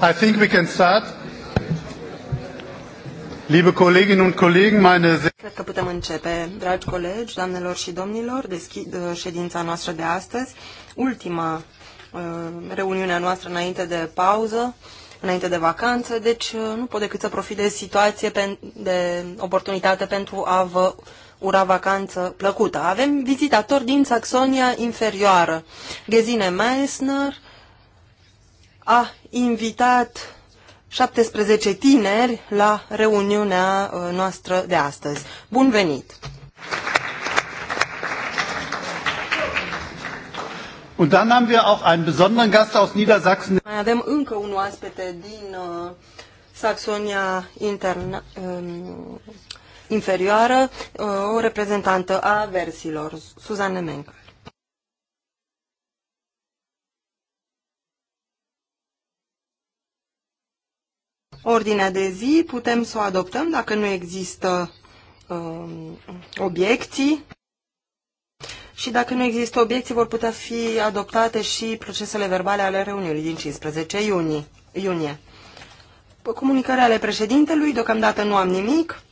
I think we can start. Liebe Kolleginnen und Kollegen, meine Cred că putem începe, dragi colegi, doamnelor și domnilor, deschid uh, ședința noastră de astăzi, ultima uh, a noastră înainte de pauză, înainte de vacanță, deci uh, nu pot decât să profit de situație, de oportunitate pentru a vă ura vacanță plăcută. Avem vizitatori din Saxonia inferioară. Gesine Meissner, a invitat 17 tineri la reuniunea uh, noastră de astăzi. Bun venit! Und dann haben wir auch einen besonderen Gast aus Niedersachsen. Mai avem încă un oaspete din uh, Saxonia interna, um, inferioară, uh, o reprezentantă a versilor, Suzanne Mencă. Ordinea de zi putem să o adoptăm dacă nu există uh, obiecții. Și dacă nu există obiecții, vor putea fi adoptate și procesele verbale ale reuniunii din 15 iunie. iunie. comunicarea ale președintelui, deocamdată nu am nimic.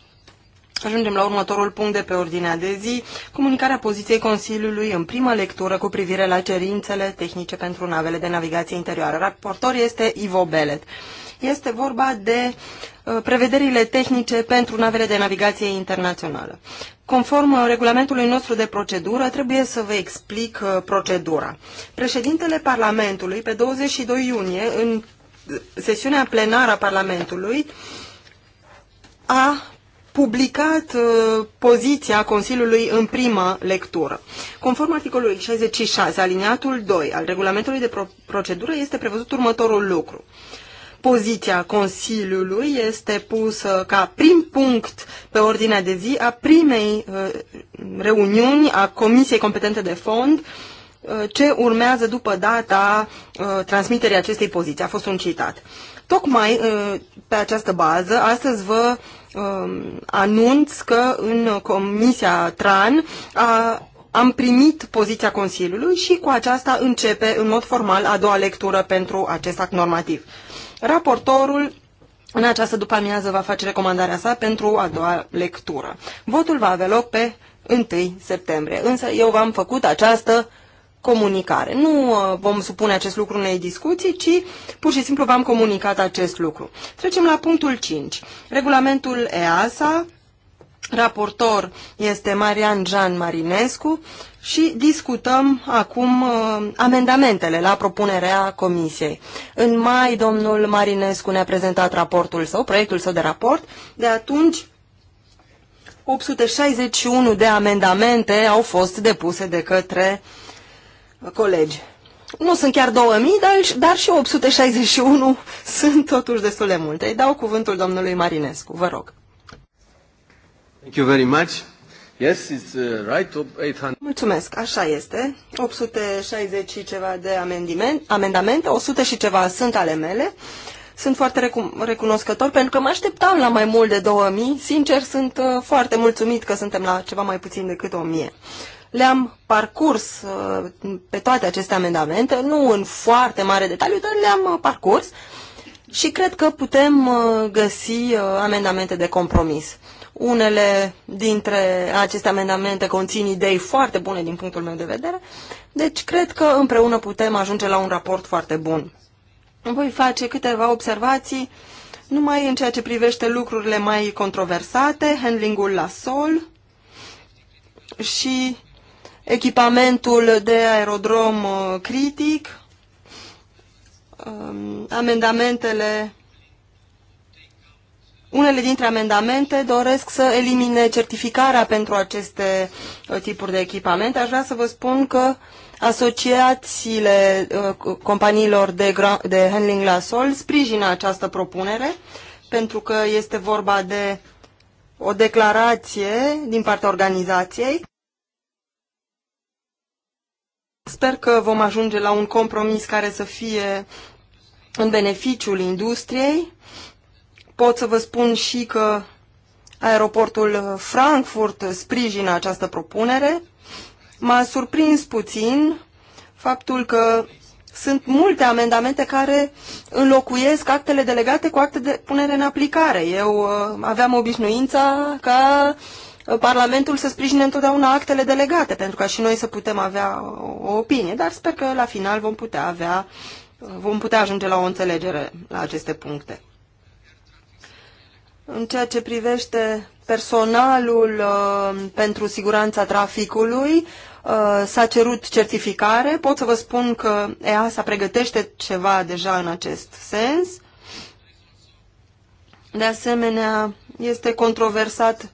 Ajungem la următorul punct de pe ordinea de zi, comunicarea poziției Consiliului în prima lectură cu privire la cerințele tehnice pentru navele de navigație interioară. Raportor este Ivo Belet. Este vorba de uh, prevederile tehnice pentru navele de navigație internațională. Conform uh, regulamentului nostru de procedură, trebuie să vă explic uh, procedura. Președintele Parlamentului, pe 22 iunie, în sesiunea plenară a Parlamentului, a publicat uh, poziția Consiliului în primă lectură. Conform articolului 66, aliniatul 2 al regulamentului de pro procedură, este prevăzut următorul lucru poziția Consiliului este pusă ca prim punct pe ordinea de zi a primei uh, reuniuni a Comisiei Competente de Fond uh, ce urmează după data uh, transmiterii acestei poziții. A fost un citat. Tocmai pe această bază, astăzi vă um, anunț că în Comisia TRAN a am primit poziția Consiliului și cu aceasta începe în mod formal a doua lectură pentru acest act normativ. Raportorul în această după-amiază va face recomandarea sa pentru a doua lectură. Votul va avea loc pe 1 septembrie, însă eu v-am făcut această comunicare. Nu uh, vom supune acest lucru unei discuții, ci pur și simplu v-am comunicat acest lucru. Trecem la punctul 5. Regulamentul EASA Raportor este Marian Jean Marinescu și discutăm acum uh, amendamentele la propunerea comisiei. În mai, domnul Marinescu ne-a prezentat raportul său, proiectul său de raport. De atunci, 861 de amendamente au fost depuse de către colegi. Nu sunt chiar 2000, dar, dar și 861 sunt totuși destul de multe. Îi dau cuvântul domnului Marinescu, vă rog. Thank you very much. Yes, it's uh, right, 800. Mulțumesc, așa este. 860 și ceva de amendamente, 100 și ceva sunt ale mele. Sunt foarte recunoscător pentru că mă așteptam la mai mult de 2000. Sincer, sunt uh, foarte mulțumit că suntem la ceva mai puțin decât 1000. Le-am parcurs uh, pe toate aceste amendamente, nu în foarte mare detaliu, dar le-am parcurs și cred că putem găsi amendamente de compromis. Unele dintre aceste amendamente conțin idei foarte bune din punctul meu de vedere, deci cred că împreună putem ajunge la un raport foarte bun. Voi face câteva observații numai în ceea ce privește lucrurile mai controversate, handlingul la sol și echipamentul de aerodrom uh, critic, um, amendamentele unele dintre amendamente doresc să elimine certificarea pentru aceste uh, tipuri de echipamente. Aș vrea să vă spun că asociațiile uh, companiilor de, de handling la sol sprijină această propunere pentru că este vorba de o declarație din partea organizației. Sper că vom ajunge la un compromis care să fie în beneficiul industriei Pot să vă spun și că aeroportul uh, Frankfurt sprijină această propunere. M-a surprins puțin faptul că sunt multe amendamente care înlocuiesc actele delegate cu acte de punere în aplicare. Eu uh, aveam obișnuința ca uh, Parlamentul să sprijine întotdeauna actele delegate, pentru ca și noi să putem avea o opinie, dar sper că la final vom putea avea, vom putea ajunge la o înțelegere la aceste puncte. În ceea ce privește personalul uh, pentru siguranța traficului, uh, s-a cerut certificare. Pot să vă spun că EASA pregătește ceva deja în acest sens. De asemenea, este controversat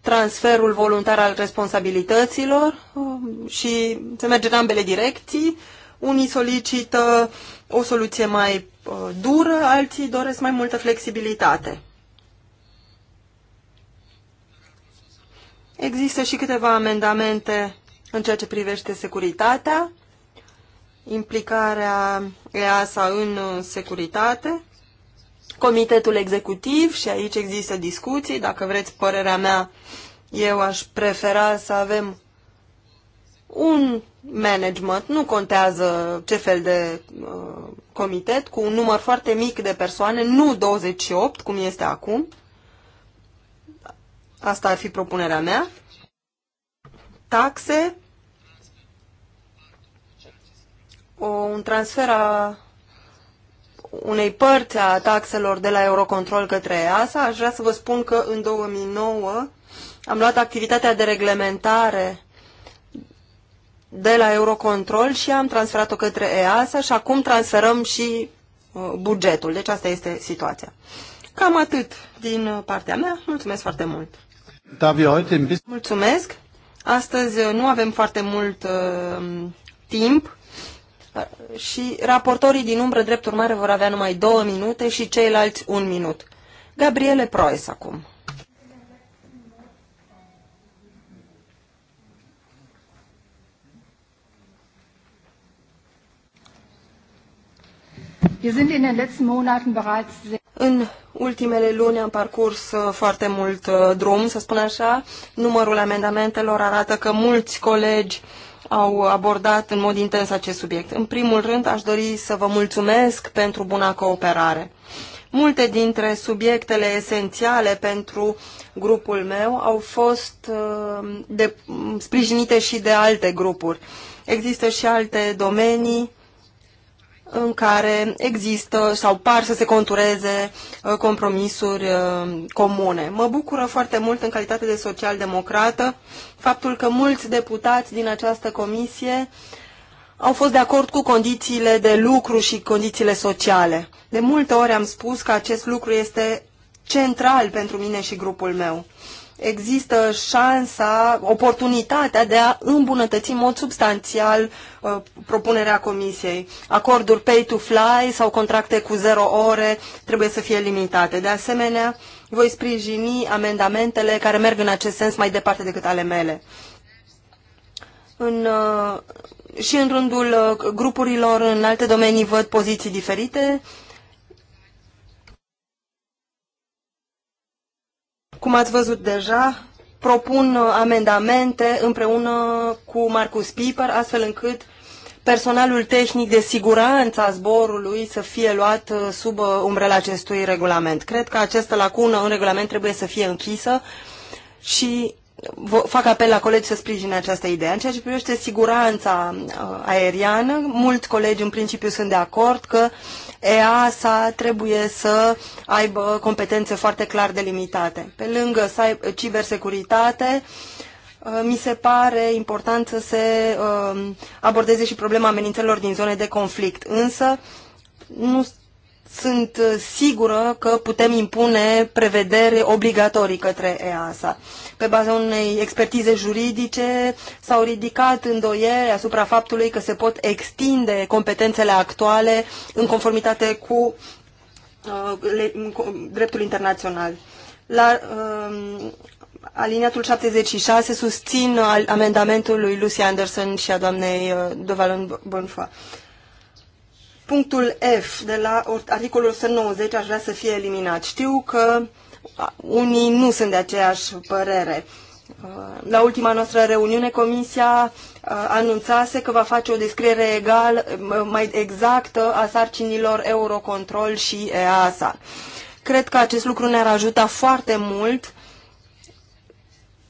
transferul voluntar al responsabilităților uh, și se merge în ambele direcții. Unii solicită o soluție mai uh, dură, alții doresc mai multă flexibilitate. Există și câteva amendamente în ceea ce privește securitatea, implicarea EASA în uh, securitate, comitetul executiv și aici există discuții. Dacă vreți părerea mea, eu aș prefera să avem un management, nu contează ce fel de uh, comitet, cu un număr foarte mic de persoane, nu 28, cum este acum, Asta ar fi propunerea mea. Taxe, o, un transfer a unei părți a taxelor de la Eurocontrol către EASA. Aș vrea să vă spun că în 2009 am luat activitatea de reglementare de la Eurocontrol și am transferat-o către EASA și acum transferăm și uh, bugetul. Deci asta este situația. Cam atât din uh, partea mea. Mulțumesc foarte mult! Mulțumesc. Astăzi uh, nu avem foarte mult uh, timp uh, și raportorii din umbră, drept urmare, vor avea numai două minute și ceilalți un minut. Gabriele Proes acum. Wir sind in den letzten Monaten bereits în ultimele luni am parcurs uh, foarte mult uh, drum, să spun așa. Numărul amendamentelor arată că mulți colegi au abordat în mod intens acest subiect. În primul rând, aș dori să vă mulțumesc pentru buna cooperare. Multe dintre subiectele esențiale pentru grupul meu au fost uh, de, sprijinite și de alte grupuri. Există și alte domenii în care există sau par să se contureze uh, compromisuri uh, comune. Mă bucură foarte mult în calitate de social-democrată faptul că mulți deputați din această comisie au fost de acord cu condițiile de lucru și condițiile sociale. De multe ori am spus că acest lucru este central pentru mine și grupul meu există șansa, oportunitatea de a îmbunătăți în mod substanțial uh, propunerea comisiei. Acorduri pay to fly sau contracte cu zero ore trebuie să fie limitate. De asemenea, voi sprijini amendamentele care merg în acest sens mai departe decât ale mele. În, uh, și în rândul uh, grupurilor în alte domenii văd poziții diferite. Uh, Cum ați văzut deja, propun uh, amendamente împreună cu Marcus Piper, astfel încât personalul tehnic de siguranță a zborului să fie luat uh, sub uh, umbrela acestui regulament. Cred că această lacună în regulament trebuie să fie închisă și fac apel la colegi să sprijine această idee. În ceea ce privește siguranța aeriană, mulți colegi în principiu sunt de acord că EASA trebuie să aibă competențe foarte clar delimitate. Pe lângă cibersecuritate, uh, mi se pare important să se uh, abordeze și problema amenințelor din zone de conflict, însă nu sunt uh, sigură că putem impune prevedere obligatorii către EASA. Pe baza unei expertize juridice s-au ridicat îndoieri asupra faptului că se pot extinde competențele actuale în conformitate cu uh, dreptul internațional. La uh, aliniatul 76 susțin amendamentul lui Lucy Anderson și a doamnei uh, Dovalon Bonfa. Uh, Punctul F de la articolul 190 aș vrea să fie eliminat. Știu că unii nu sunt de aceeași părere. Uh, la ultima noastră reuniune, Comisia uh, anunțase că va face o descriere egal, uh, mai exactă a sarcinilor Eurocontrol și EASA. Cred că acest lucru ne-ar ajuta foarte mult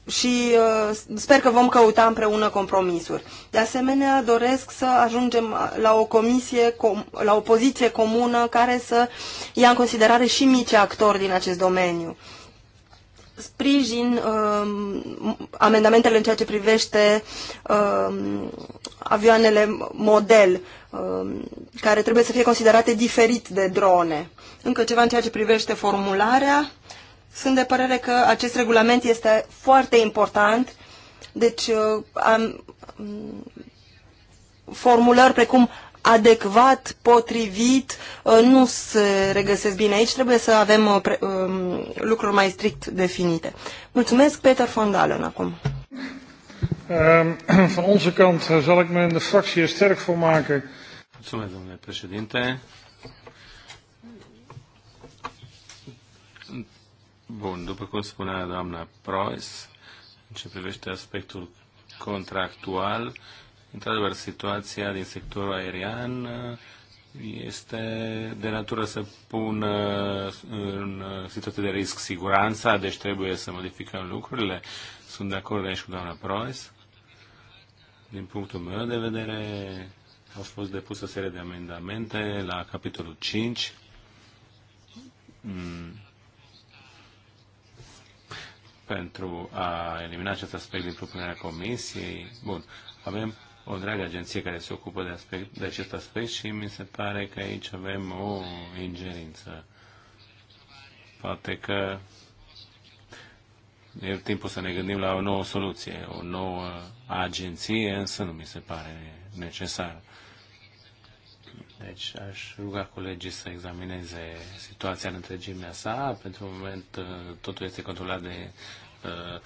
și uh, sper că vom căuta împreună compromisuri. De asemenea, doresc să ajungem la o comisie, com- la o poziție comună care să ia în considerare și mici actori din acest domeniu. Sprijin uh, amendamentele în ceea ce privește uh, avioanele model, uh, care trebuie să fie considerate diferit de drone. Încă ceva în ceea ce privește formularea. Uh, sunt de părere că acest regulament este foarte important, deci uh, am, mm, formulări precum adecvat, potrivit, uh, nu se regăsesc bine aici, trebuie să avem uh, um, lucruri mai strict definite. Mulțumesc, Peter von Dalen, acum. Ehm, van onze kant eh, zal ik me in de fractie er sterk voor maken. Mulțumesc, domnule președinte. Bun, după cum spunea doamna Preuss, în ce privește aspectul contractual, într-adevăr, situația din sectorul aerian uh, este de natură să pună în uh, situație de risc siguranța, deci trebuie să modificăm lucrurile. Sunt de acord aici cu doamna Preuss. Din punctul meu de vedere, au fost depuse o serie de amendamente la capitolul 5. Mm pentru a elimina acest aspect din propunerea comisiei. Bun, avem o întreagă agenție care se ocupă de, aspect, de acest aspect și mi se pare că aici avem o ingerință. Poate că e timpul să ne gândim la o nouă soluție, o nouă agenție, însă nu mi se pare necesar. Deci aș ruga colegii să examineze situația în întregimea sa. Pentru moment totul este controlat de Uh,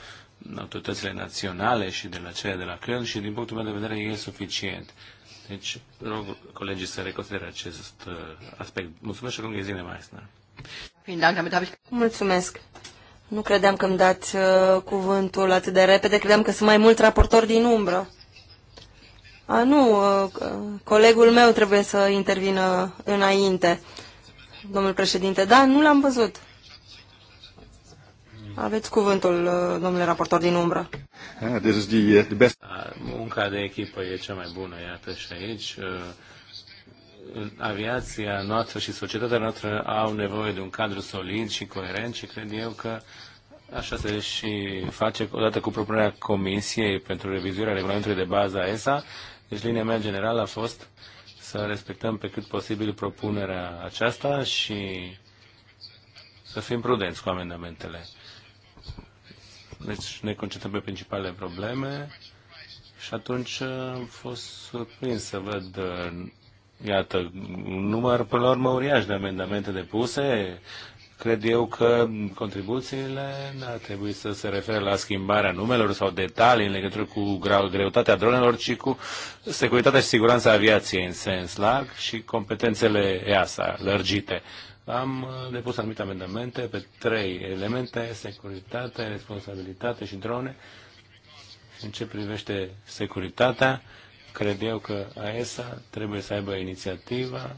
autoritățile naționale și de la cele de la Köln și din punctul meu de vedere e suficient. Deci rog colegii să reconsidere acest uh, aspect. Mulțumesc și rog Ghezine Meissner. Mulțumesc. Nu credeam că îmi dați uh, cuvântul atât de repede, credeam că sunt mai mult raportori din umbră. A, nu, uh, colegul meu trebuie să intervină înainte, domnul președinte. Da, nu l-am văzut. Aveți cuvântul, uh, domnule raportor din umbră. Ah, deci munca de echipă e cea mai bună, iată și aici. Uh, aviația noastră și societatea noastră au nevoie de un cadru solid și coerent și cred eu că așa se și face odată cu propunerea Comisiei pentru revizuirea regulamentului de bază a ESA. Deci linia mea generală a fost să respectăm pe cât posibil propunerea aceasta și să fim prudenți cu amendamentele. Deci ne concentrăm pe principalele probleme și atunci uh, am fost surprins să văd, uh, iată, un număr până la urmă uriaș de amendamente depuse. Cred eu că contribuțiile ar trebui să se refere la schimbarea numelor sau detalii în legătură cu greutatea dronelor, ci cu securitatea și siguranța aviației în sens larg și competențele EASA lărgite. Am uh, depus anumite amendamente pe trei elemente, securitate, responsabilitate și drone. În ce privește securitatea, cred eu că AESA trebuie să aibă inițiativa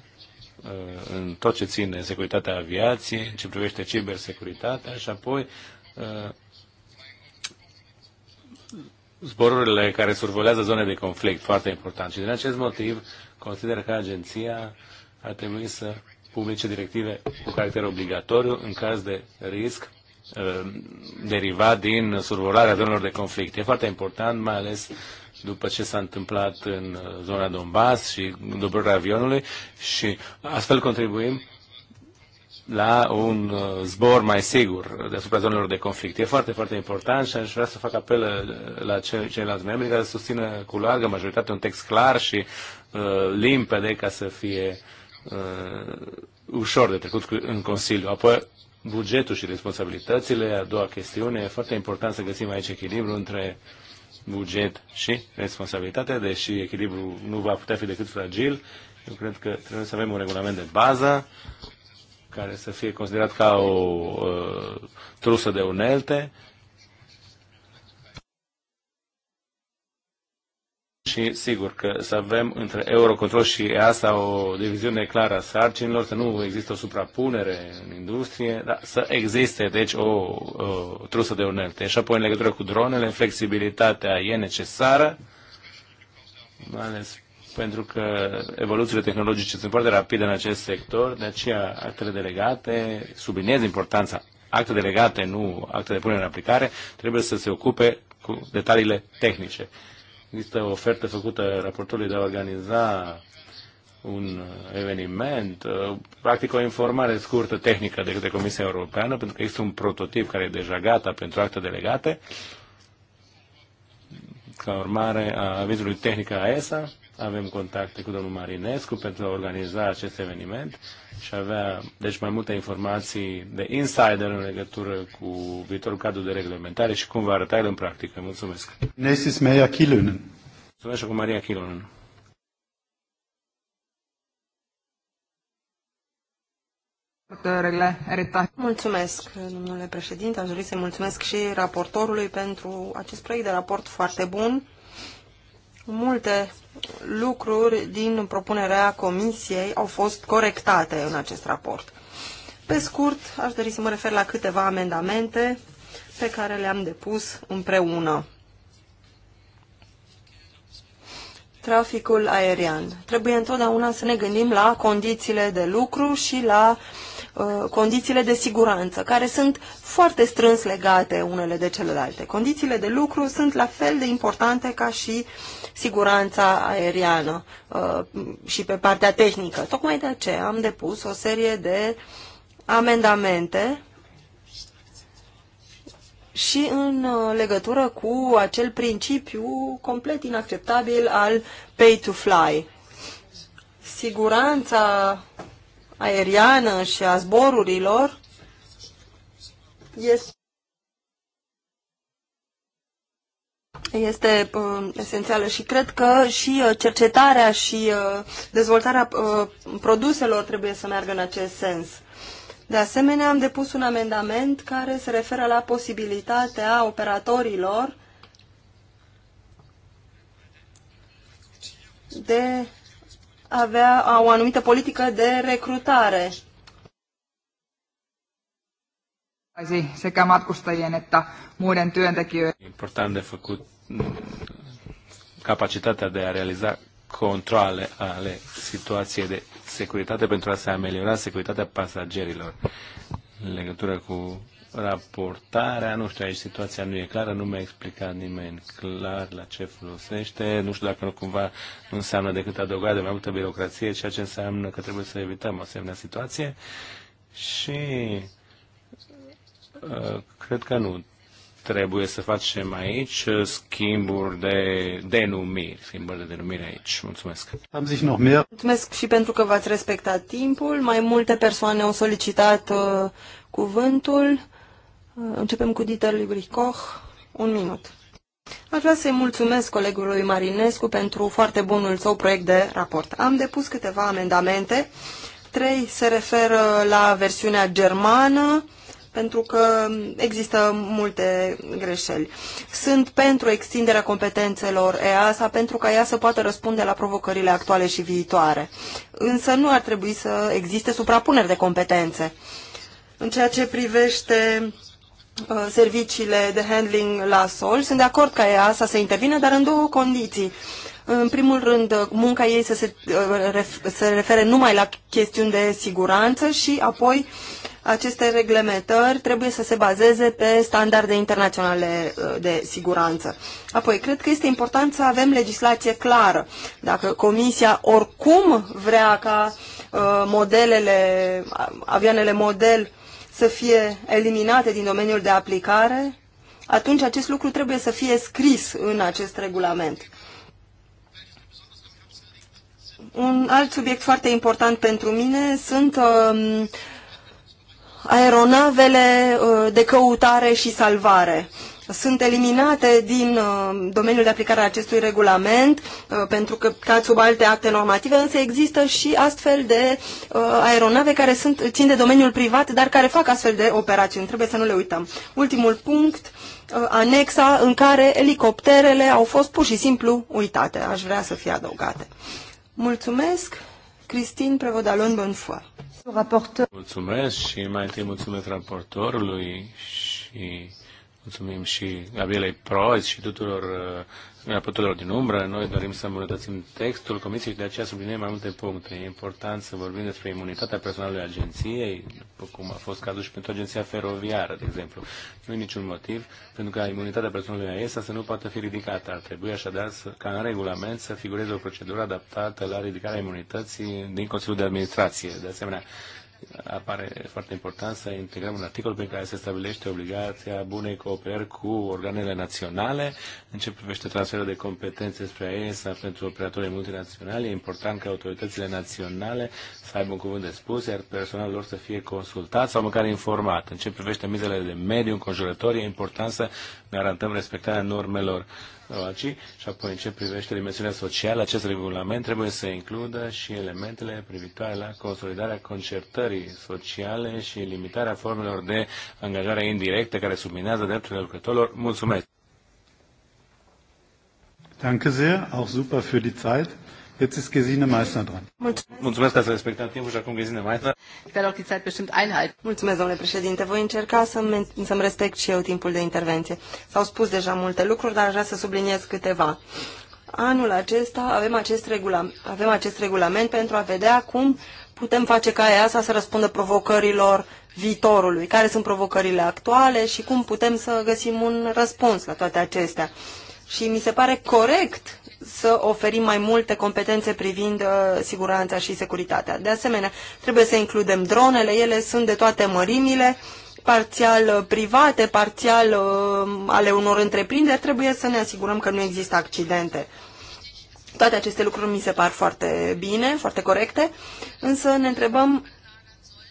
uh, în tot ce ține securitatea aviației, în ce privește cibersecuritatea și apoi uh, zborurile care survolează zone de conflict, foarte important. Și din acest motiv consider că agenția ar trebui să publice directive cu caracter obligatoriu în caz de risc uh, derivat din survolarea zonelor de conflict. E foarte important, mai ales după ce s-a întâmplat în uh, zona Donbass și dobrărea avionului și astfel contribuim la un uh, zbor mai sigur deasupra zonelor de conflict. E foarte, foarte important și aș vrea să fac apel la ceilalți membri care susțină cu largă majoritate un text clar și uh, limpede ca să fie uh, uh, ușor de trecut în Consiliu. Apoi, bugetul și responsabilitățile, a doua chestiune, e foarte important să găsim aici echilibru între buget și responsabilitate, deși echilibru nu va putea fi decât fragil. Eu cred că trebuie să avem un regulament de bază care să fie considerat ca o uh, trusă de unelte și sigur că să avem între Eurocontrol și EASA o diviziune clară a sarcinilor, să nu există o suprapunere în industrie, dar să existe deci o, o trusă de unelte. Și apoi în legătură cu dronele, flexibilitatea e necesară, mai ales pentru că evoluțiile tehnologice sunt foarte rapide în acest sector, de aceea actele delegate, subliniez importanța, acte delegate, nu acte de punere în aplicare, trebuie să se ocupe cu detaliile tehnice. Există o ofertă făcută raportului de a organiza un eveniment, uh, practic o informare scurtă tehnică de către Comisia Europeană, pentru că există un prototip care e deja gata pentru acte delegate, ca urmare a avizului tehnic a ESA avem contacte cu domnul Marinescu pentru a organiza acest eveniment și avea deci mai multe informații de insider în legătură cu viitorul cadru de reglementare și cum va arăta el în practică. Mulțumesc. Nesis Maria Kilunen. Mulțumesc cu Maria Kilunen. Mulțumesc, domnule președinte. Aș dori să mulțumesc și raportorului pentru acest proiect de raport foarte bun. Multe lucruri din propunerea Comisiei au fost corectate în acest raport. Pe scurt, aș dori să mă refer la câteva amendamente pe care le-am depus împreună. Traficul aerian. Trebuie întotdeauna să ne gândim la condițiile de lucru și la uh, Uh, condițiile de siguranță, care sunt foarte strâns legate unele de celelalte. Condițiile de lucru sunt la fel de importante ca și siguranța aeriană uh, și pe partea tehnică. Tocmai de aceea am depus o serie de amendamente și în uh, legătură cu acel principiu complet inacceptabil al pay to fly. Siguranța aeriană și a zborurilor este, este uh, esențială și cred că și uh, cercetarea și uh, dezvoltarea produselor trebuie să meargă în acest sens. De asemenea, am depus un amendament care se referă la posibilitatea operatorilor de avea o anumită politică de recrutare. Important de făcut mm, capacitatea de a realiza controle ale situației de securitate pentru a se ameliora securitatea pasagerilor în legătură cu raportarea, nu știu, aici situația nu e clară, nu mi-a explicat nimeni clar la ce folosește, nu știu dacă nu cumva nu înseamnă decât adăugarea de mai multă birocrație, ceea ce înseamnă că trebuie să evităm o asemenea situație și uh, cred că nu trebuie să facem aici schimburi de denumiri, schimburi de denumiri aici. Mulțumesc. Am zis noi. Mulțumesc și pentru că v-ați respectat timpul. Mai multe persoane au solicitat uh, cuvântul. Uh, începem cu Dieter librich Un minut. Aș vrea să-i mulțumesc colegului Marinescu pentru foarte bunul său proiect de raport. Am depus câteva amendamente. Trei se referă la versiunea germană, pentru că există multe greșeli. Sunt pentru extinderea competențelor EASA, pentru ca ea să poată răspunde la provocările actuale și viitoare. Însă nu ar trebui să existe suprapuneri de competențe. În ceea ce privește Uh, serviciile de handling la sol. Sunt de acord ca ea să se intervină, dar în două condiții. În primul rând, uh, munca ei să se, uh, se refere numai la chestiuni de siguranță și apoi aceste reglementări trebuie să se bazeze pe standarde internaționale de siguranță. Apoi, cred că este important să avem legislație clară. Dacă Comisia oricum vrea ca modelele, avioanele model să fie eliminate din domeniul de aplicare, atunci acest lucru trebuie să fie scris în acest regulament. Un alt subiect foarte important pentru mine sunt um, aeronavele uh, de căutare și salvare sunt eliminate din uh, domeniul de aplicare a acestui regulament, uh, pentru că ca sub alte acte normative, însă există și astfel de uh, aeronave care sunt, țin de domeniul privat, dar care fac astfel de operațiuni. Trebuie să nu le uităm. Ultimul punct, anexa în care elicopterele au fost pur și simplu uitate. Aș vrea să fie adăugate. Mulțumesc! Christine Prevodalon Bonfoy. Raportor. Mulțumesc și mai întâi mulțumesc raportorului și Mulțumim și Gabrielei Proz și tuturor uh, raportorilor din umbră. Noi dorim să îmbunătățim textul comisiei și de aceea subliniem mai multe puncte. E important să vorbim despre imunitatea personalului agenției, după cum a fost cazul și pentru agenția feroviară, de exemplu. Nu e niciun motiv pentru ca imunitatea personalului AESA să nu poată fi ridicată. Ar trebui așadar să, ca în regulament să figureze o procedură adaptată la ridicarea imunității din Consiliul de Administrație. De asemenea, apare foarte important să integrăm un articol prin care se stabilește obligația bunei cooperări cu organele naționale în ce privește transferul de competențe spre ESA pentru operatorii multinaționali. E important ca autoritățile naționale să aibă un cuvânt de spus, iar personalul lor să fie consultat sau măcar informat. În ce privește mizele de mediu înconjurător, e important să garantăm respectarea normelor uh, sau și apoi în ce privește dimensiunea socială, acest regulament trebuie să includă și elementele privitoare la consolidarea concertării sociale și limitarea formelor de angajare indirectă care subminează drepturile lucrătorilor. Mulțumesc! Danke sehr, auch super für die Zeit. Mulțumesc. că ați respectat timpul și acum Gesine Meissner. că Mulțumesc, domnule președinte. Voi încerca să-mi, să respect și eu timpul de intervenție. S-au spus deja multe lucruri, dar aș vrea să subliniez câteva. Anul acesta avem acest, regula, avem acest regulament pentru a vedea cum putem face ca EASA să răspundă provocărilor viitorului, care sunt provocările actuale și cum putem să găsim un răspuns la toate acestea. Și mi se pare corect să oferim mai multe competențe privind uh, siguranța și securitatea. De asemenea, trebuie să includem dronele, ele sunt de toate mărimile, parțial uh, private, parțial uh, ale unor întreprinderi, trebuie să ne asigurăm că nu există accidente. Toate aceste lucruri mi se par foarte bine, foarte corecte, însă ne întrebăm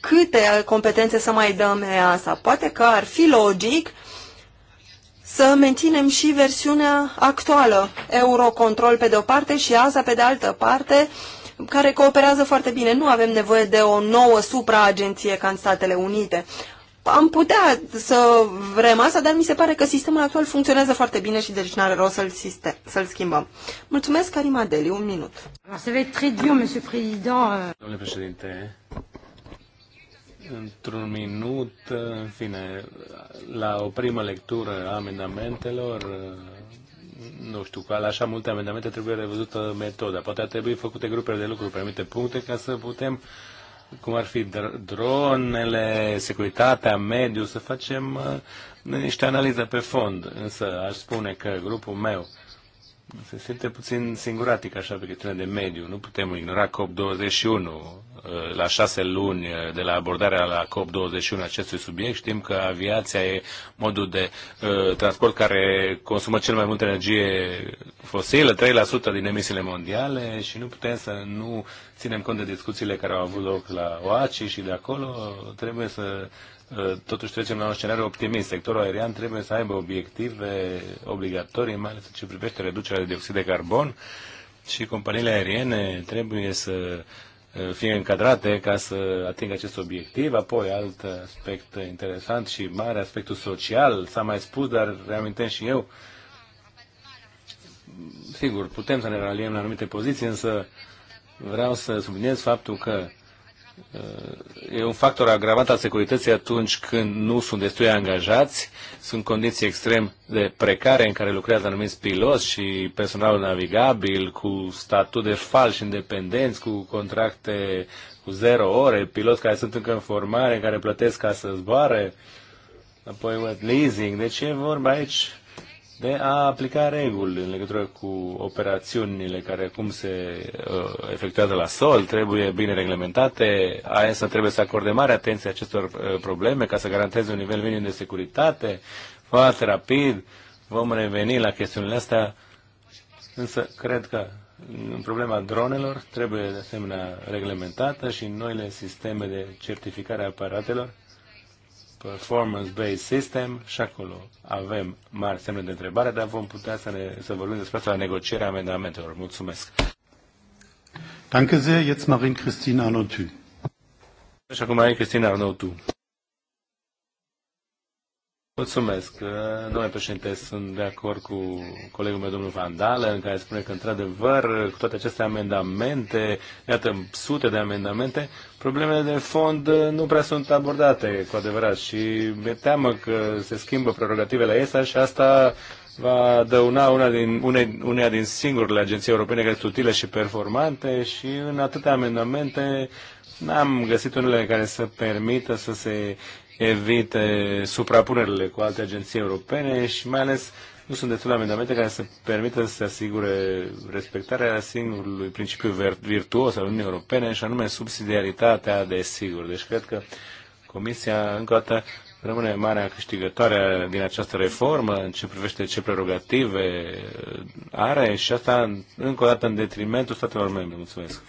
câte competențe să mai dăm EASA. Poate că ar fi logic uh, să menținem și versiunea actuală, Eurocontrol pe de o parte și ASA pe de altă parte, care cooperează foarte bine. Nu avem nevoie de o nouă supraagenție ca în Statele Unite. Am putea să vrem asta, dar mi se pare că sistemul actual funcționează foarte bine și deci n-are rost să-l, să schimbăm. Mulțumesc, Karima Deli. Un minut. Euh. Domnule președinte, într-un minut, în fine, la o primă lectură a amendamentelor, nu știu, ca la așa multe amendamente trebuie revăzută metoda. Poate ar trebui făcute grupele de lucru pe anumite puncte ca să putem, cum ar fi dronele, securitatea, mediu, să facem uh, niște analize pe fond. Însă aș spune că grupul meu se simte puțin singuratic așa pe chestiunea de mediu. Nu putem ignora COP21 uh, la șase luni uh, de la abordarea la COP21 acestui subiect. Știm că aviația e modul de uh, transport care consumă cel mai multă energie fosilă, 3% din emisiile mondiale și nu putem să nu ținem cont de discuțiile care au avut loc la OACI și de acolo. Trebuie să totuși trecem la un scenariu optimist. Sectorul aerian trebuie să aibă obiective obligatorii, mai ales în ce privește reducerea de dioxid de carbon și companiile aeriene trebuie să fie încadrate ca să atingă acest obiectiv. Apoi, alt aspect interesant și mare, aspectul social, s-a mai spus, dar reamintesc și eu, sigur, putem să ne raliem la anumite poziții, însă vreau să subliniez faptul că uh, e un factor agravat al securității atunci când nu sunt destui angajați, sunt condiții extrem de precare în care lucrează anumiți piloți și personalul navigabil cu statut de falși independenți, cu contracte cu zero ore, piloți care sunt încă în formare, care plătesc ca să zboare, apoi leasing. Deci e vorba aici de a aplica reguli în legătură cu operațiunile care acum se uh, efectuează la sol, trebuie bine reglementate, aia să trebuie să acorde mare atenție acestor uh, probleme ca să garanteze un nivel minim de securitate, foarte rapid, vom reveni la chestiunile astea, însă cred că problema dronelor trebuie de asemenea reglementată și noile sisteme de certificare a aparatelor performance-based system și acolo avem mari semne de întrebare, dar vom putea să, ne, să vorbim despre asta la negocierea amendamentelor. Mulțumesc! Danke sehr, jetzt Marin-Christine Arnautu. Așa acum Marin-Christine Arnautu. Mulțumesc. Domnule președinte, sunt de acord cu colegul meu, domnul Vandală, în care spune că, într-adevăr, cu toate aceste amendamente, iată, sute de amendamente, problemele de fond nu prea sunt abordate cu adevărat și mi-e teamă că se schimbă prerogativele ESA și asta va dăuna una din, une, una din singurele agenții europene care sunt utile și performante și în atâtea amendamente n-am găsit unele care să permită să se evite suprapunerile cu alte agenții europene și mai ales nu sunt destul amendamente care să permită să se asigure respectarea singurului principiu virtuos al Uniunii Europene și anume subsidiaritatea de sigur. Deci cred că Comisia încă o dată rămâne marea câștigătoare din această reformă în ce privește ce prerogative are și asta încă o dată în detrimentul statelor membre. Mulțumesc.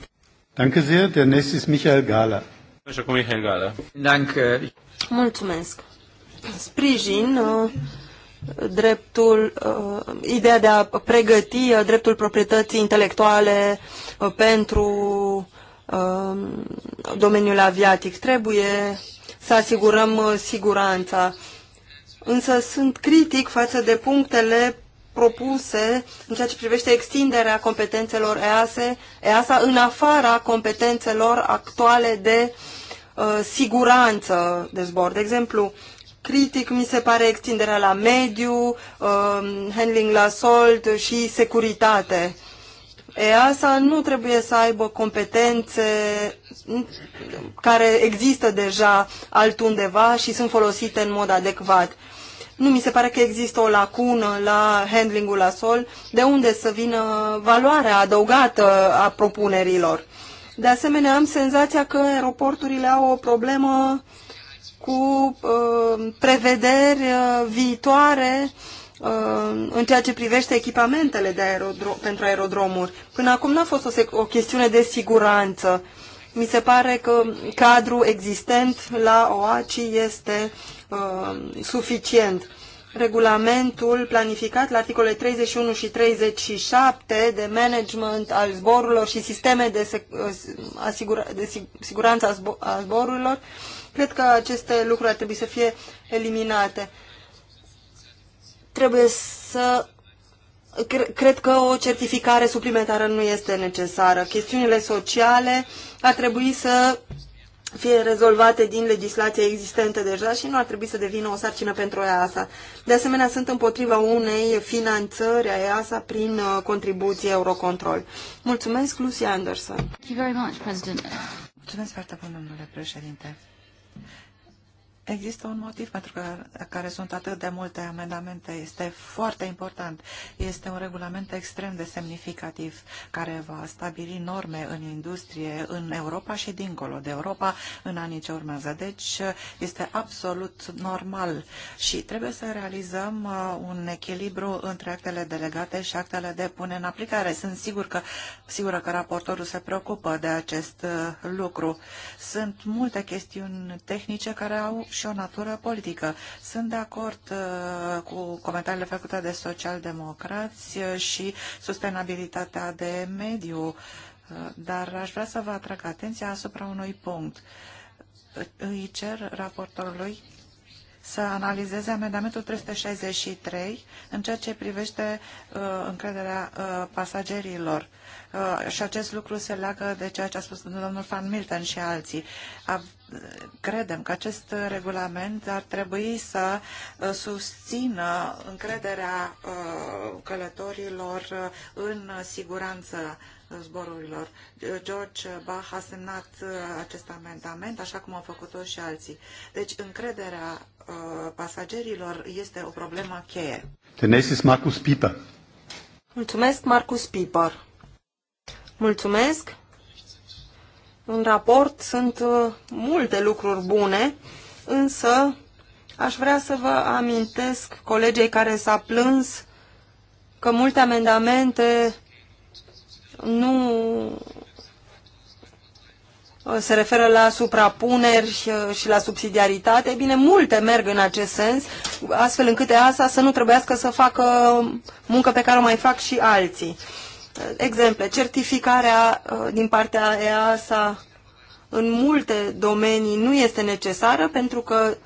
Danke sehr. Der nächste ist Michael Gala. Michael Gala. Danke. Mulțumesc. Sprijin uh, dreptul, uh, ideea de a pregăti uh, dreptul proprietății intelectuale pentru domeniul aviatic. Trebuie să asigurăm siguranța. Însă sunt critic față de punctele propuse în ceea ce privește extinderea competențelor EASA, EASA în afara competențelor actuale de uh, Uh, siguranță de zbor. De exemplu, critic mi se pare extinderea la mediu, uh, handling la sold și securitate. EASA nu trebuie să aibă competențe care există deja altundeva și sunt folosite în mod adecvat. Nu mi se pare că există o lacună la handlingul la sol, de unde să vină valoarea adăugată a propunerilor. De asemenea, am senzația că aeroporturile au o problemă cu uh, prevederi uh, viitoare uh, în ceea ce privește echipamentele de aerodro- pentru aerodromuri. Până acum n-a fost o, o chestiune de siguranță. Mi se pare că cadrul existent la OACI este uh, suficient regulamentul planificat la articolele 31 și 37 de management al zborurilor și sisteme de, asigura, de siguranță a, zborurilor, cred că aceste lucruri ar trebui să fie eliminate. Trebuie să... cred că o certificare suplimentară nu este necesară. Chestiunile sociale ar trebui să fie rezolvate din legislația existentă deja și nu ar trebui să devină o sarcină pentru EASA. De asemenea, sunt împotriva unei finanțări a EASA prin uh, contribuție Eurocontrol. Mulțumesc, Lucy Anderson. Mulțumesc foarte mult, domnule președinte. Există un motiv pentru că, care sunt atât de multe amendamente. Este foarte important. Este un regulament extrem de semnificativ care va stabili norme în industrie în Europa și dincolo de Europa în anii ce urmează. Deci este absolut normal și trebuie să realizăm uh, un echilibru între actele delegate și actele de pune în aplicare. Sunt sigur că, sigură că raportorul se preocupă de acest uh, lucru. Sunt multe chestiuni tehnice care au și o natură politică. Sunt de acord uh, cu comentariile făcute de socialdemocrați uh, și sustenabilitatea de mediu, uh, dar aș vrea să vă atrag atenția asupra unui punct. Îi cer raportorului să analizeze amendamentul 363 în ceea ce privește uh, încrederea uh, pasagerilor. Uh, și acest lucru se leagă de ceea ce a spus domnul Van Milton și alții credem că acest regulament ar trebui să uh, susțină încrederea uh, călătorilor uh, în siguranța zborurilor. George Bach a semnat acest amendament, așa cum au făcut-o și alții. Deci încrederea pasagerilor este o problemă cheie. Tenesis Marcus Piper. Mulțumesc, Marcus Piper. Mulțumesc. În raport sunt uh, multe lucruri bune, însă aș vrea să vă amintesc colegei care s-a plâns că multe amendamente nu uh, se referă la suprapuneri și uh, la subsidiaritate. bine, multe merg în acest sens, astfel încât EASA să nu trebuiască să facă muncă pe care o mai fac și alții exemple, certificarea uh, din partea EASA în multe domenii nu este necesară pentru că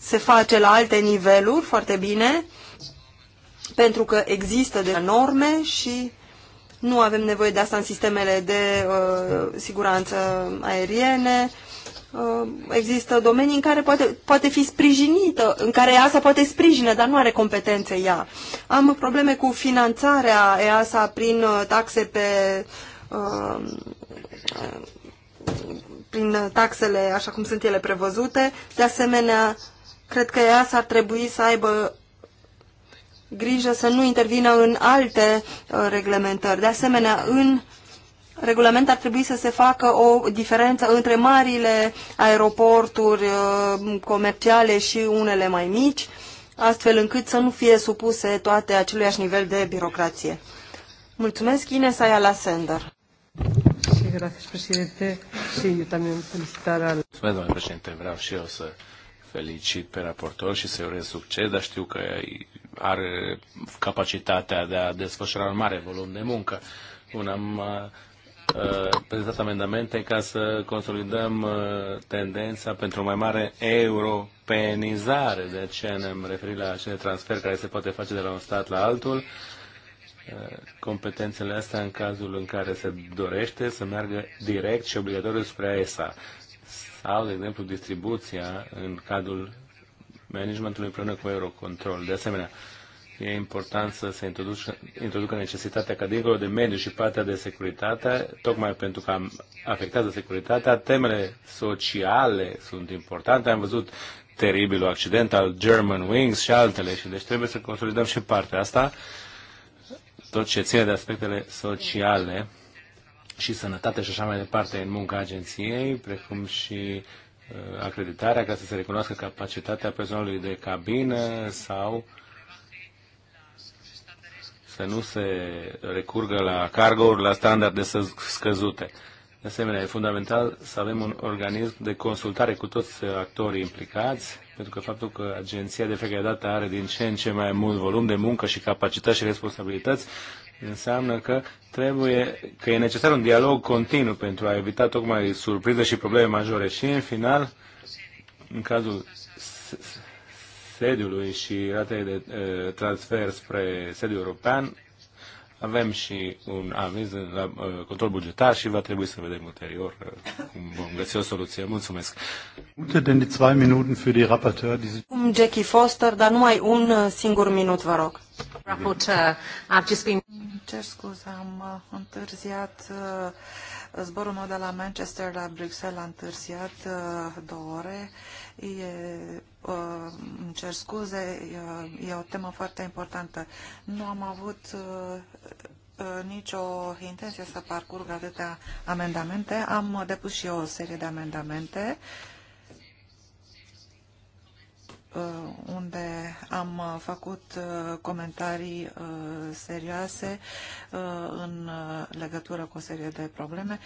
se face la alte niveluri foarte bine, pentru că există de norme și nu avem nevoie de asta în sistemele de uh, siguranță aeriene, uh, Uh, există domenii în care poate, poate fi sprijinită, în care EASA poate sprijină, dar nu are competențe ea. Am probleme cu finanțarea EASA prin uh, taxe pe uh, prin taxele așa cum sunt ele prevăzute. De asemenea, cred că EASA ar trebui să aibă grijă să nu intervină în alte reglementări. De asemenea, în regulament ar trebui să se facă o diferență între marile aeroporturi uh, comerciale și unele mai mici, astfel încât să nu fie supuse toate aceluiași nivel de birocrație. Mulțumesc, Ines la Sender. Mulțumesc, domnule președinte. Vreau și eu să felicit pe raportor și să-i urez succes, dar știu că are capacitatea de a desfășura un mare volum de muncă. Un am Uh, prezentat amendamente ca să consolidăm uh, tendența pentru o mai mare europenizare. De ce ne-am referit la acele transfer care se poate face de la un stat la altul. Uh, competențele astea în cazul în care se dorește să meargă direct și obligatoriu spre ESA. Sau, de exemplu, distribuția în cadrul managementului împreună cu Eurocontrol. De asemenea, uh, E important să se introducă, introducă necesitatea ca dincolo de mediu și partea de securitate, tocmai pentru că afectează securitatea, temele sociale sunt importante. Am văzut teribilul accident al German Wings și altele și deci trebuie să consolidăm și partea asta, tot ce ține de aspectele sociale și sănătate și așa mai departe în munca agenției, precum și uh, acreditarea ca să se recunoască capacitatea personalului de cabină sau uh, să nu se recurgă la cargouri, la standarde scăzute. De asemenea, e fundamental să avem un organism de consultare cu toți actorii implicați, pentru că faptul că agenția de fiecare dată are din ce în ce mai mult volum de muncă și capacitate și responsabilități, înseamnă că trebuie, că e necesar un dialog continuu pentru a evita tocmai surprize și probleme majore. Și în final, în cazul sediului și ratele de transfer spre sediul european. Avem și un aviz la control bugetar și va trebui să vedem ulterior cum vom găsi o soluție. Mulțumesc! Jackie Foster, dar numai un singur minut, vă rog. Uh, cer scuze, am uh, întârziat uh, zborul meu de la Manchester la Bruxelles, a întârziat două ore e, uh, îmi cer scuze, e, e o temă foarte importantă. Nu am avut uh, nicio intenție să parcurg atâtea amendamente. Am depus și eu o serie de amendamente unde am făcut comentarii serioase în legătură cu o serie de probleme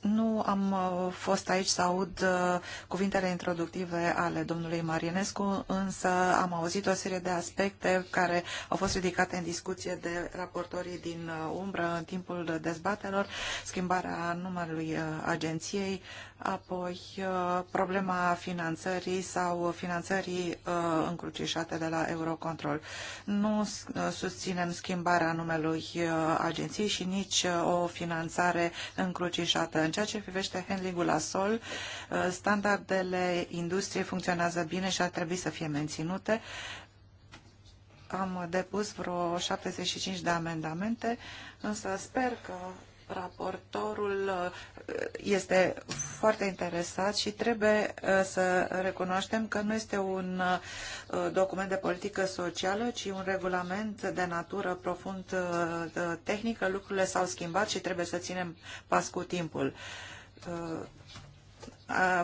nu am uh, fost aici să aud uh, cuvintele introductive ale domnului Marinescu, însă am auzit o serie de aspecte care au fost ridicate în discuție de raportorii din uh, umbră în timpul dezbatelor, schimbarea numărului agenției, Apoi, uh, problema finanțării sau finanțării uh, încrucișate de la Eurocontrol. Nu uh, susținem schimbarea numelui agenției și nici o finanțare încrucișată. În ceea ce privește handling-ul la sol, standardele industriei funcționează bine și ar trebui să fie menținute. Am depus vreo 75 de amendamente, însă sper că raportorul uh, este foarte interesat și trebuie uh, să recunoaștem că nu este un uh, document de politică socială, ci un regulament de natură profund tehnică. Lucrurile s-au schimbat și trebuie să ținem pas cu timpul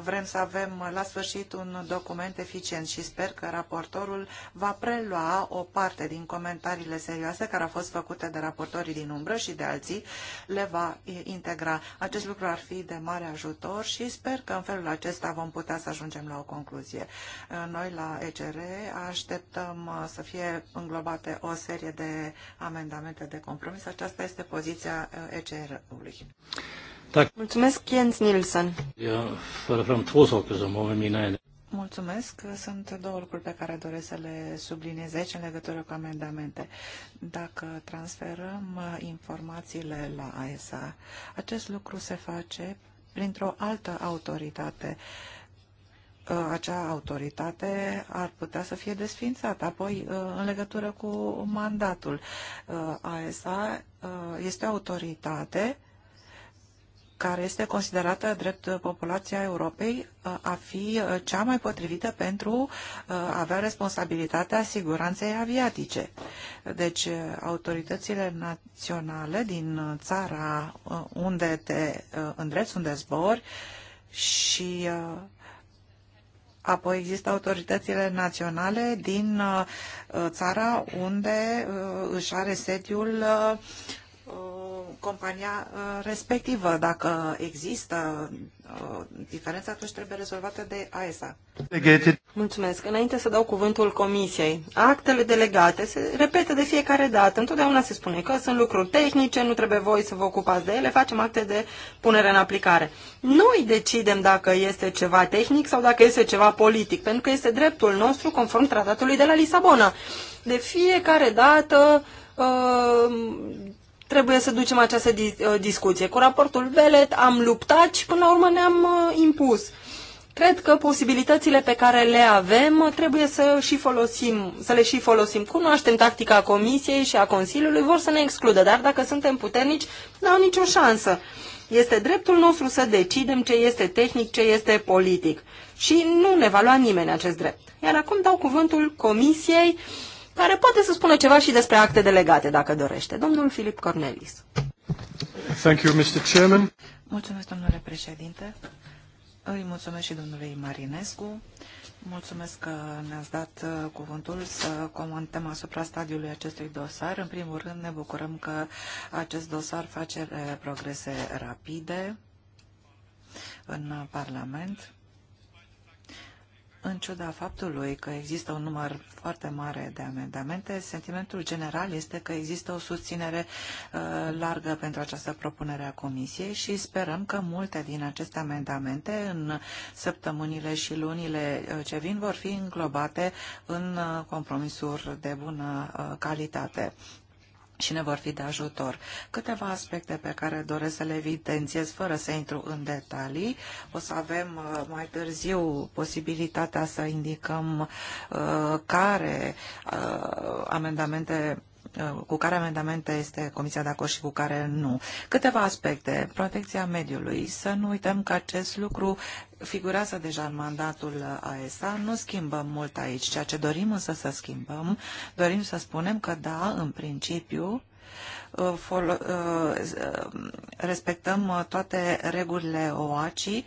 vrem să avem la sfârșit un document eficient și sper că raportorul va prelua o parte din comentariile serioase care au fost făcute de raportorii din umbră și de alții, le va integra. Acest lucru ar fi de mare ajutor și sper că în felul acesta vom putea să ajungem la o concluzie. Noi la ECR așteptăm să fie înglobate o serie de amendamente de compromis. Aceasta este poziția ECR-ului. Tack. Mulțumesc, Jens Nilsson. Jag för fram två saker som har Mulțumesc. Sunt două lucruri pe care doresc să le subliniez aici în legătură cu amendamente. Dacă transferăm uh, informațiile la ASA, acest lucru se face printr-o altă autoritate. Uh, acea autoritate ar putea să fie desfințată. Apoi, uh, în legătură cu mandatul, ASA, este o autoritate care este considerată drept populația Europei, uh, a fi uh, cea mai potrivită pentru uh, a avea responsabilitatea siguranței aviatice. Deci, autoritățile naționale din țara unde te îndreți, unde zbori și Apoi există autoritățile naționale din țara unde își are sediul compania uh, respectivă. Dacă există uh, diferență, atunci trebuie rezolvată de AESA. Mulțumesc. Înainte să dau cuvântul comisiei, actele delegate se repetă de fiecare dată. Întotdeauna se spune că sunt lucruri tehnice, nu trebuie voi să vă ocupați de ele, facem acte de punere în aplicare. Noi decidem dacă este ceva tehnic sau dacă este ceva politic, pentru că este dreptul nostru conform tratatului de la Lisabona. De fiecare dată uh, trebuie să ducem această uh, discuție. Cu raportul Velet am luptat și până la urmă ne-am uh, impus. Cred că posibilitățile pe care le avem uh, trebuie să, și folosim, să le și folosim. Cunoaștem tactica Comisiei și a Consiliului, vor să ne excludă, dar dacă suntem puternici, n-au nicio șansă. Este dreptul nostru să decidem ce este tehnic, ce este politic. Și nu ne va lua nimeni acest drept. Iar acum dau cuvântul Comisiei care poate să spună ceva și despre acte delegate, dacă dorește. Domnul Filip Cornelis. Thank you, Mr. Chairman. Mulțumesc, domnule președinte. Îi mulțumesc și domnului Marinescu. Mulțumesc că ne-ați dat uh, cuvântul să comentăm asupra stadiului acestui dosar. În primul rând ne bucurăm că acest dosar face uh, progrese rapide în Parlament. În ciuda faptului că există un număr foarte mare de amendamente, sentimentul general este că există o susținere uh, largă pentru această propunere a Comisiei și sperăm că multe din aceste amendamente în săptămânile și lunile uh, ce vin vor fi înglobate în uh, compromisuri de bună calitate și ne vor fi de ajutor. Câteva aspecte pe care doresc să le evidențiez fără să intru în detalii. O să avem uh, mai târziu posibilitatea să indicăm uh, care uh, amendamente uh, cu care amendamente este Comisia de acord și cu care nu. Câteva aspecte. Protecția mediului. Să nu uităm că acest lucru figurează deja în mandatul AESA, nu schimbăm mult aici. Ceea ce dorim însă să schimbăm, dorim să spunem că da, în principiu, uh, uh, uh, respectăm toate regulile OACI,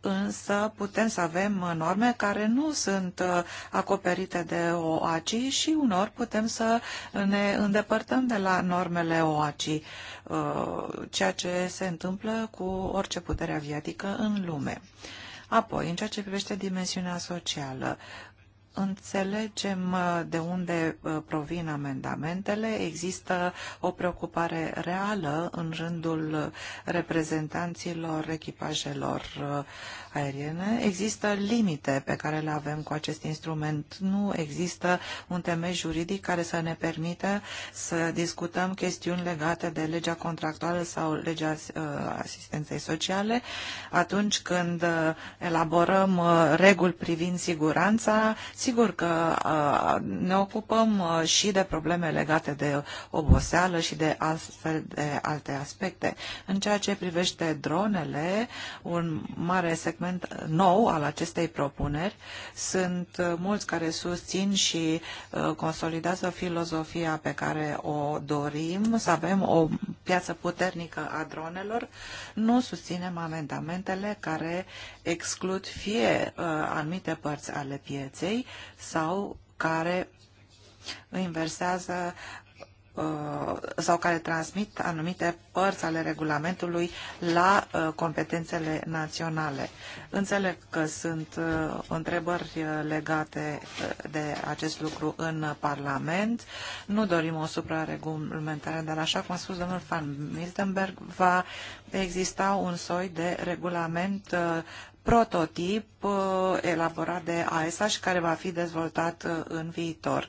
însă putem să avem norme care nu sunt acoperite de OACI și unor putem să ne îndepărtăm de la normele OACI, ceea ce se întâmplă cu orice putere aviatică în lume. Apoi, în ceea ce privește dimensiunea socială, Înțelegem uh, de unde uh, provin amendamentele. Există o preocupare reală în rândul uh, reprezentanților echipajelor aeriene, există limite pe care le avem cu acest instrument. Nu există un temei juridic care să ne permită să discutăm chestiuni legate de legea contractuală sau legea uh, asistenței sociale atunci când uh, elaborăm uh, reguli privind siguranța. Sigur că ne ocupăm și de probleme legate de oboseală și de astfel de alte aspecte. În ceea ce privește dronele, un mare sector segment nou al acestei propuneri. Sunt uh, mulți care susțin și uh, consolidează filozofia pe care o dorim, să avem o piață puternică a dronelor. Nu susținem amendamentele care exclud fie uh, anumite părți ale pieței sau care inversează Uh, sau care transmit anumite părți ale regulamentului la uh, competențele naționale. Înțeleg că sunt uh, întrebări legate de acest lucru în Parlament. Nu dorim o suprareglementare, dar așa cum a spus domnul Van Miltenberg, va exista un soi de regulament prototip elaborat de AESA și care va fi dezvoltat în viitor.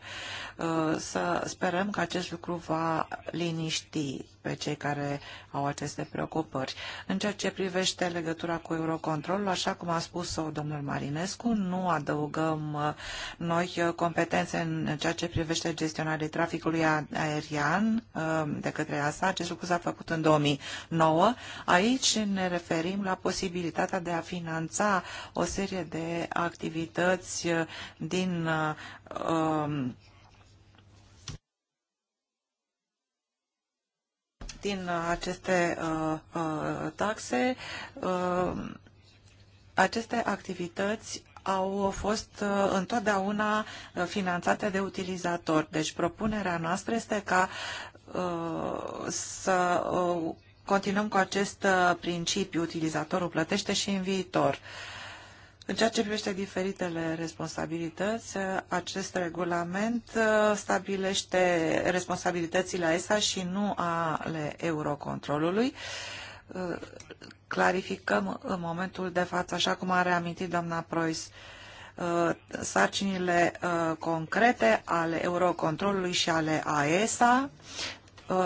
Uh, să sperăm că acest lucru va liniști pe cei care au aceste preocupări. În ceea ce privește legătura cu Eurocontrolul, așa cum a spus-o domnul Marinescu, nu adăugăm uh, noi uh, competențe în ceea ce privește gestionarea traficului aerian de către ASA. Acest lucru s-a făcut în 2009. Aici ne referim la posibilitatea de a finanța o serie de activități din um, din aceste uh, uh, taxe, uh, aceste activități au fost întotdeauna finanțate de utilizator. Deci propunerea noastră este ca să continuăm cu acest principiu, utilizatorul plătește și în viitor. Uh, în ceea ce privește diferitele responsabilități, acest regulament uh, stabilește responsabilitățile ESA și nu ale Eurocontrolului. Uh, clarificăm în momentul de față, așa cum a reamintit doamna Preuss, uh, sarcinile concrete ale Eurocontrolului și ale AESA,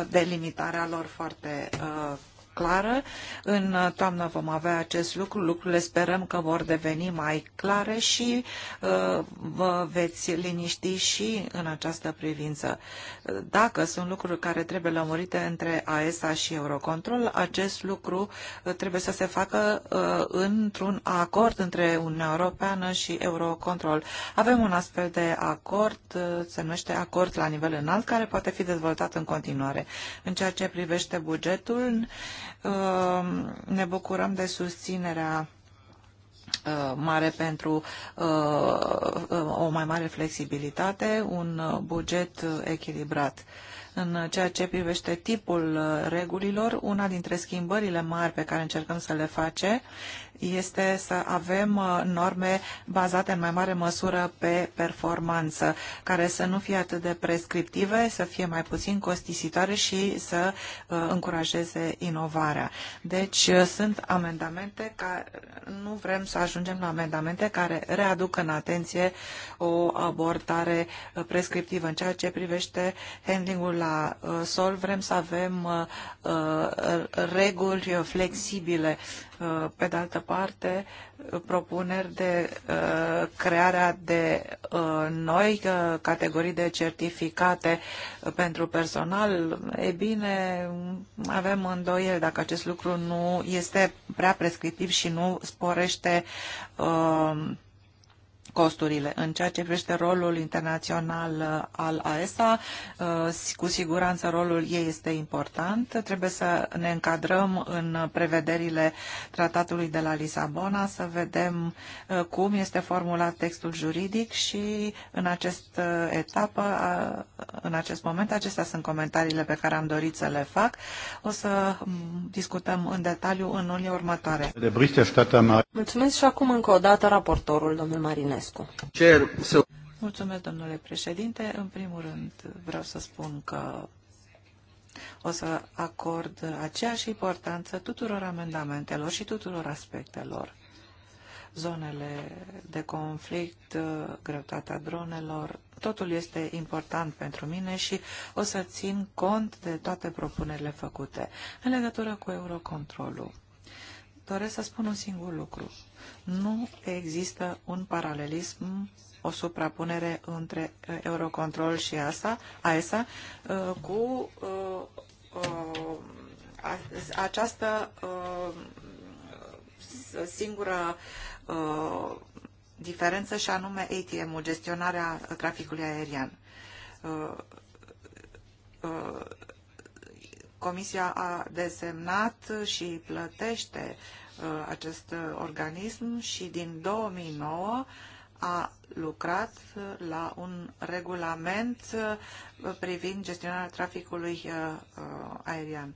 delimitarea lor foarte clară. În toamnă vom avea acest lucru. Lucrurile sperăm că vor deveni mai clare și uh, vă veți liniști și în această privință. Dacă sunt lucruri care trebuie lămurite între AESA și Eurocontrol, acest lucru uh, trebuie să se facă uh, într-un acord între Uniunea Europeană și Eurocontrol. Avem un astfel de acord, se numește acord la nivel înalt, care poate fi dezvoltat în continuare. În ceea ce privește bugetul, Ehm, ne bucurăm de susținerea ehm, mare pentru ehm, o mai mare flexibilitate, un buget echilibrat. În ceea ce privește tipul regulilor, una dintre schimbările mari pe care încercăm să le facem este să avem uh, norme bazate în mai mare măsură pe performanță, care să nu fie atât de prescriptive, să fie mai puțin costisitoare și să uh, încurajeze inovarea. Deci uh, sunt amendamente care nu vrem să ajungem la amendamente care readuc în atenție o abordare prescriptivă în ceea ce privește handlingul la sol. Vrem să avem reguli flexibile Uh, pe de altă parte, uh, propuneri de uh, crearea de noi categorii de certificate pentru personal, e bine, avem îndoieli dacă acest lucru nu este prea prescriptiv și nu sporește costurile. În ceea ce privește rolul internațional uh, al AESA, uh, cu siguranță rolul ei este important. Trebuie să ne încadrăm în prevederile tratatului de la Lisabona, să vedem uh, cum este formulat textul juridic și în acest etapă, în acest moment, acestea sunt comentariile pe care am dorit să le fac. O să mm, discutăm în detaliu în lunile următoare. Mulțumesc și acum încă o dată raportorul, domnul Marines. Cer să... Mulțumesc, domnule președinte. În primul rând vreau să spun că o să acord aceeași importanță tuturor amendamentelor și tuturor aspectelor. Zonele de conflict, greutatea dronelor, totul este important pentru mine și o să țin cont de toate propunerile făcute în legătură cu Eurocontrolul doresc să spun un singur lucru. Nu există un paralelism, o suprapunere între uh, Eurocontrol și ASA, AESA uh, cu uh, această singură diferență și anume ATM-ul, gestionarea traficului aerian Comisia a desemnat și plătește uh, acest organism și din 2009 a lucrat la un regulament uh, privind gestionarea traficului uh, aerian.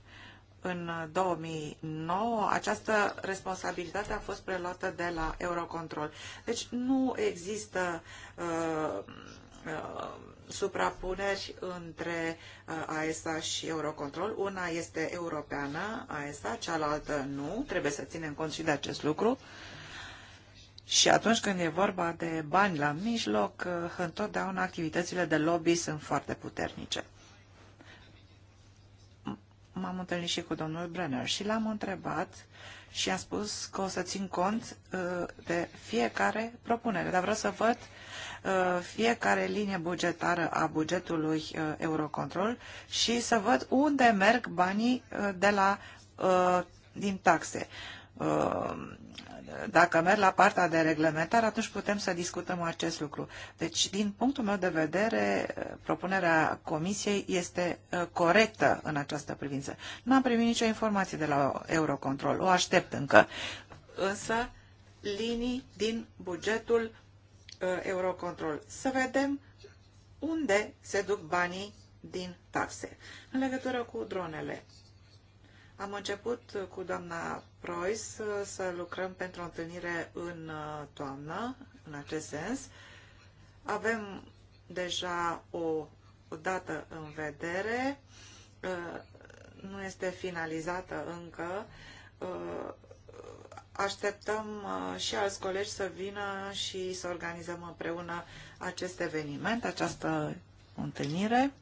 În 2009 această responsabilitate a fost preluată de la Eurocontrol. Deci nu există uh, uh, suprapuneri între AESA uh, și Eurocontrol. Una este europeană, AESA, cealaltă nu. Trebuie să ținem cont și de acest lucru. Și atunci când e vorba de bani la mijloc, uh, întotdeauna activitățile de lobby sunt foarte puternice. M-am întâlnit și cu domnul Brenner și l-am întrebat și am spus că o să țin cont uh, de fiecare propunere, dar vreau să văd Uh, fiecare linie bugetară a bugetului uh, Eurocontrol și să văd unde merg banii uh, de la, din taxe dacă merg la partea de reglementare, atunci putem să discutăm acest lucru. Deci, din punctul meu de vedere, propunerea Comisiei este corectă în această privință. Nu am primit nicio informație de la Eurocontrol, o aștept încă. Însă, linii din bugetul Uh, Eurocontrol, să vedem unde se duc banii din taxe. În legătură cu dronele, am început cu doamna Preuss uh, să lucrăm pentru o întâlnire în uh, toamnă, în acest sens. Avem deja o dată în vedere, nu este finalizată încă, așteptăm uh, și alți colegi să vină și să organizăm împreună acest eveniment, această întâlnire.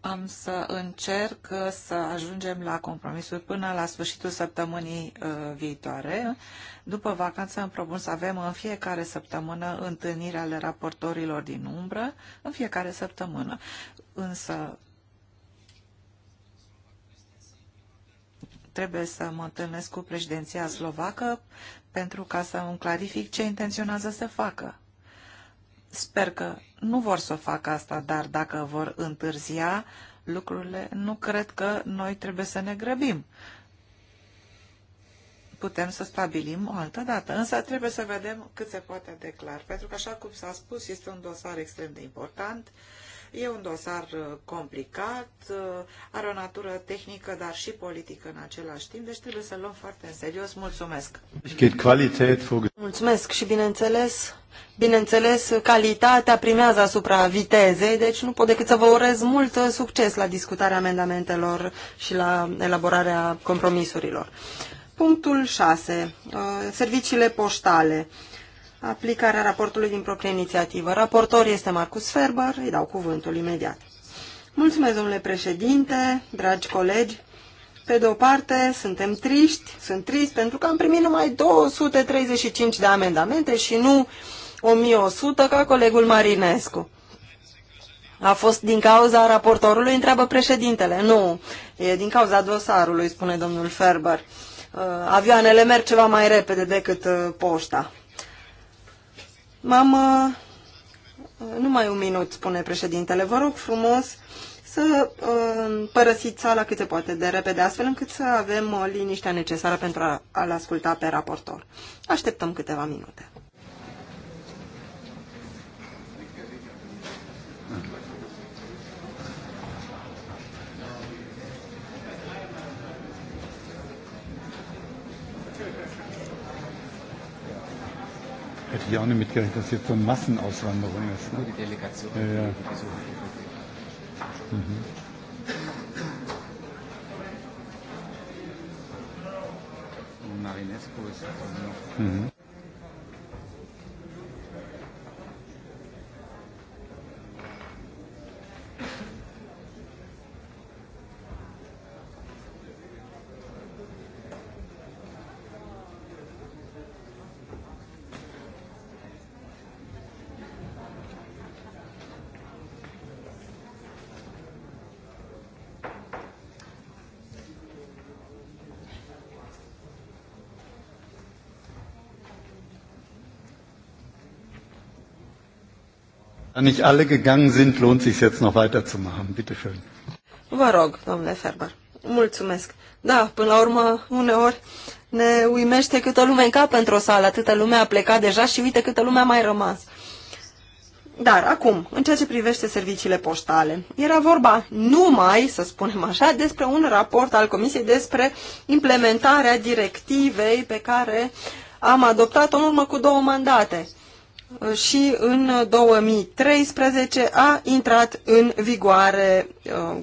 Am să încerc uh, să ajungem la compromisuri până la sfârșitul săptămânii uh, viitoare. După vacanță îmi propun să avem în fiecare săptămână întâlnirea ale raportorilor din umbră, în fiecare săptămână. Însă trebuie să mă întâlnesc cu președinția slovacă pentru ca să îmi clarific ce intenționează să facă. Sper că nu vor să facă asta, dar dacă vor întârzia lucrurile, nu cred că noi trebuie să ne grăbim. Putem să stabilim o altă dată, însă trebuie să vedem cât se poate declar, pentru că, așa cum s-a spus, este un dosar extrem de important E un dosar uh, complicat, uh, are o natură tehnică, dar și politică în același timp, deci trebuie să luăm foarte în serios. Mulțumesc! Deci, Mulțumesc și bineînțeles, bineînțeles, calitatea primează asupra vitezei, deci nu pot decât să vă urez mult uh, succes la discutarea amendamentelor și la elaborarea compromisurilor. Punctul 6. Serviciile poștale aplicarea raportului din proprie inițiativă. Raportor este Marcus Ferber, îi dau cuvântul imediat. Mulțumesc, domnule președinte, dragi colegi. Pe de o parte, suntem triști, sunt trist pentru că am primit numai 235 de amendamente și nu 1100 ca colegul Marinescu. A fost din cauza raportorului, întreabă președintele. Nu, e din cauza dosarului, spune domnul Ferber. Uh, avioanele merg ceva mai repede decât uh, poșta nu mai Numai un minut, spune președintele. Vă rog frumos să uh, părăsiți sala cât se poate de repede, astfel încât să avem uh, liniștea necesară pentru a-l asculta pe raportor. Așteptăm câteva minute. Hätte ich auch nicht mitgerechnet, dass jetzt so eine Massenauswanderung ist. Ne? Nur die Delegation. Ja, ja. Mhm. Marinesco ist also noch. Mhm. nicht alle gegangen sind, lohnt sich jetzt noch weiterzumachen. Bitte schön. Vă rog, domnule Ferber. Mulțumesc. Da, până la urmă, uneori ne uimește câtă lume în cap într-o sală. Atâta lume a plecat deja și uite câtă lume a mai rămas. Dar acum, în ceea ce privește serviciile poștale, era vorba numai, să spunem așa, despre un raport al Comisiei despre implementarea directivei pe care am adoptat-o în urmă cu două mandate și în 2013 a intrat în vigoare uh,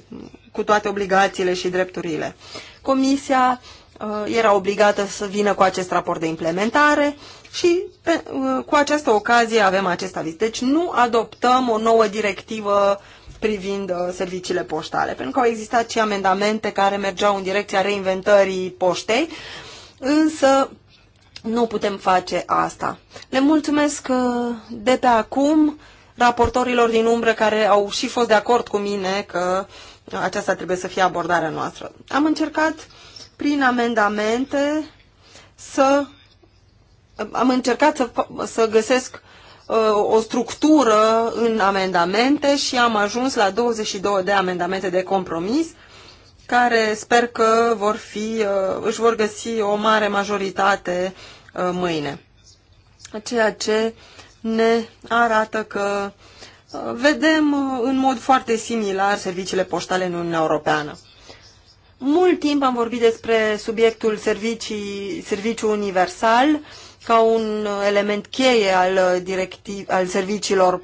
cu toate obligațiile și drepturile. Comisia uh, era obligată să vină cu acest raport de implementare și pe, uh, cu această ocazie avem acest aviz. Deci nu adoptăm o nouă directivă privind serviciile poștale, pentru că au existat și amendamente care mergeau în direcția reinventării poștei, însă nu putem face asta. Le mulțumesc uh, de pe acum raportorilor din umbră care au și fost de acord cu mine că aceasta trebuie să fie abordarea noastră. Am încercat prin amendamente să am încercat să, să găsesc uh, o structură în amendamente și am ajuns la 22 de amendamente de compromis uh, care sper că vor fi, uh, își vor găsi o mare majoritate uh, mâine. Ceea ce ne arată că uh, vedem în mod foarte similar serviciile poștale în Uniunea Europeană. Mult timp am vorbit despre subiectul servicii, serviciu universal ca un element cheie al, directiv, al serviciilor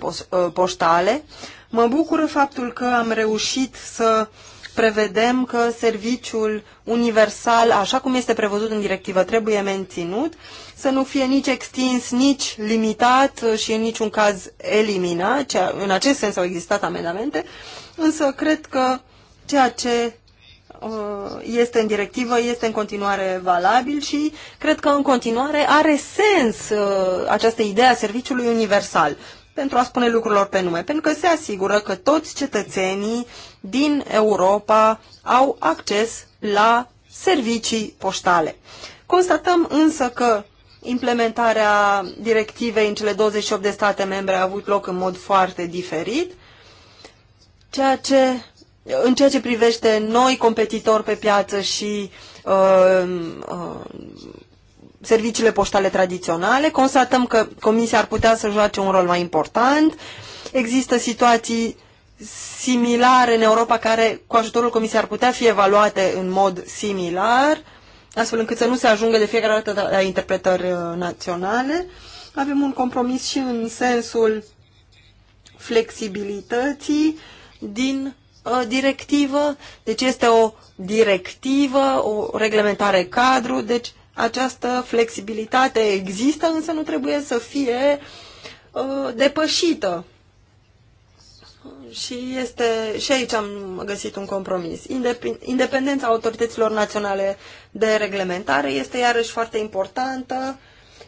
poștale. Mă bucură faptul că am reușit să uh, prevedem că serviciul universal, așa cum este prevăzut în directivă, trebuie menținut, să nu fie nici extins, nici limitat și în niciun caz eliminat. În acest sens au existat amendamente, însă cred că ceea ce uh, este în directivă, este în continuare valabil și cred că în continuare are sens uh, această idee a serviciului universal pentru a spune lucrurilor pe nume, pentru că se asigură că toți cetățenii din Europa au acces la servicii poștale. Constatăm însă că implementarea directivei în cele 28 de state membre a avut loc în mod foarte diferit, ceea ce, în ceea ce privește noi competitori pe piață și uh, uh, serviciile poștale tradiționale, constatăm că Comisia ar putea să joace un rol mai important. Există situații similare în Europa care cu ajutorul Comisiei ar putea fi evaluate în mod similar, astfel încât să nu se ajungă de fiecare dată la interpretări uh, naționale. Avem un compromis și în sensul flexibilității din uh, directivă, deci este o directivă, o reglementare cadru, deci această flexibilitate există, însă nu trebuie să fie uh, depășită și, este, și aici am găsit un compromis. Independența autorităților naționale de reglementare este iarăși foarte importantă.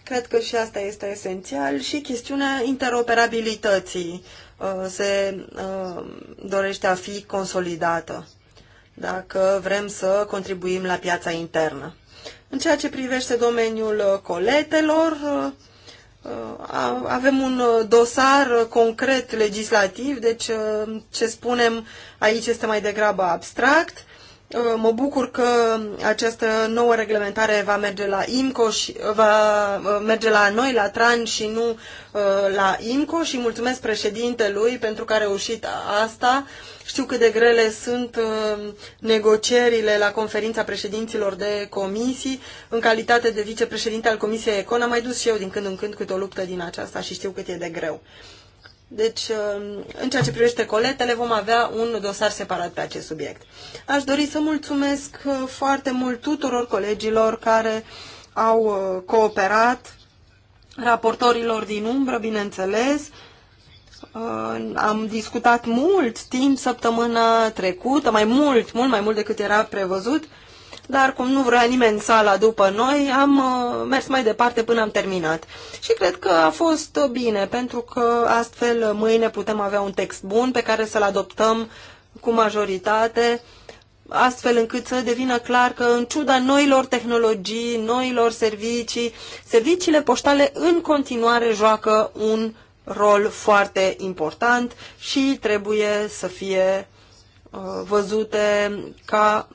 Cred că și asta este esențial și chestiunea interoperabilității uh, se uh, dorește a fi consolidată dacă vrem să contribuim la piața internă. În ceea ce privește domeniul uh, coletelor, avem un uh, dosar uh, concret legislativ, deci uh, ce spunem aici este mai degrabă abstract. Uh, mă bucur că această nouă reglementare va merge la IMCO și uh, va uh, merge la noi, la TRAN și nu la IMCO și mulțumesc președintelui pentru că a reușit asta. Știu cât de grele sunt negocierile la conferința președinților de comisii. În calitate de vicepreședinte al Comisiei Econ am mai dus și eu din când în când câte o luptă din aceasta și știu cât e de greu. Deci, uh, în ceea ce privește coletele, vom avea un dosar separat pe acest subiect. Aș dori să mulțumesc uh, foarte mult tuturor colegilor care au uh, cooperat, raportorilor din umbră, bineînțeles. Am discutat mult timp săptămâna trecută, mai mult, mult mai mult decât era prevăzut dar cum nu vrea nimeni sala după noi, am uh, mers mai departe până am terminat. Și cred că a fost bine, pentru că astfel mâine putem avea un text bun pe care să-l adoptăm cu majoritate, astfel încât să devină clar că în ciuda noilor tehnologii, noilor servicii, serviciile poștale în continuare joacă un rol foarte important și trebuie să fie uh, văzute ca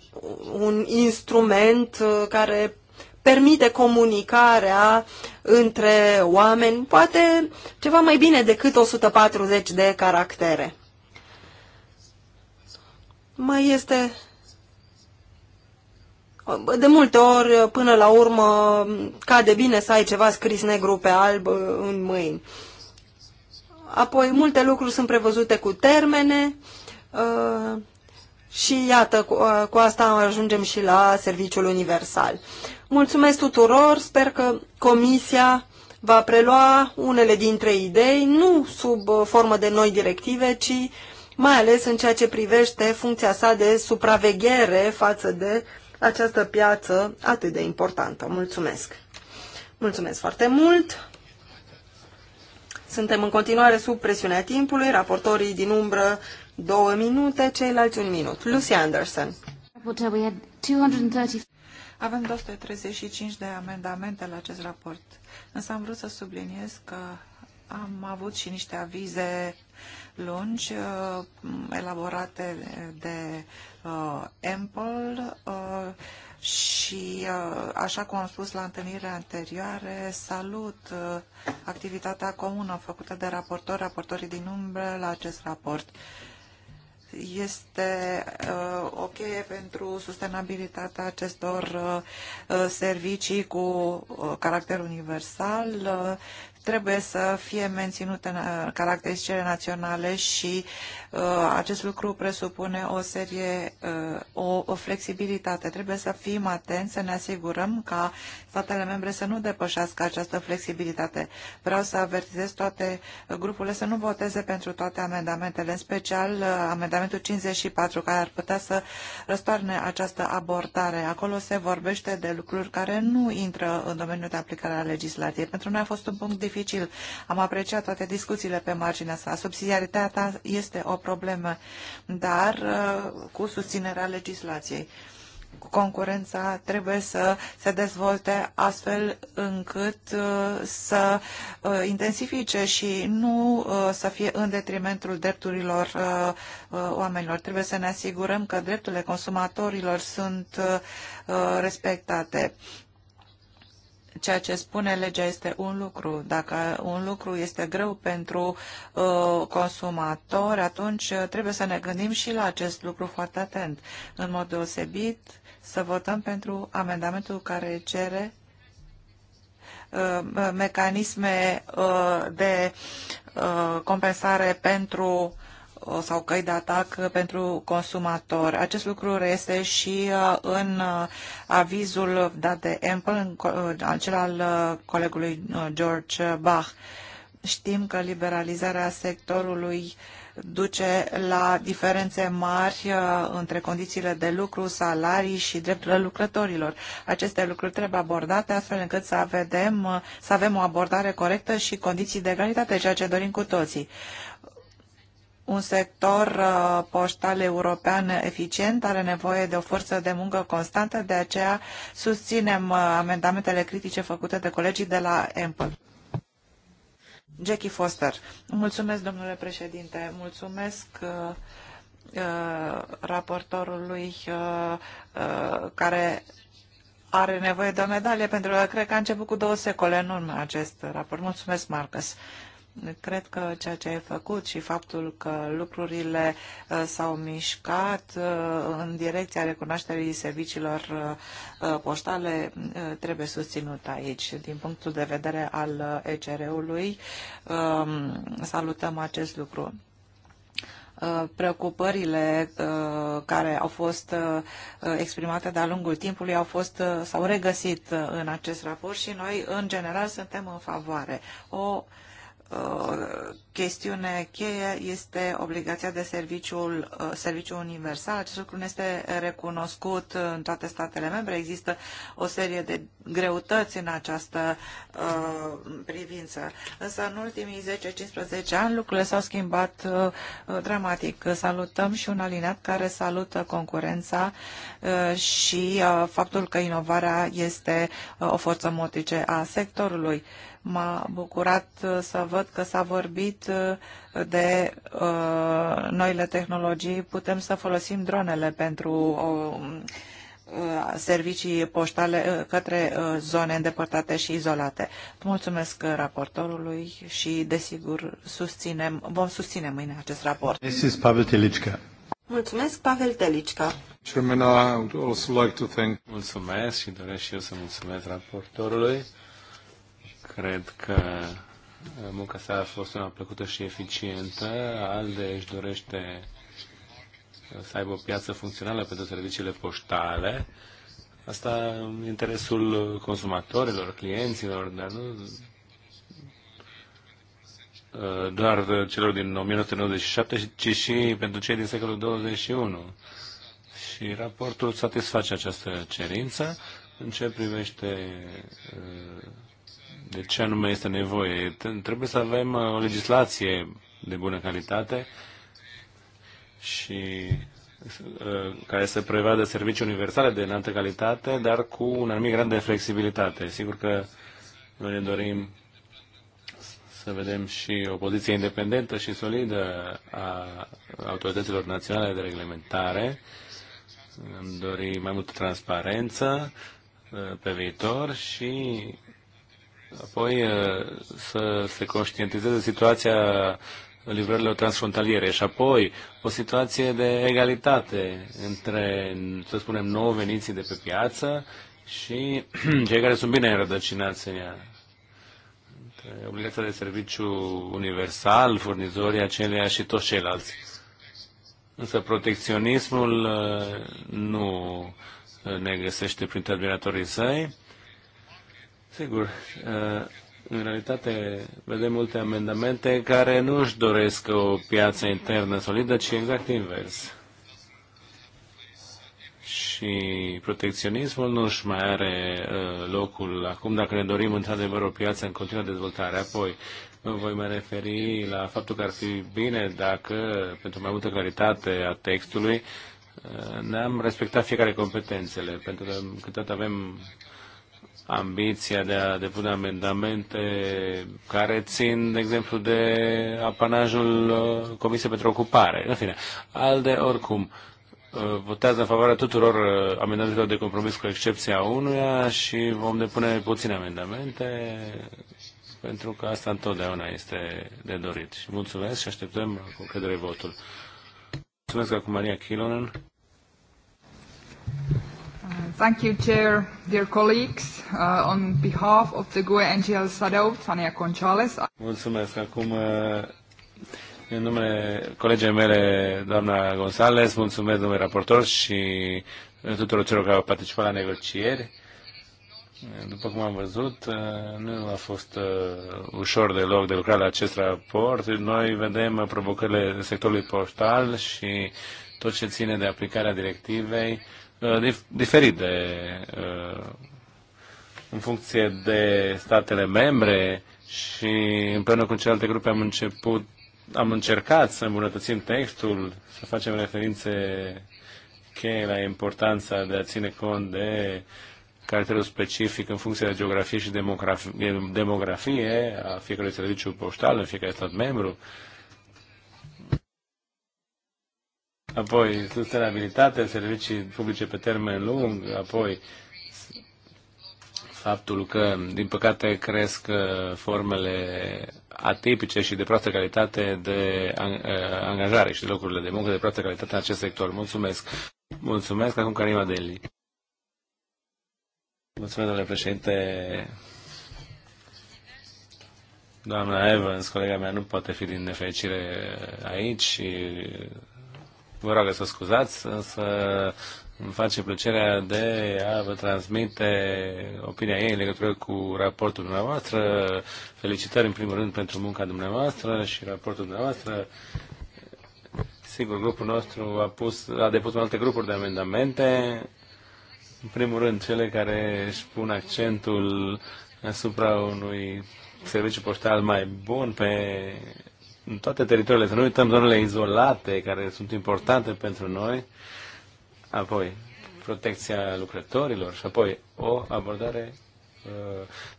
un instrument uh, care permite comunicarea între oameni, poate ceva mai bine decât 140 de caractere. Mai este uh, de multe ori, uh, până la urmă, cade bine să ai ceva scris negru pe alb în mâini. Apoi, multe lucruri sunt prevăzute cu termene. Și iată, cu, uh, cu asta ajungem și la serviciul universal. Mulțumesc tuturor, sper că comisia va prelua unele dintre idei, nu sub uh, formă de noi directive, ci mai ales în ceea ce privește funcția sa de supraveghere față de această piață atât de importantă. Mulțumesc! Mulțumesc foarte mult! Suntem în continuare sub presiunea timpului, raportorii din umbră două minute, ceilalți un minut. Lucy Anderson. Avem 235 de amendamente la acest raport, însă am vrut să subliniez că am avut și niște avize lungi uh, elaborate de uh, Ample uh, și, uh, așa cum am spus la întâlnirea anterioare, salut uh, activitatea comună făcută de raportori, raportorii din umbră la acest raport. Uh, este uh, o cheie pentru sustenabilitatea acestor uh, servicii cu uh, caracter universal trebuie să fie menținute caracteristicile naționale și uh, acest lucru presupune o serie, uh, o, o flexibilitate. Trebuie să fim atenți, să ne asigurăm ca statele membre să nu depășească această flexibilitate. Vreau să avertizez toate grupurile să nu voteze pentru toate amendamentele, în special uh, amendamentul 54, care ar putea să răstoarne această abordare. Acolo se vorbește de lucruri care nu intră în domeniul de aplicare a legislației. Pentru noi a fost un punct dificil dificil. Am apreciat toate discuțiile pe marginea sa. Subsidiaritatea este o problemă, dar uh, cu susținerea legislației concurența trebuie să se dezvolte astfel încât uh, să uh, intensifice și nu să fie în detrimentul drepturilor oamenilor. Trebuie să ne asigurăm că drepturile consumatorilor sunt respectate ceea ce spune legea este un lucru. Dacă un lucru este greu pentru uh, consumator, atunci uh, trebuie să ne gândim și la acest lucru foarte atent. În mod deosebit, să votăm pentru amendamentul care cere uh, mecanisme uh, de compensare pentru sau căi de atac pentru consumator. Acest lucru este și uh, în uh, avizul dat de Ample, uh, cel al colegului George Bach. Știm că liberalizarea sectorului duce la diferențe mari între condițiile de lucru, salarii și drepturile lucrătorilor. Aceste lucruri trebuie abordate astfel încât să, vedem, să avem o abordare corectă și condiții de egalitate, ceea ce dorim cu toții. Un sector uh, poștal european eficient are nevoie de o forță de muncă constantă, de aceea susținem uh, amendamentele critice făcute de colegii de la Ample. Jackie Foster. Mulțumesc, domnule președinte. Mulțumesc uh, raportorului care are nevoie de o medalie pentru că cred că a început cu două secole în urmă acest raport. Mulțumesc, Marcus. Cred că ceea ce ai făcut și faptul că lucrurile uh, s-au mișcat uh, în direcția recunoașterii serviciilor uh, poștale trebuie susținut aici. Din punctul de vedere al ECR-ului um, salutăm acest lucru preocupările care au fost exprimate de-a lungul timpului au fost, s-au regăsit în acest raport și noi, în general, suntem în favoare. O chestiune cheie este obligația de serviciul, uh, serviciu universal. Acest lucru nu este recunoscut în toate statele membre. Există o serie de greutăți în această uh, privință. Însă în ultimii 10-15 ani lucrurile s-au schimbat uh, dramatic. Salutăm și un alineat care salută concurența și faptul că inovarea este o forță motrice a sectorului. M-a bucurat uh, să văd că s-a vorbit uh, de uh, noile tehnologii. Putem să folosim dronele pentru uh, uh servicii poștale către zone îndepărtate și izolate. Mulțumesc raportorului și, desigur, susținem, vom susține mâine acest raport. Mrs. Pavel Telicca. Mulțumesc, Pavel Telicca. Chairman, I would also like to thank... Mulțumesc și doresc și eu să mulțumesc raportorului. Cred că uh, munca sa a fost una plăcută și eficientă. ALDE își dorește uh, să aibă o piață funcțională pentru serviciile poștale. Asta în interesul consumatorilor, clienților, dar nu uh, doar celor din 1997, ci și pentru cei din secolul 21. Și raportul satisface această cerință în ce privește de ce anume este nevoie. Trebuie să avem uh, o legislație de bună calitate și uh, care să prevadă servicii universale de înaltă calitate, dar cu un anumit grad de flexibilitate. Sigur că noi ne dorim să vedem și o poziție independentă și solidă a autorităților naționale de reglementare. Îmi dori mai multă transparență uh, pe viitor și Apoi uh, să se conștientizeze situația livrărilor transfrontaliere și apoi o situație de egalitate între, să spunem, nou veniții de pe piață și cei care sunt bine înrădăcinați în ea. Obligația de serviciu universal, furnizorii acelea și toți ceilalți. Însă protecționismul uh, nu uh, ne găsește printre admiratorii săi Sigur, uh, în realitate vedem multe amendamente care nu își doresc o piață internă solidă, ci exact invers. Și protecționismul nu își mai are uh, locul acum dacă ne dorim într-adevăr o piață în continuă dezvoltare. Apoi, mă voi mai referi la faptul că ar fi bine dacă, pentru mai multă claritate a textului, uh, ne-am respectat fiecare competențele, pentru că câteodată avem ambiția de a depune amendamente care țin, de exemplu, de apanajul uh, Comisiei pentru Ocupare. În fine, ALDE, oricum, uh, votează în favoarea tuturor uh, amendamentelor de compromis, cu excepția unuia, și vom depune puține amendamente, pentru că asta întotdeauna este de dorit. Și mulțumesc și așteptăm cu credere votul. Mulțumesc acum Maria Kilonen. Uh, thank you, Chair. Dear colleagues, uh, on behalf of the GUE NGL Shadow, Tania Conchales. Mulțumesc. Acum, uh, în numele colegei mele, doamna Gonzales, mulțumesc, domnule raportor, și uh, tuturor celor care au participat la negocieri. După cum am văzut, nu a fost ușor deloc de lucrat la acest raport. Noi vedem provocările sectorului postal și tot ce ține de aplicarea directivei Uh, diferit de, uh, în funcție de statele membre și împreună cu celelalte grupe am început am încercat să îmbunătățim textul, să facem referințe cheie la importanța de a ține cont de caracterul specific în funcție de geografie și demografie, demografie a fiecărui serviciu poștal în fiecare stat membru. Uh, apoi sustenabilitatea servicii publice pe termen lung, apoi faptul că, din păcate, cresc uh, formele atipice și de proastă calitate de uh, angajare și de locurile de muncă de proastă calitate în acest sector. Mulțumesc! Mulțumesc acum Karima Deli. Mulțumesc, domnule președinte. Doamna Evans, colega mea, nu poate fi din nefericire aici și vă rog să scuzați, însă îmi face plăcerea de a vă transmite opinia ei în legătură cu raportul dumneavoastră. Felicitări în primul rând pentru munca dumneavoastră și raportul dumneavoastră. Sigur, grupul nostru a, pus, a depus multe grupuri de amendamente. În primul rând, cele care își pun accentul asupra unui serviciu poștal mai bun pe în toate teritoriile, să nu uităm zonele izolate care sunt importante pentru noi, apoi protecția lucrătorilor și apoi o abordare uh,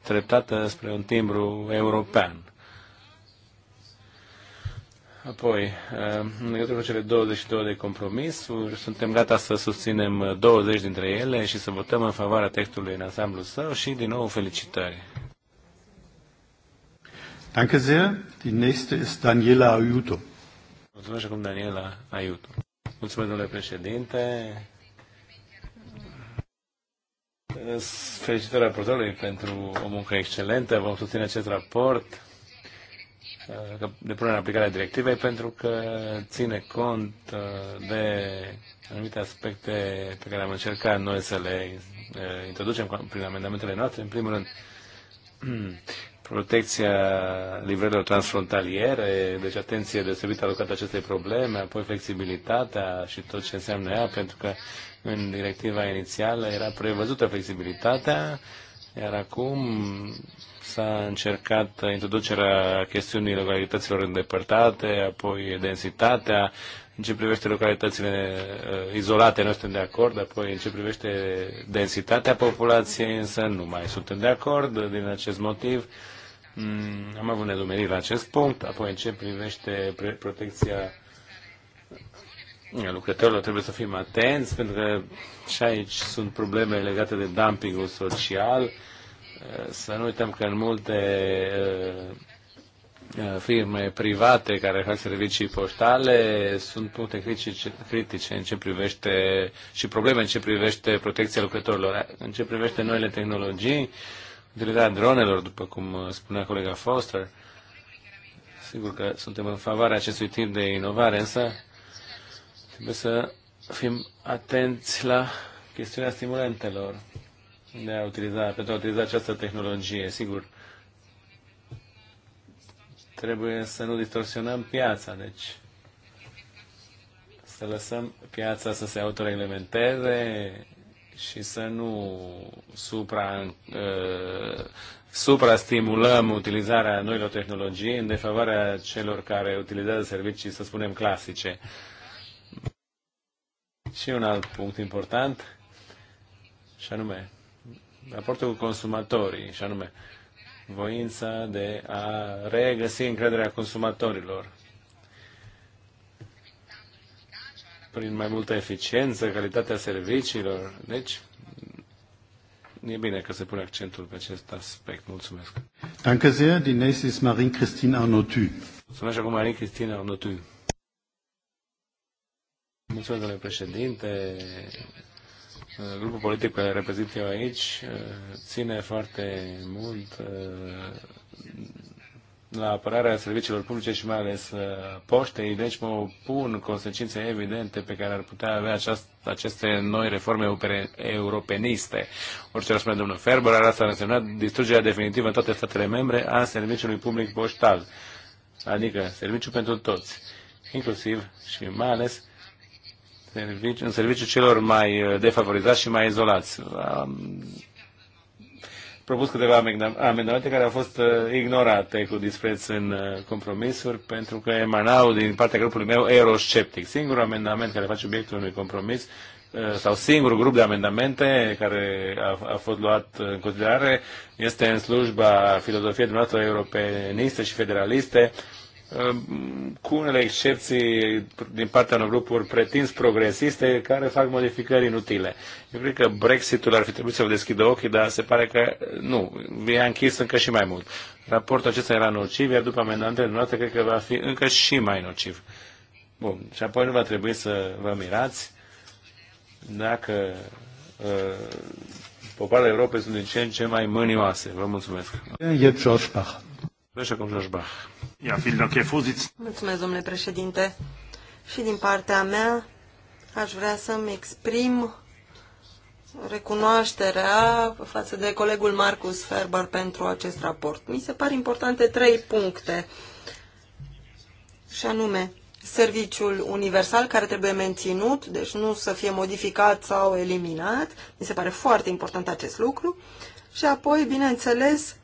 treptată spre un timbru european. Apoi, uh, în legătură cu cele 22 de compromisuri, suntem gata să susținem 20 dintre ele și să votăm în favoarea textului în ansamblu său și, din nou, felicitări Danke sehr. Die nächste ist Daniela Ayuto. Mulțumesc acum Daniela Ayuto. Mulțumesc, domnule președinte. Felicitări raportorului pentru o muncă excelentă. Vom susține acest raport uh, de punere în aplicare a directivei pentru că ține cont uh, de anumite aspecte pe care am încercat noi să le uh, introducem prin amendamentele noastre. În primul rând, protecția livrărilor transfrontaliere, deci atenție deosebită alocată acestei probleme, apoi flexibilitatea și tot ce înseamnă ea, pentru că în directiva inițială era prevăzută flexibilitatea, iar acum s-a încercat introducerea chestiunii localităților îndepărtate, apoi densitatea, în ce privește localitățile uh, izolate nu suntem de acord, apoi în ce privește densitatea populației însă nu mai suntem de acord din acest motiv. Mm, am avut nedumeriri la acest punct. Apoi, în ce privește protecția lucrătorilor, trebuie să fim atenți, pentru că și aici sunt probleme legate de dumpingul social. Uh, să nu uităm că în multe uh, uh, firme private care fac servicii poștale sunt puncte critice, critice în ce privește și probleme în ce privește protecția lucrătorilor. În ce privește noile tehnologii, utilizarea dronelor, după cum uh, spunea colega Foster. Sigur că suntem în favoarea acestui tip de inovare, însă trebuie să fim atenți la chestiunea stimulentelor de a utiliza, pentru a utiliza această tehnologie. Sigur, trebuie să nu distorsionăm piața, deci să lăsăm piața să se autoreglementeze, și să nu supra, uh, suprastimulăm utilizarea noilor tehnologii în defavoarea celor care utilizează servicii, să spunem, clasice. Și un alt punct important, și anume, raportul cu consumatorii, și anume, voința de a regăsi încrederea consumatorilor prin mai multă eficiență, calitatea serviciilor. Deci, e bine că se pune accentul pe acest aspect. Mulțumesc. Danke sehr. Die nächste ist Marie-Christine Mulțumesc acum Marie-Christine Arnotu. Mulțumesc, domnule președinte. Grupul politic pe care reprezint eu aici uh, ține foarte mult uh, la apărarea serviciilor publice și mai ales uh, poștei, deci mă opun consecințe evidente pe care ar putea avea aceast, aceste noi reforme europeniste. Orice ar spune domnul Ferber, ar asta ar însemna distrugerea definitivă în toate statele membre a serviciului public poștal, adică serviciu pentru toți, inclusiv și mai ales servici, în serviciu celor mai uh, defavorizați și mai izolați propus câteva amendamente care au fost uh, ignorate cu dispreț în uh, compromisuri pentru că emanau din partea grupului meu eurosceptic. Singurul amendament care face obiectul unui compromis uh, sau singurul grup de amendamente care a, a fost luat în considerare este în slujba filozofiei dumneavoastră europeniste și federaliste Ehm, cu unele excepții din partea unor grupuri pretins progresiste care fac modificări inutile. Eu cred că Brexitul ar fi trebuit să vă deschidă ochii, dar se pare că nu, e închis încă și mai mult. Raportul acesta era nociv, iar după amendamentele noastre cred că va fi încă și mai nociv. Bun, și apoi nu va trebui să vă mirați dacă uh, popoarele Europei sunt din ce în ce mai mânioase. Vă mulțumesc. E George Bach. Și acum George Bach. Ia, Mulțumesc, domnule președinte. Și din partea mea aș vrea să-mi exprim recunoașterea față de colegul Marcus Ferber pentru acest raport. Mi se par importante trei puncte, și anume serviciul universal care trebuie menținut, deci nu să fie modificat sau eliminat. Mi se pare foarte important acest lucru. Și apoi, bineînțeles,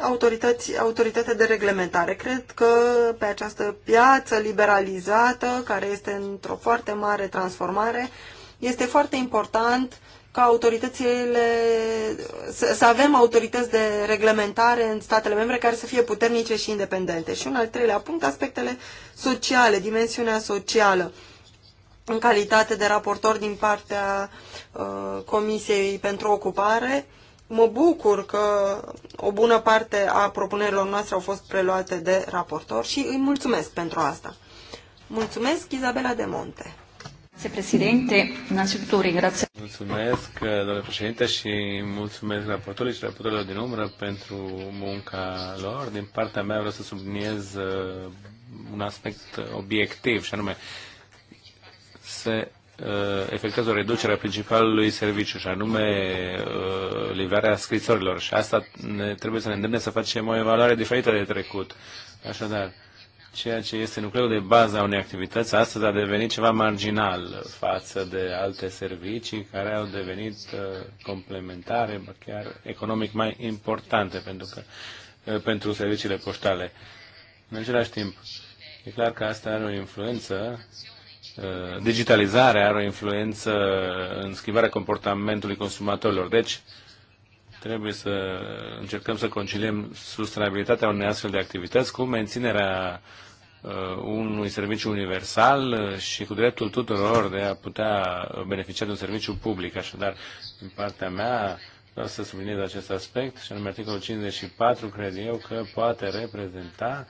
autorități, autoritate de reglementare. Cred că pe această piață liberalizată, care este într-o foarte mare transformare, este foarte important ca autoritățile, să, să avem autorități de reglementare în statele membre care să fie puternice și independente. Și un al treilea punct, aspectele sociale, dimensiunea socială. În calitate de raportor din partea uh, Comisiei pentru Ocupare, uh, Mă bucur că o bună parte a propunerilor noastre au fost preluate de raportor și îi mulțumesc pentru asta. Mulțumesc, Izabela de Monte. Președinte, Mulțumesc, domnule președinte, și mulțumesc raportorilor și raportorilor din umbră pentru munca lor. Din partea mea vreau să subliniez uh, un aspect obiectiv, și anume se Uh, efectuează o reducere a principalului serviciu, și anume uh, livrarea scrisorilor. Și asta ne, trebuie să ne îndemne să facem o evaluare diferită de trecut. Așadar, ceea ce este nucleul de bază a unei activități, astăzi a devenit ceva marginal față de alte servicii care au devenit uh, complementare, chiar economic mai importante pentru, că, pentru serviciile poștale. În același timp, e clar că asta are o influență Uh, digitalizarea are o influență în schimbarea comportamentului consumatorilor. Deci, trebuie să încercăm să conciliem sustenabilitatea unei astfel de activități cu menținerea uh, unui serviciu universal uh, și cu dreptul tuturor de a putea beneficia de un serviciu public. Așadar, din partea mea, vreau să subliniez acest aspect și în articolul 54, cred eu, că poate reprezenta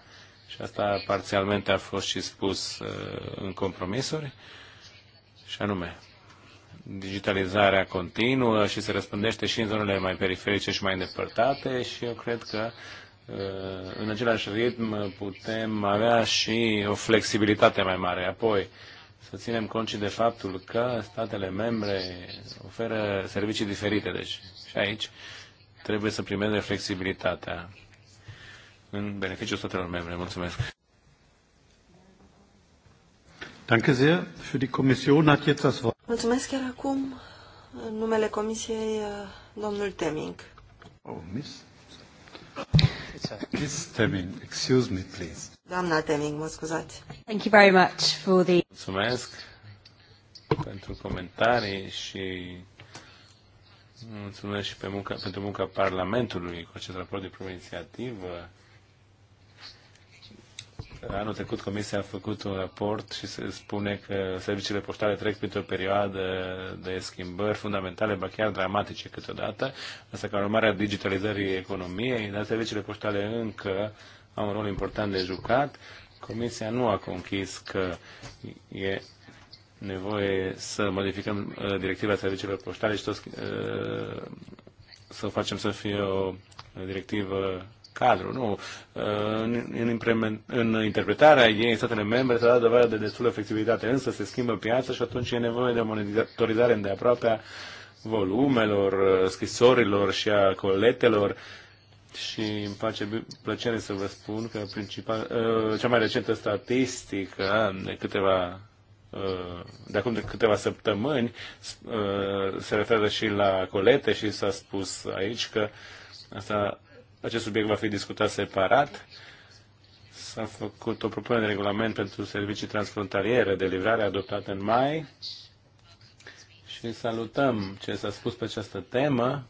și asta parțialmente a fost și spus uh, în compromisuri, și anume digitalizarea continuă și se răspândește și în zonele mai periferice și mai îndepărtate și eu cred că uh, în același ritm putem avea și o flexibilitate mai mare. Apoi, să ținem cont și de faptul că statele membre oferă servicii diferite, deci și aici trebuie să primeze flexibilitatea în beneficiul statelor membre. Mulțumesc! Danke sehr. Für die Kommission hat jetzt das Wort. Mulțumesc chiar acum în numele Comisiei domnul Teming. Oh, miss. Miss Teming, excuse me, please. Doamna Teming, mă scuzați. Thank you very much for the... Mulțumesc pentru comentarii și mulțumesc și pe munca, pentru munca Parlamentului cu acest raport de primă inițiativă Anul trecut Comisia a făcut un raport și se spune că serviciile poștale trec printr-o perioadă de schimbări fundamentale, ba chiar dramatice câteodată, asta ca urmare a digitalizării economiei, dar serviciile poștale încă au un rol important de jucat. Comisia nu a conchis că e nevoie să modificăm uh, directiva serviciilor poștale și tot, uh, să o facem să fie o directivă cadru, nu. În, în, în interpretarea ei, statele membre s-a dat dovadă de destulă flexibilitate, însă se schimbă piața și atunci e nevoie de o monitorizare îndeaproape a volumelor, scrisorilor și a coletelor și îmi face plăcere să vă spun că principal, ă, cea mai recentă statistică de câteva ă, de acum de câteva săptămâni ă, se referă și la colete și s-a spus aici că asta acest subiect va fi discutat separat. S-a făcut o propunere de regulament pentru servicii transfrontaliere de livrare adoptată în mai și salutăm ce s-a spus pe această temă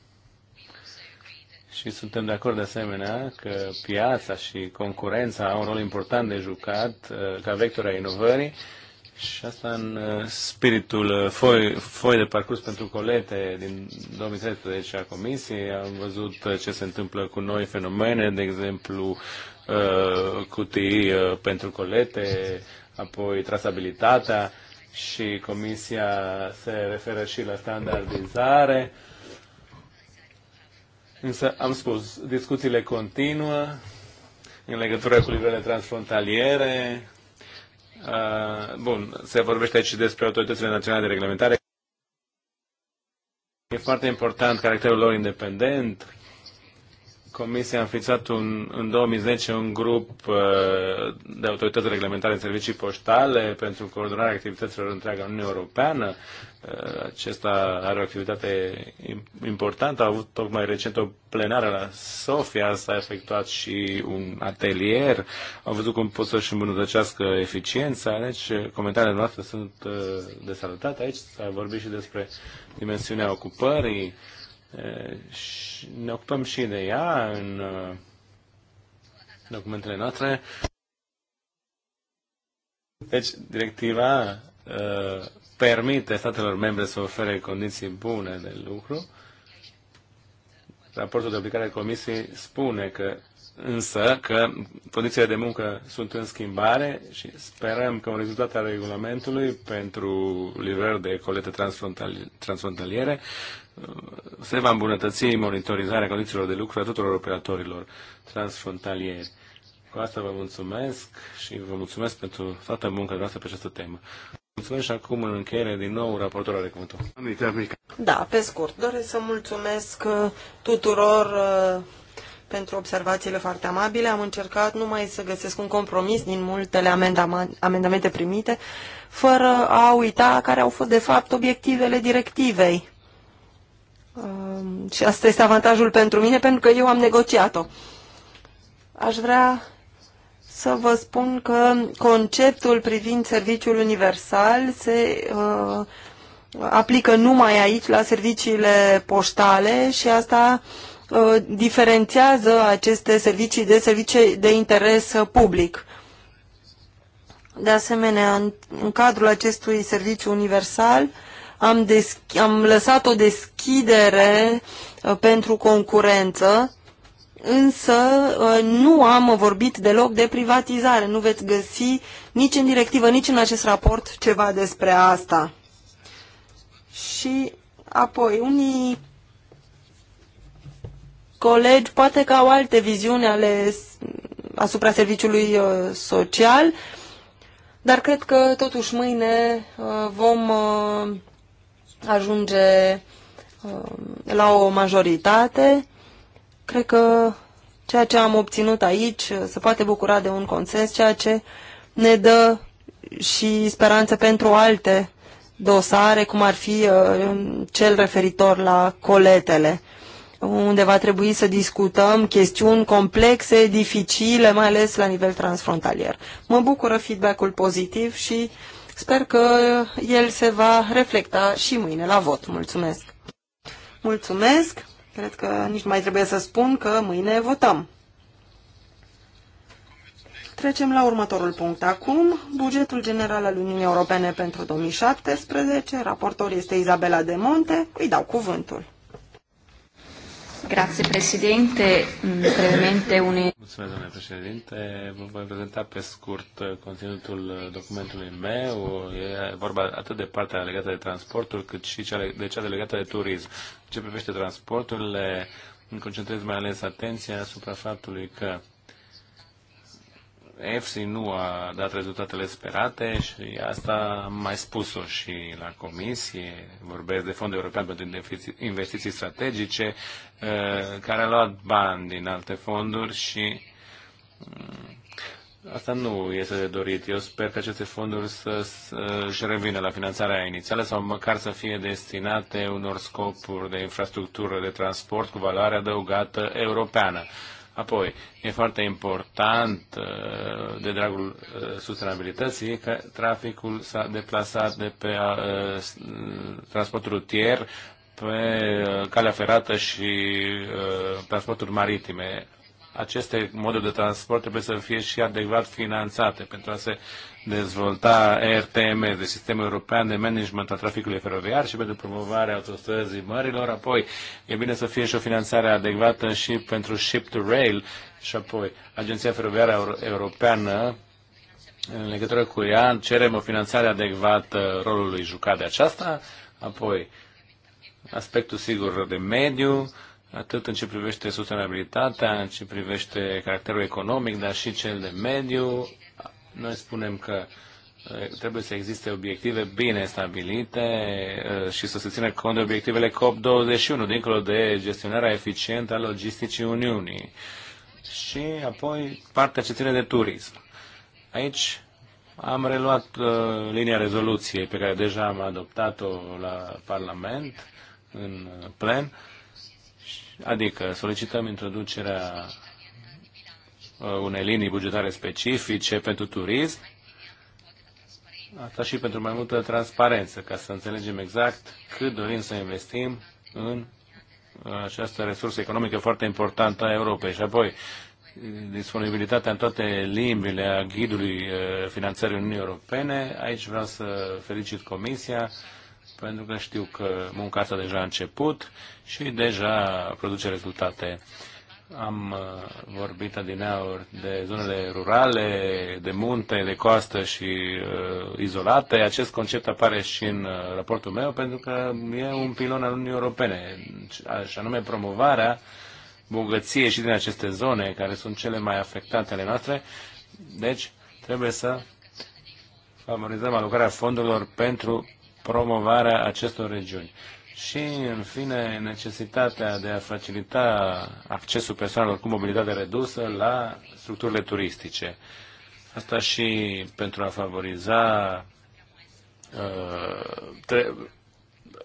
și suntem de acord de asemenea că piața și concurența au un rol important de jucat uh, ca vector a inovării și asta în uh, spiritul uh, foi, foi de parcurs pentru colete din 2013 a Comisiei. Am văzut uh, ce se întâmplă cu noi fenomene, de exemplu cutii pentru colete, apoi trasabilitatea și Comisia se referă și la standardizare. Însă, am spus, discuțiile continuă în legătură cu livrele transfrontaliere, Uh, bun, se vorbește aici despre autoritățile naționale de reglementare. E foarte important caracterul lor independent, Comisia a înființat un, în 2010 un grup uh, de autorități reglementare în servicii poștale pentru coordonarea activităților întreaga Uniune Europeană. Uh, acesta are o activitate importantă. A avut tocmai recent o plenară la Sofia, s-a efectuat și un atelier. Am văzut cum pot să-și îmbunătățească eficiența. Deci, uh, comentariile noastre sunt de salutat. Aici s-a vorbit și despre dimensiunea ocupării Eh, și ne ocupăm și de ea în eh, documentele noastre. Deci, directiva eh, permite statelor membre să ofere condiții bune de lucru. Raportul de aplicare a Comisiei spune că însă că condițiile de muncă sunt în schimbare și sperăm că un rezultat al regulamentului pentru livrări de colete transfrontaliere uh, se va îmbunătăți monitorizarea condițiilor de lucru a tuturor operatorilor transfrontalieri. Cu asta vă mulțumesc și vă mulțumesc pentru toată munca noastră pe această temă. Mulțumesc și acum în încheiere din nou raportorul are cuvântul. Da, pe scurt, doresc să mulțumesc uh, tuturor uh, pentru observațiile foarte amabile. Am încercat numai să găsesc un compromis din multele amendamente primite, fără a uita care au fost, de fapt, obiectivele directivei. Um, și asta este avantajul pentru mine, pentru că eu am negociat-o. Aș vrea să vă spun că conceptul privind serviciul universal se uh, aplică numai aici la serviciile poștale și asta uh, Uh, diferențiază aceste servicii de servicii de interes uh, public. De asemenea, în, în cadrul acestui serviciu universal am, am lăsat o deschidere uh, pentru concurență, însă uh, nu am vorbit deloc de privatizare. Nu veți găsi nici în directivă, nici în acest raport ceva despre asta. Și apoi, unii colegi poate că au alte viziuni ale, asupra serviciului uh, social, dar cred că totuși mâine uh, vom uh, ajunge la o majoritate. Cred că ceea ce am obținut aici se poate bucura de un consens, ceea ce ne dă și speranță pentru alte dosare, cum ar fi cel referitor la coletele unde va trebui să discutăm chestiuni complexe, dificile, mai ales la nivel transfrontalier. Mă bucură feedback-ul pozitiv și sper că el se va reflecta și mâine la vot. Mulțumesc! Mulțumesc! Cred că nici mai trebuie să spun că mâine votăm. Trecem la următorul punct acum, bugetul general al Uniunii Europene pentru 2017. Raportor este Izabela de Monte. Îi dau cuvântul. Grazie Presidente, mm, brevemente un... Mulțumesc, domnule președinte. Vă voi prezenta pe scurt uh, conținutul uh, documentului meu. E vorba atât de partea legată de transportul, cât și cea de cea de legată de turism. Ce privește transporturile, îmi concentrez mai ales atenția asupra faptului că EFSI nu a dat rezultatele sperate și asta am mai spus-o și la comisie. Vorbesc de Fondul European pentru Investiții Strategice, uh, care a luat bani din alte fonduri și mm, Asta nu este de dorit. Eu sper că aceste fonduri să, și revină la finanțarea inițială sau măcar să fie destinate unor scopuri de infrastructură de transport cu valoare adăugată europeană. Apoi, e foarte important, uh, de dragul uh, sustenabilității, că traficul s-a deplasat de pe uh, transportul rutier pe calea ferată și transporturi maritime aceste moduri de transport trebuie să fie și adecvat finanțate pentru a se dezvolta RTM, de Sistem European de Management a Traficului Feroviar și pentru promovarea autostrăzii mărilor. Apoi, e bine să fie și o finanțare adecvată și pentru Ship to Rail și apoi Agenția Feroviară Europeană în legătură cu ea, cerem o finanțare adecvată rolului jucat de aceasta, apoi aspectul sigur de mediu, atât în ce privește sustenabilitatea, în ce privește caracterul economic, dar și cel de mediu. Noi spunem că eh, trebuie să existe obiective bine stabilite eh, și să se țină cont de obiectivele COP21, dincolo de gestionarea eficientă a logisticii Uniunii. Și apoi partea ce ține de turism. Aici am reluat eh, linia rezoluției pe care deja am adoptat-o la Parlament, în plen, Adică solicităm introducerea uh, unei linii bugetare specifice pentru turism, asta și pentru mai multă transparență, ca să înțelegem exact cât dorim să investim în această resursă economică foarte importantă a Europei. Și apoi, disponibilitatea în toate limbile a ghidului uh, finanțării Uniunii Europene. Aici vreau să felicit Comisia pentru că știu că munca asta deja a început și deja produce rezultate. Am uh, vorbit adineauri de zonele rurale, de munte, de coastă și uh, izolate. Acest concept apare și în uh, raportul meu pentru că e un pilon al Uniunii Europene, și anume promovarea bogăției și din aceste zone care sunt cele mai afectate ale noastre. Deci trebuie să favorizăm alocarea fondurilor pentru promovarea acestor regiuni. Și, în fine, necesitatea de a facilita accesul persoanelor cu mobilitate redusă la structurile turistice. Asta și pentru a favoriza uh,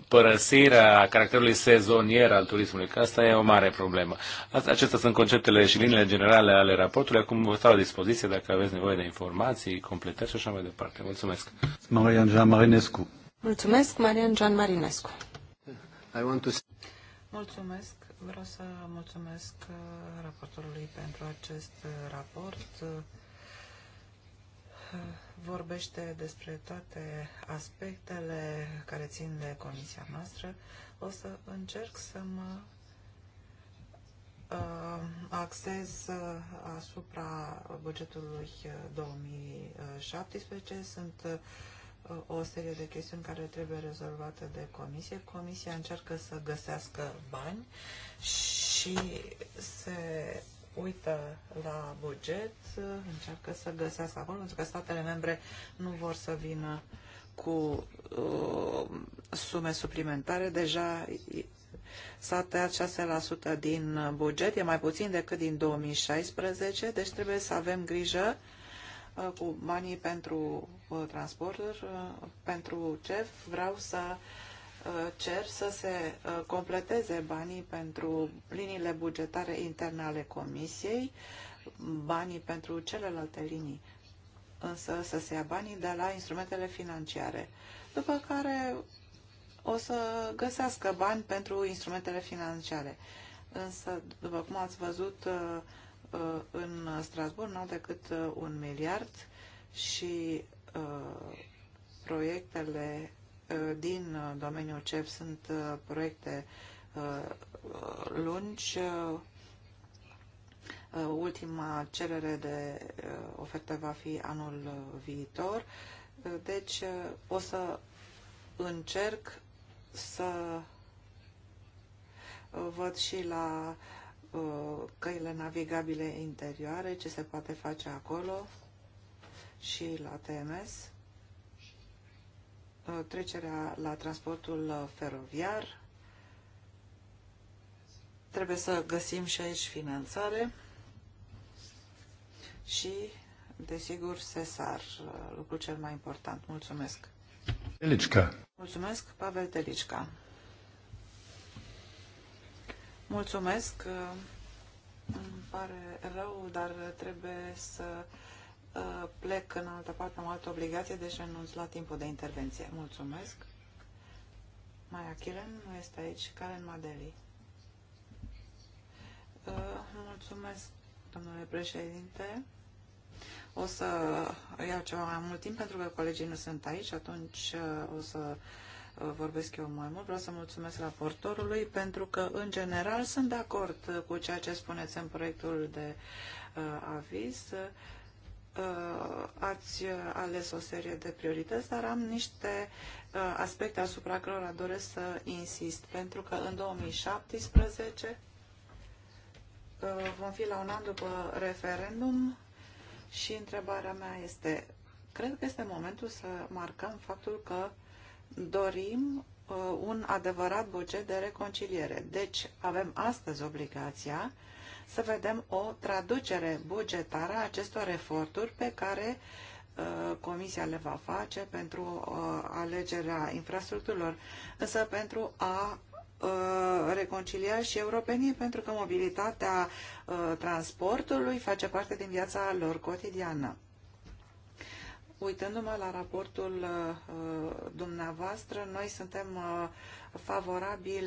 părăsirea caracterului sezonier al turismului, că asta e o mare problemă. Acestea sunt conceptele și liniile generale ale raportului. Acum vă stau la dispoziție dacă aveți nevoie de informații, completări și așa mai departe. Mulțumesc. Marian Jean Marinescu. Mulțumesc, Marian Gian Marinescu. I want to... Mulțumesc. Vreau să mulțumesc uh, raportorului pentru acest uh, raport. Uh, vorbește despre toate aspectele care țin de comisia noastră. O să încerc să mă axez asupra bugetului 2017. Sunt o serie de chestiuni care trebuie rezolvate de comisie. Comisia încearcă să găsească bani și se uită la buget, încearcă să găsească acolo, pentru că statele membre nu vor să vină cu uh, sume suplimentare. Deja s-a tăiat 6% din buget, e mai puțin decât din 2016, deci trebuie să avem grijă uh, cu banii pentru transporter uh, pentru CEF vreau să uh, cer să se uh, completeze banii pentru liniile bugetare interne ale Comisiei, banii pentru celelalte linii, însă să se ia banii de la instrumentele financiare, după care o să găsească bani pentru instrumentele financiare. Însă, după cum ați văzut, în Strasbourg, nu decât un miliard și Uh, proiectele uh, din uh, domeniul CEF sunt proiecte lungi. Ultima cerere de ofertă va fi anul viitor, deci o să încerc să văd și la căile navigabile interioare ce se poate face acolo și la TMS, uh, trecerea la transportul uh, feroviar. Trebuie să găsim și aici finanțare și, desigur, SESAR, uh, lucru cel mai important. Mulțumesc! Telicica. Mulțumesc, Pavel Telicica. Mulțumesc. Îmi pare rău, dar trebuie să Uh, plec în altă parte, am altă obligație, deci renunț la timpul de intervenție. Mulțumesc. Maia Chilen nu este aici, Karen Madeli. Uh, mulțumesc, domnule președinte. O să iau ceva mai mult timp pentru că colegii nu sunt aici, atunci uh, o să vorbesc eu mai mult. Vreau să mulțumesc raportorului pentru că, în general, sunt de acord cu ceea ce spuneți în proiectul de uh, aviz. Uh, Uh, ați ales o serie de priorități, dar am niște uh, aspecte asupra cărora doresc să insist, pentru că în 2017 uh, vom fi la un an după referendum și întrebarea mea este, cred că este momentul să marcăm faptul că dorim un adevărat buget de reconciliere. Deci avem astăzi obligația uh, să vedem o traducere bugetară a acestor eforturi pe care uh, Comisia le va face pentru uh, alegerea infrastructurilor, însă pentru a uh, reconcilia și europenii, pentru că mobilitatea transportului face parte din viața lor cotidiană uitându-mă la raportul uh, dumneavoastră, noi suntem uh, favorabil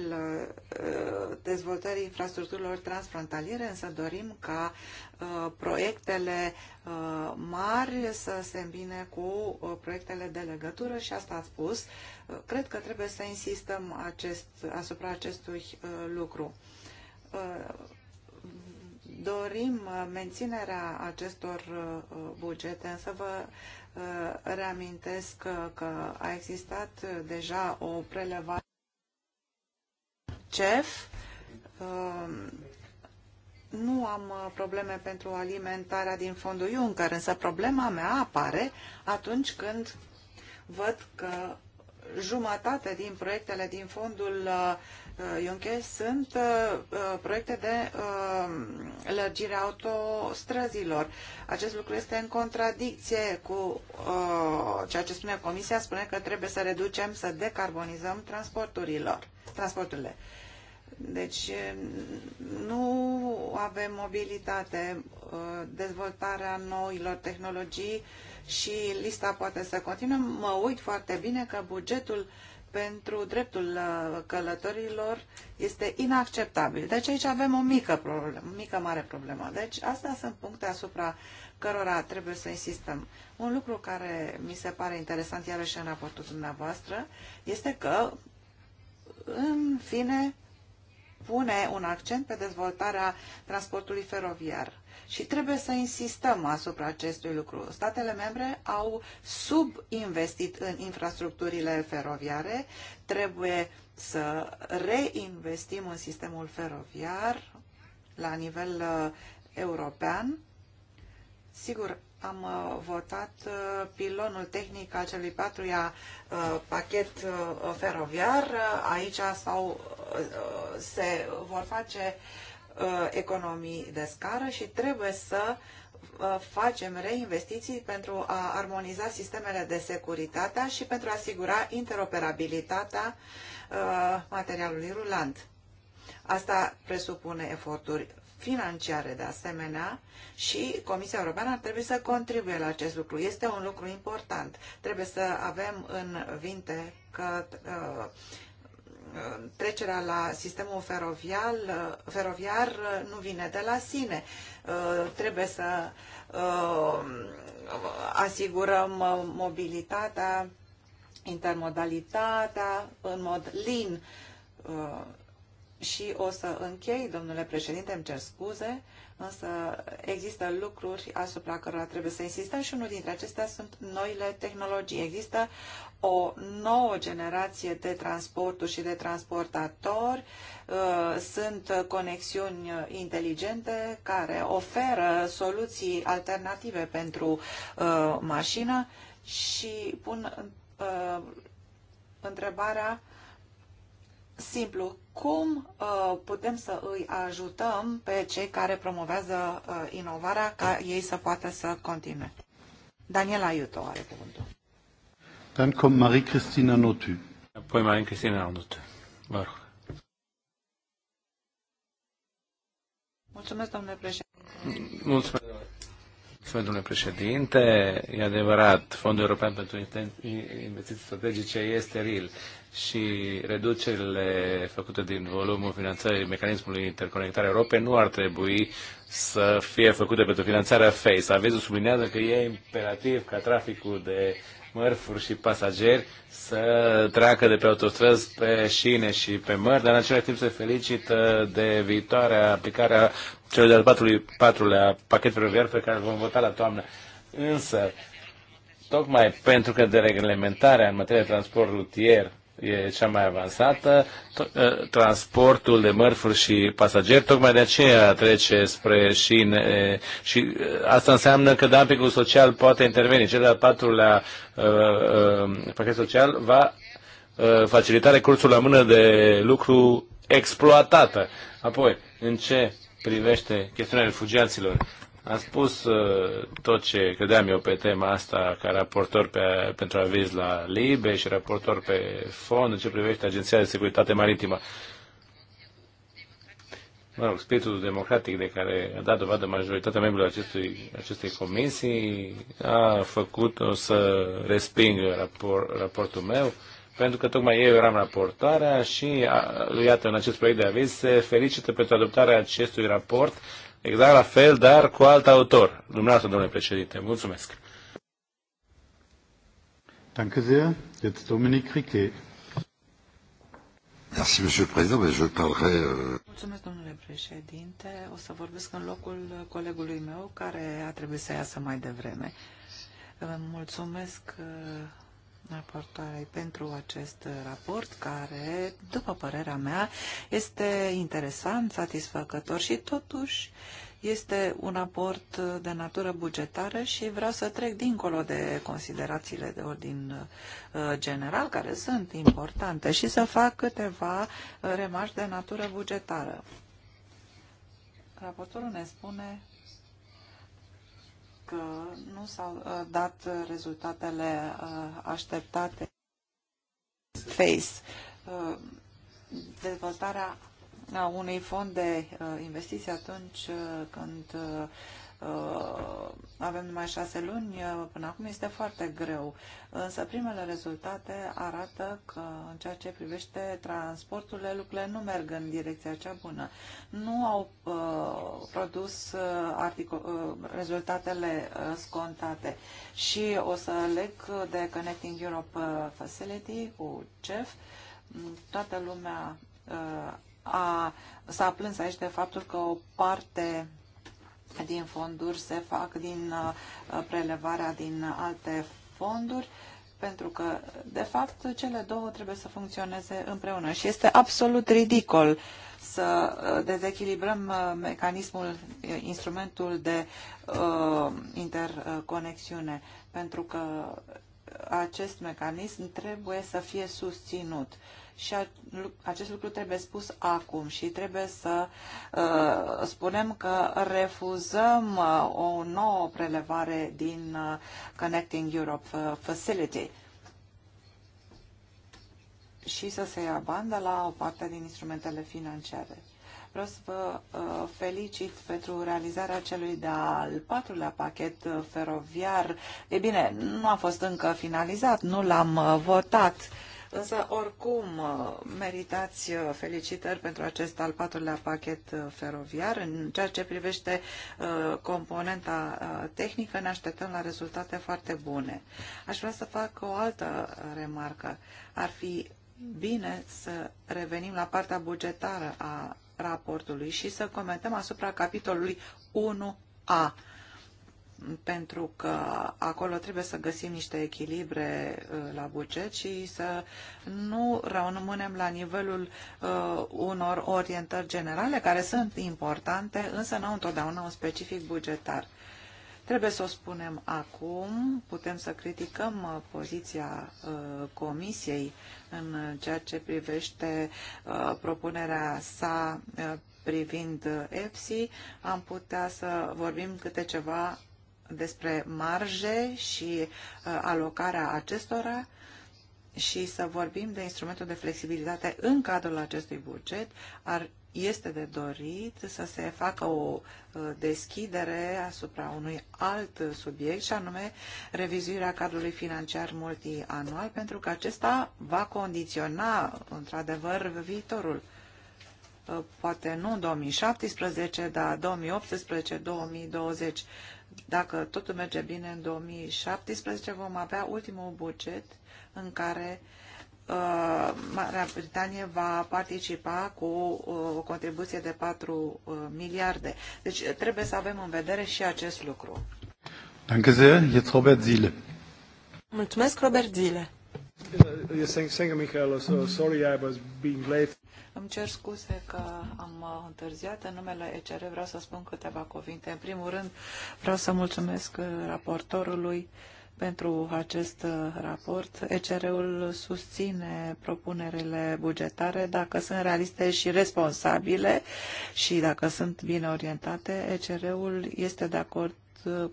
uh, dezvoltării infrastructurilor transfrontaliere, însă dorim ca proiectele mari să se îmbine cu proiectele de legătură și asta a spus. Cred că trebuie să insistăm acest, asupra acestui lucru dorim menținerea acestor bugete, însă vă Uh, reamintesc uh, că, a existat uh, deja o prelevare CEF. Nu am probleme pentru alimentarea din fondul Juncker, însă problema mea apare atunci când văd că jumătate din proiectele din fondul Eh, Juncker sunt eh, eh, proiecte de lărgire autostrăzilor. Acest lucru este în contradicție cu ceea ce spune Comisia, spune că trebuie să reducem, să decarbonizăm transporturilor, transporturile. Deci nu avem mobilitate, dezvoltarea noilor tehnologii și lista poate să continue. Mă uit foarte bine că bugetul uh, pentru dreptul uh, călătorilor este inacceptabil. Deci aici avem o mică problemă, o mică mare problemă. Deci astea sunt puncte asupra cărora trebuie să insistăm. Un lucru care mi se pare interesant iarăși în raportul dumneavoastră este că în fine pune un accent pe dezvoltarea transportului feroviar și trebuie să insistăm asupra acestui lucru. Statele membre au subinvestit în infrastructurile feroviare, trebuie să reinvestim în sistemul feroviar la nivel uh, european. Sigur, am uh, votat uh, pilonul tehnic al celui patruia uh, pachet uh, feroviar. Aici sau uh, se vor face uh, Uh, economii de scară și trebuie să uh, facem reinvestiții pentru a armoniza sistemele de securitate și pentru a asigura interoperabilitatea uh, materialului rulant. Asta presupune eforturi financiare de asemenea și Comisia Europeană ar trebui să contribuie la acest lucru. Este un lucru important. Trebuie să avem în vinte că uh, trecerea la sistemul feroviar, feroviar nu vine de la sine. Uh, trebuie să uh, asigurăm uh, mobilitatea, intermodalitatea în mod lin. Și o să închei, domnule președinte, îmi cer scuze, Însă există lucruri asupra cărora trebuie să insistăm și unul dintre acestea sunt noile tehnologii. Există o nouă generație de transporturi și de transportatori. Uh, sunt conexiuni inteligente care oferă soluții alternative pentru uh, mașină și pun uh, întrebarea simplu. Cum uh, putem să îi ajutăm pe cei care promovează uh, inovarea ca ei să poată să continue? Daniela Iuto are cuvântul. Dann kommt Marie-Christina Notu. Apoi Marie-Christina Notu. Vă rog. Mulțumesc, domnule președinte. Mulțumesc. Mulțumesc, domnule președinte. E adevărat, Fondul European pentru Investiții Strategice este real și reducerile făcute din volumul finanțării mecanismului interconectare Europei nu ar trebui să fie făcute pentru finanțarea FACE. Avezul sublinează că e imperativ ca traficul de mărfuri și pasageri să treacă de pe autostrăzi pe șine și pe mări, dar în același timp se felicită de viitoarea aplicarea celor de-al patrulea, patrulea pachet feroviar pe care îl vom vota la toamnă. Însă, tocmai pentru că de reglementarea în materie de transport rutier e cea mai avansată, transportul de mărfuri și pasageri, tocmai de aceea trece spre și, și asta înseamnă că dumpingul social poate interveni. Cel de-al patrulea uh, uh, pachet social va uh, facilita recursul la mână de lucru exploatată. Apoi, în ce privește chestiunea refugiaților, am spus uh, tot ce credeam eu pe tema asta ca raportor pe, pentru aviz la LIBE și raportor pe fond în ce privește Agenția de Securitate Maritimă. Mă rog, spiritul democratic de care a dat dovadă majoritatea membrilor acestui, acestei comisii a făcut-o să respingă rapor, raportul meu pentru că tocmai eu eram raportarea și, iată, în acest proiect de aviz se felicită pentru adoptarea acestui raport exact la fel, dar cu alt autor. Dumneavoastră, domnule președinte, mulțumesc. Danke sehr. Jetzt Dominic Riquet. Merci, Monsieur le Président. Je parlerai... Euh, mulțumesc, domnule președinte. O să vorbesc în locul colegului meu, care a trebuit să iasă mai devreme. Mulțumesc uh, raportoarei pentru acest raport care, după părerea mea, este interesant, satisfăcător și totuși este un aport de natură bugetară și vreau să trec dincolo de considerațiile de ordin uh, general, care sunt importante, și să fac câteva uh, remarci de natură bugetară. Raportorul ne spune că nu s-au uh, dat rezultatele uh, așteptate. Face. Uh, dezvoltarea a unui fond de investiții atunci când Uh, avem numai șase luni, uh, până acum este foarte greu. Însă primele rezultate arată că în ceea ce privește transporturile, lucrurile nu merg în direcția cea bună. Nu au uh, produs uh, uh rezultatele uh, scontate. Și o să leg de Connecting Europe Facility cu CEF. Toată lumea uh, a, s-a plâns aici de faptul că o parte din fonduri se fac din uh, prelevarea din alte fonduri, pentru că, de fapt, cele două trebuie să funcționeze împreună și este absolut ridicol să uh, dezechilibrăm uh, mecanismul, instrumentul de uh, interconexiune, pentru că acest mecanism trebuie să fie susținut. Uh, și acest lucru trebuie spus acum și trebuie să uh, spunem că refuzăm uh, o nouă prelevare din uh, Connecting Europe uh, Facility și să se ia bandă la o parte din instrumentele financiare. Vreau să vă uh, felicit pentru realizarea celui de-al patrulea pachet uh, feroviar. E bine, nu a fost încă finalizat, nu l-am votat Însă, oricum, uh, meritați uh, felicitări pentru acest al patrulea pachet uh, feroviar. În ceea ce privește componenta tehnică, ne așteptăm la rezultate foarte bune. Aș vrea să fac o altă remarcă. Ar fi bine să revenim la partea bugetară a raportului și să comentăm asupra capitolului 1A pentru că acolo trebuie să găsim niște echilibre uh, la buget și să nu rămânem la nivelul uh, unor orientări generale care sunt importante, însă nu întotdeauna un specific bugetar. Trebuie să o spunem acum, putem să criticăm uh, poziția Comisiei în ceea ce privește propunerea sa privind EPSI, am putea să vorbim câte ceva despre marje și uh, alocarea acestora și să vorbim de instrumentul de flexibilitate în cadrul acestui buget, ar, este de dorit să se facă o uh, deschidere asupra unui alt subiect și anume revizuirea cadrului financiar multianual, pentru că acesta va condiționa într-adevăr viitorul uh, poate nu 2017, dar 2018-2020 dacă totul merge bine în 2017, vom avea ultimul buget în care uh, Marea Britanie va participa cu uh, o contribuție de 4 uh, miliarde. Deci trebuie să avem în vedere și acest lucru. Danke sehr. Jetzt Robert Ziele. Mulțumesc, Robert Zile. Uh, sorry I was being late. Îmi cer scuze că am uh, întârziat. În numele ECR vreau să spun câteva cuvinte. În primul rând, vreau să mulțumesc uh, raportorului pentru acest raport. ECR-ul susține propunerile bugetare dacă sunt realiste și responsabile și dacă sunt bine orientate. ECR-ul este de acord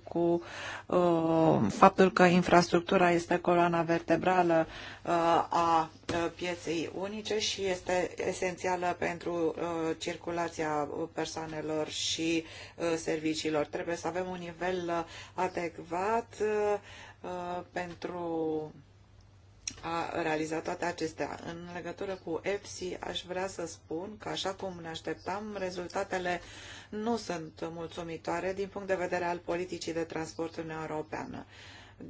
cu uh, faptul că infrastructura este coloana vertebrală uh, a uh, pieței unice și este esențială pentru uh, circulația persoanelor și uh, serviciilor. Trebuie să avem un nivel uh, adecvat pentru a realizat toate acestea. În legătură cu EFSI, aș vrea să spun că, așa cum ne așteptam, rezultatele nu sunt mulțumitoare din punct de vedere al politicii de transport în Europeană.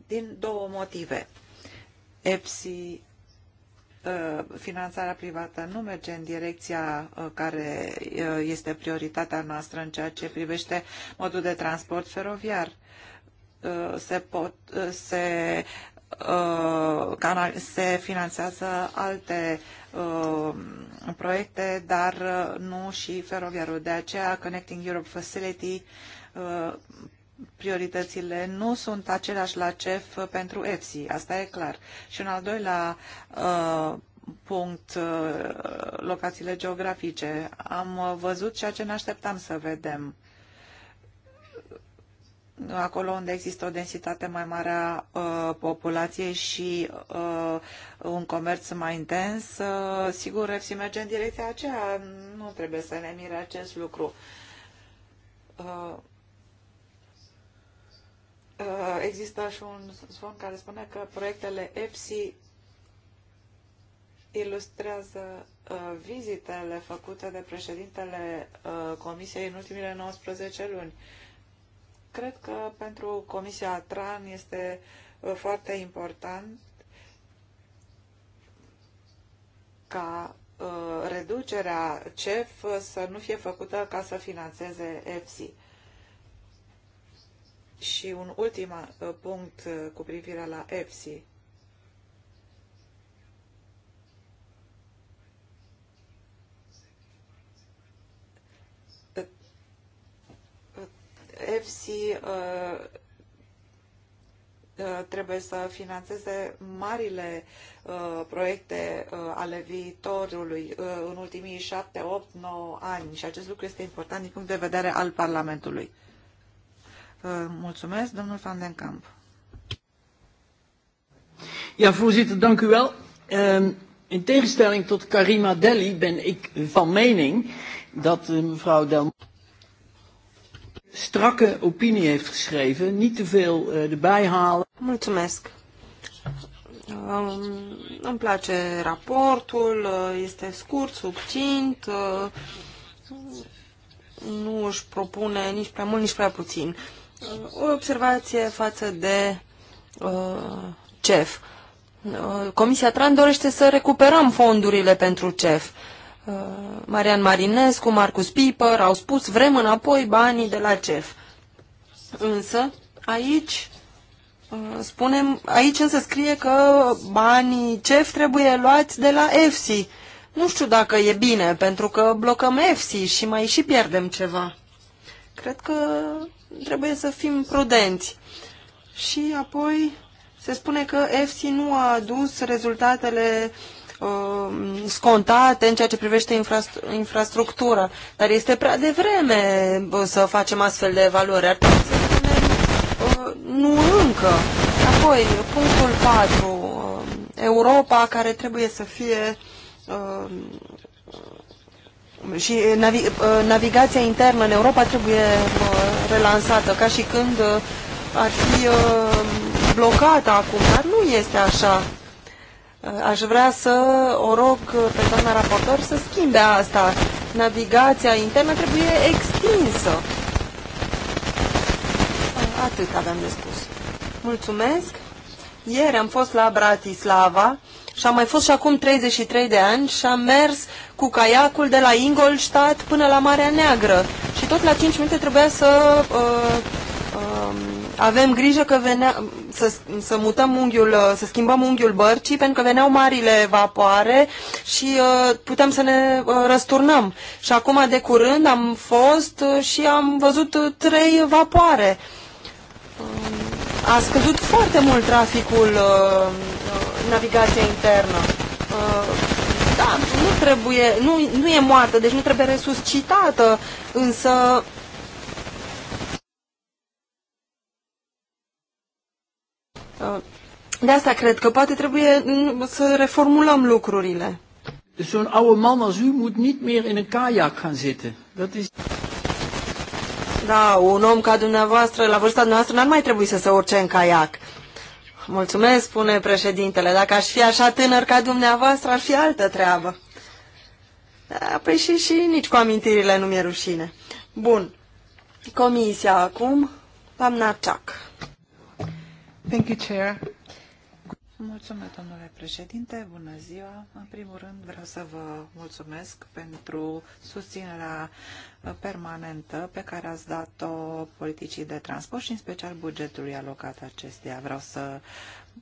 Din două motive. EFSI, uh, finanțarea privată, nu merge în direcția uh, care uh, este prioritatea noastră în ceea ce privește modul de transport feroviar se, pot, se uh, se finanțează alte uh, proiecte, dar uh, nu și feroviarul. De aceea, Connecting Europe Facility, uh, prioritățile nu sunt aceleași la CEF pentru EFSI, asta e clar. Și un al doilea punct, locațiile geografice. Am văzut ceea ce ne așteptam să vedem acolo unde există o densitate mai mare a uh, populației și uh, un comerț mai intens, uh, sigur, EFSI merge în direcția aceea. Nu trebuie să ne mire acest lucru. Uh, uh, există și un zvon care spune că proiectele EFSI ilustrează uh, vizitele făcute de președintele uh, Comisiei în ultimile 19 luni. Uh, Cred că pentru Comisia TRAN este uh, foarte important ca uh, reducerea CEF să nu fie făcută ca să financeze EFSI. Și un ultim uh, punct cu privire la EFSI. EFSI uh, uh, trebuie să finanțeze marile uh, proiecte uh, ale viitorului uh, în ultimii șapte, opt, nouă ani și acest lucru este important din punct de vedere al Parlamentului. Uh, mulțumesc, domnul Van den Kamp. Ja, voorzitter, dank u wel. Um, in tegenstelling tot Karima Delli ben ik van mening dat eh, mevrouw Delmo strakke opinie heeft geschreven. Niet te veel uh, erbij halen. Mulțumesc. Um, îmi place raportul, eh, este scurt, subțint, uh, eh, nu își propune nici prea mult, nici prea puțin. Uh, o observație față de uh, CEF. Comisia Tran dorește să recuperăm fondurile pentru CEF. Uh, Uh, Marian Marinescu, Marcus Piper au spus vrem înapoi banii de la CEF. Însă aici uh, spunem, aici însă scrie că banii CEF trebuie luați de la EFSI. Nu știu dacă e bine, pentru că blocăm EFSI și mai și pierdem ceva. Cred că trebuie să fim prudenți. Și apoi se spune că EFSI nu a adus rezultatele uh, Um, scontate în ceea ce privește infra- infrastructura, dar este prea devreme să facem astfel de evaluări. Ar trebui să spunem uh, nu încă. Apoi, punctul 4, um, Europa care trebuie să fie um, și navi uh, navigația internă în Europa trebuie relansată, ca și când uh, ar fi blocată acum, dar nu este așa. Aș vrea să o rog pe doamna raportor să schimbe asta. Navigația internă trebuie extinsă. Atât aveam de spus. Mulțumesc. Ieri am fost la Bratislava și am mai fost și acum 33 de ani și am mers cu caiacul de la Ingolstadt până la Marea Neagră. Și tot la 5 minute trebuia să uh, uh, avem grijă că venea, să, să mutăm unghiul, uh, să schimbăm unghiul bărcii, pentru că veneau marile vapoare și uh, putem să ne uh, răsturnăm. Și acum, de curând, am fost uh, și am văzut uh, trei vapoare. Uh, a scăzut foarte mult traficul uh, navigației internă. Uh, da, nu trebuie, nu, nu e moartă, deci nu trebuie resuscitată, însă Uh, de asta cred că poate trebuie mm, să reformulăm lucrurile. Zo'n oude man als u moet niet meer in een kajak gaan zitten. Dat is... Da, un om ca dumneavoastră, la vârsta noastră, n-ar mai trebui să se urce în caiac. Mulțumesc, spune președintele. Dacă aș fi așa tânăr ca dumneavoastră, ar fi altă treabă. Da, păi și, și nici cu amintirile nu mi-e rușine. Bun. Comisia acum, doamna Ceac. Mulțumesc, domnule președinte. Bună ziua. În primul rând vreau să vă mulțumesc pentru susținerea permanentă pe care ați dat-o politicii de transport și în special bugetului alocat acesteia. Vreau să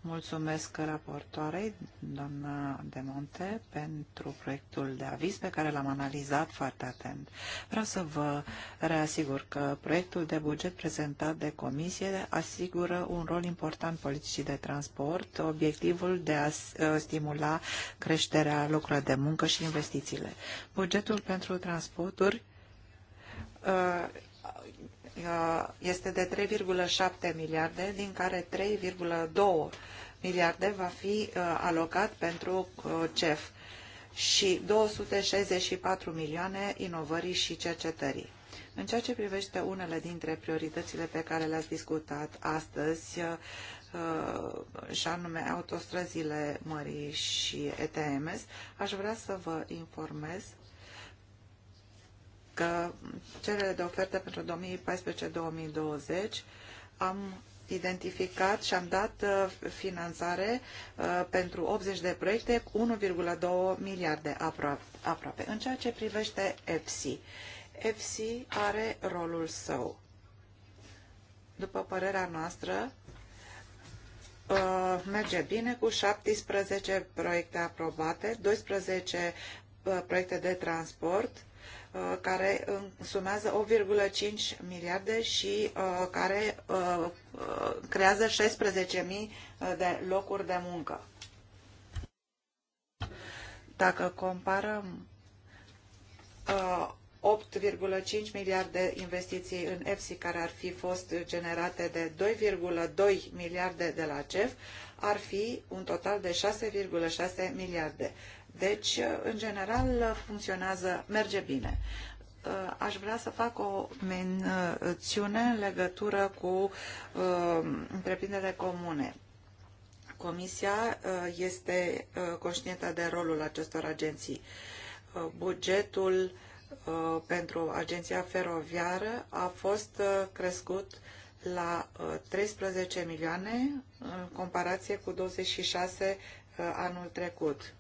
Mulțumesc raportoarei, doamna De Monte, pentru proiectul de aviz pe care l-am analizat foarte atent. Vreau să vă reasigur că proiectul de buget prezentat de comisie asigură un rol important politicii de transport, obiectivul de a uh, stimula creșterea locurilor de muncă și investițiile. Bugetul pentru transporturi uh, Uh, este de 3,7 miliarde, din care 3,2 miliarde va fi uh, alocat pentru uh, CEF și 264 milioane inovării și cercetării. În ceea ce privește unele dintre prioritățile pe care le-ați discutat astăzi, și anume autostrăzile mării și ETMS, aș vrea să vă informez că cerere de oferte pentru 2014-2020 am identificat și am dat uh, finanțare uh, pentru 80 de proiecte cu 1,2 miliarde aproape. În ceea ce privește EFSI, EFSI are rolul său. După părerea noastră, uh, merge bine cu 17 proiecte aprobate, 12 proiecte de transport, Uh, care uh, sumează 8,5 miliarde și uh, care creează 16.000 de locuri de muncă. Dacă comparăm 8,5 miliarde investiții în EFSI care ar fi fost generate de 2,2 miliarde de la CEF, ar fi un total de 6,6 miliarde. Deci, uh, în general, uh, funcționează, merge bine. Uh, aș vrea să fac o mențiune în legătură cu întreprinderile comune. Comisia este conștientă de rolul acestor agenții. Bugetul pentru agenția feroviară a fost crescut la 13 milioane în comparație cu 26 anul trecut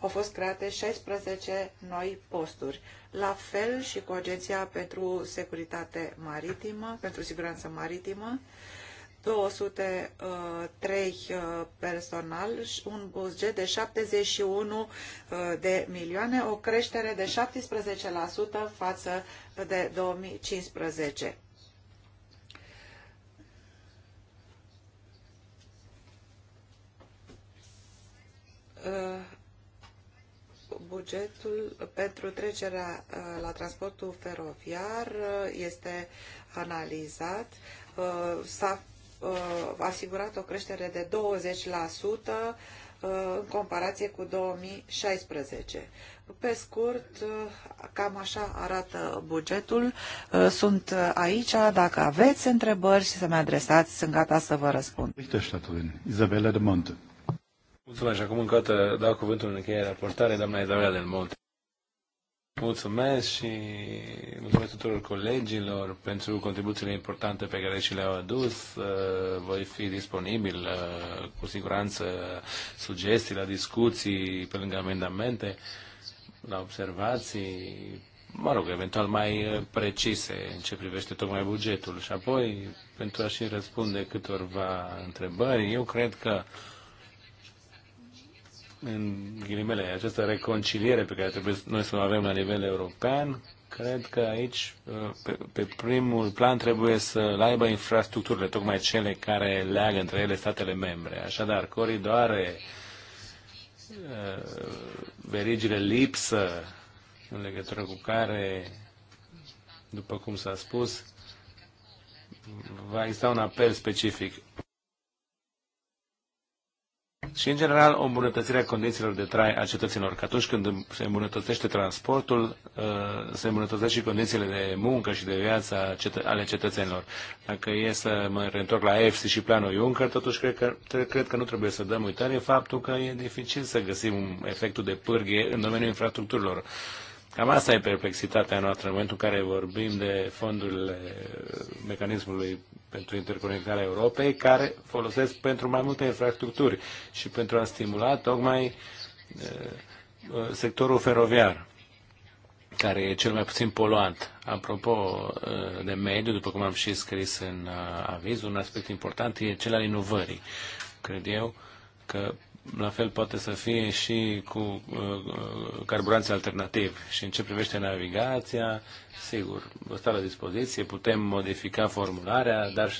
au fost create 16 noi posturi. La fel și cu Agenția pentru Securitate Maritimă, pentru Siguranță Maritimă, 203 uh, uh, personal, un buget de 71 uh, de milioane, o creștere de 17% față de 2015 bugetul pentru trecerea uh, la transportul feroviar uh, este analizat. Uh, s-a asigurat o creștere de 20% în comparație cu 2016. Pe scurt, cam așa arată bugetul. Sunt aici, dacă aveți întrebări și să-mi adresați, sunt gata să vă răspund. Isabela de Monte. Mulțumesc și acum încă o dată dau cuvântul în încheiere raportare, doamna Izabela del Monte. Mulțumesc și mulțumesc tuturor colegilor pentru contribuțiile importante pe care și le-au adus. Uh, voi fi disponibil uh, cu siguranță sugestii la discuții pe lângă amendamente, la observații, mă rog, eventual mai uh, precise în ce privește tocmai bugetul. Și apoi, pentru a și răspunde câtorva întrebări, eu cred că în ghilimele, această reconciliere pe care trebuie noi să o avem la nivel european, cred că aici, pe, pe primul plan, trebuie să aibă infrastructurile, tocmai cele care leagă între ele statele membre. Așadar, coridoare, uh, verigile lipsă, în legătură cu care, după cum s-a spus, va exista un apel specific și, în general, o îmbunătățire a condițiilor de trai a cetățenilor. Că atunci când se îmbunătățește transportul, uh, se îmbunătățește și condițiile de muncă și de viață ale cetățenilor. Dacă e să mă reîntorc la EFSI și planul Juncker, totuși cred că, cred că nu trebuie să dăm uitare faptul că e dificil să găsim efectul de pârghie în domeniul infrastructurilor. Cam asta e perplexitatea noastră în momentul în care vorbim de fondurile mecanismului pentru interconectarea Europei, care folosesc pentru mai multe infrastructuri și pentru a stimula tocmai sectorul feroviar care e cel mai puțin poluant. Apropo de mediu, după cum am și scris în aviz, un aspect important e cel al inovării. Cred eu că la fel poate să fie și cu uh, carburanți alternativi. Și în ce privește navigația, sigur, vă sta la dispoziție, putem modifica formularea, dar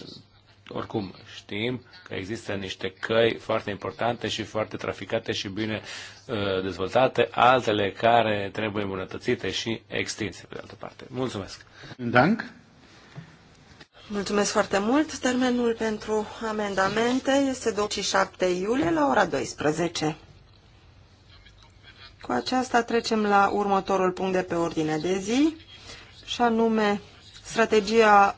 oricum știm că există niște căi foarte importante și foarte traficate și bine uh, dezvoltate, altele care trebuie îmbunătățite și extinse, pe de altă parte. Mulțumesc! Dank. Mulțumesc foarte mult. Termenul pentru amendamente este 27 iulie la ora 12. Cu aceasta trecem la următorul punct de pe ordinea de zi, și anume strategia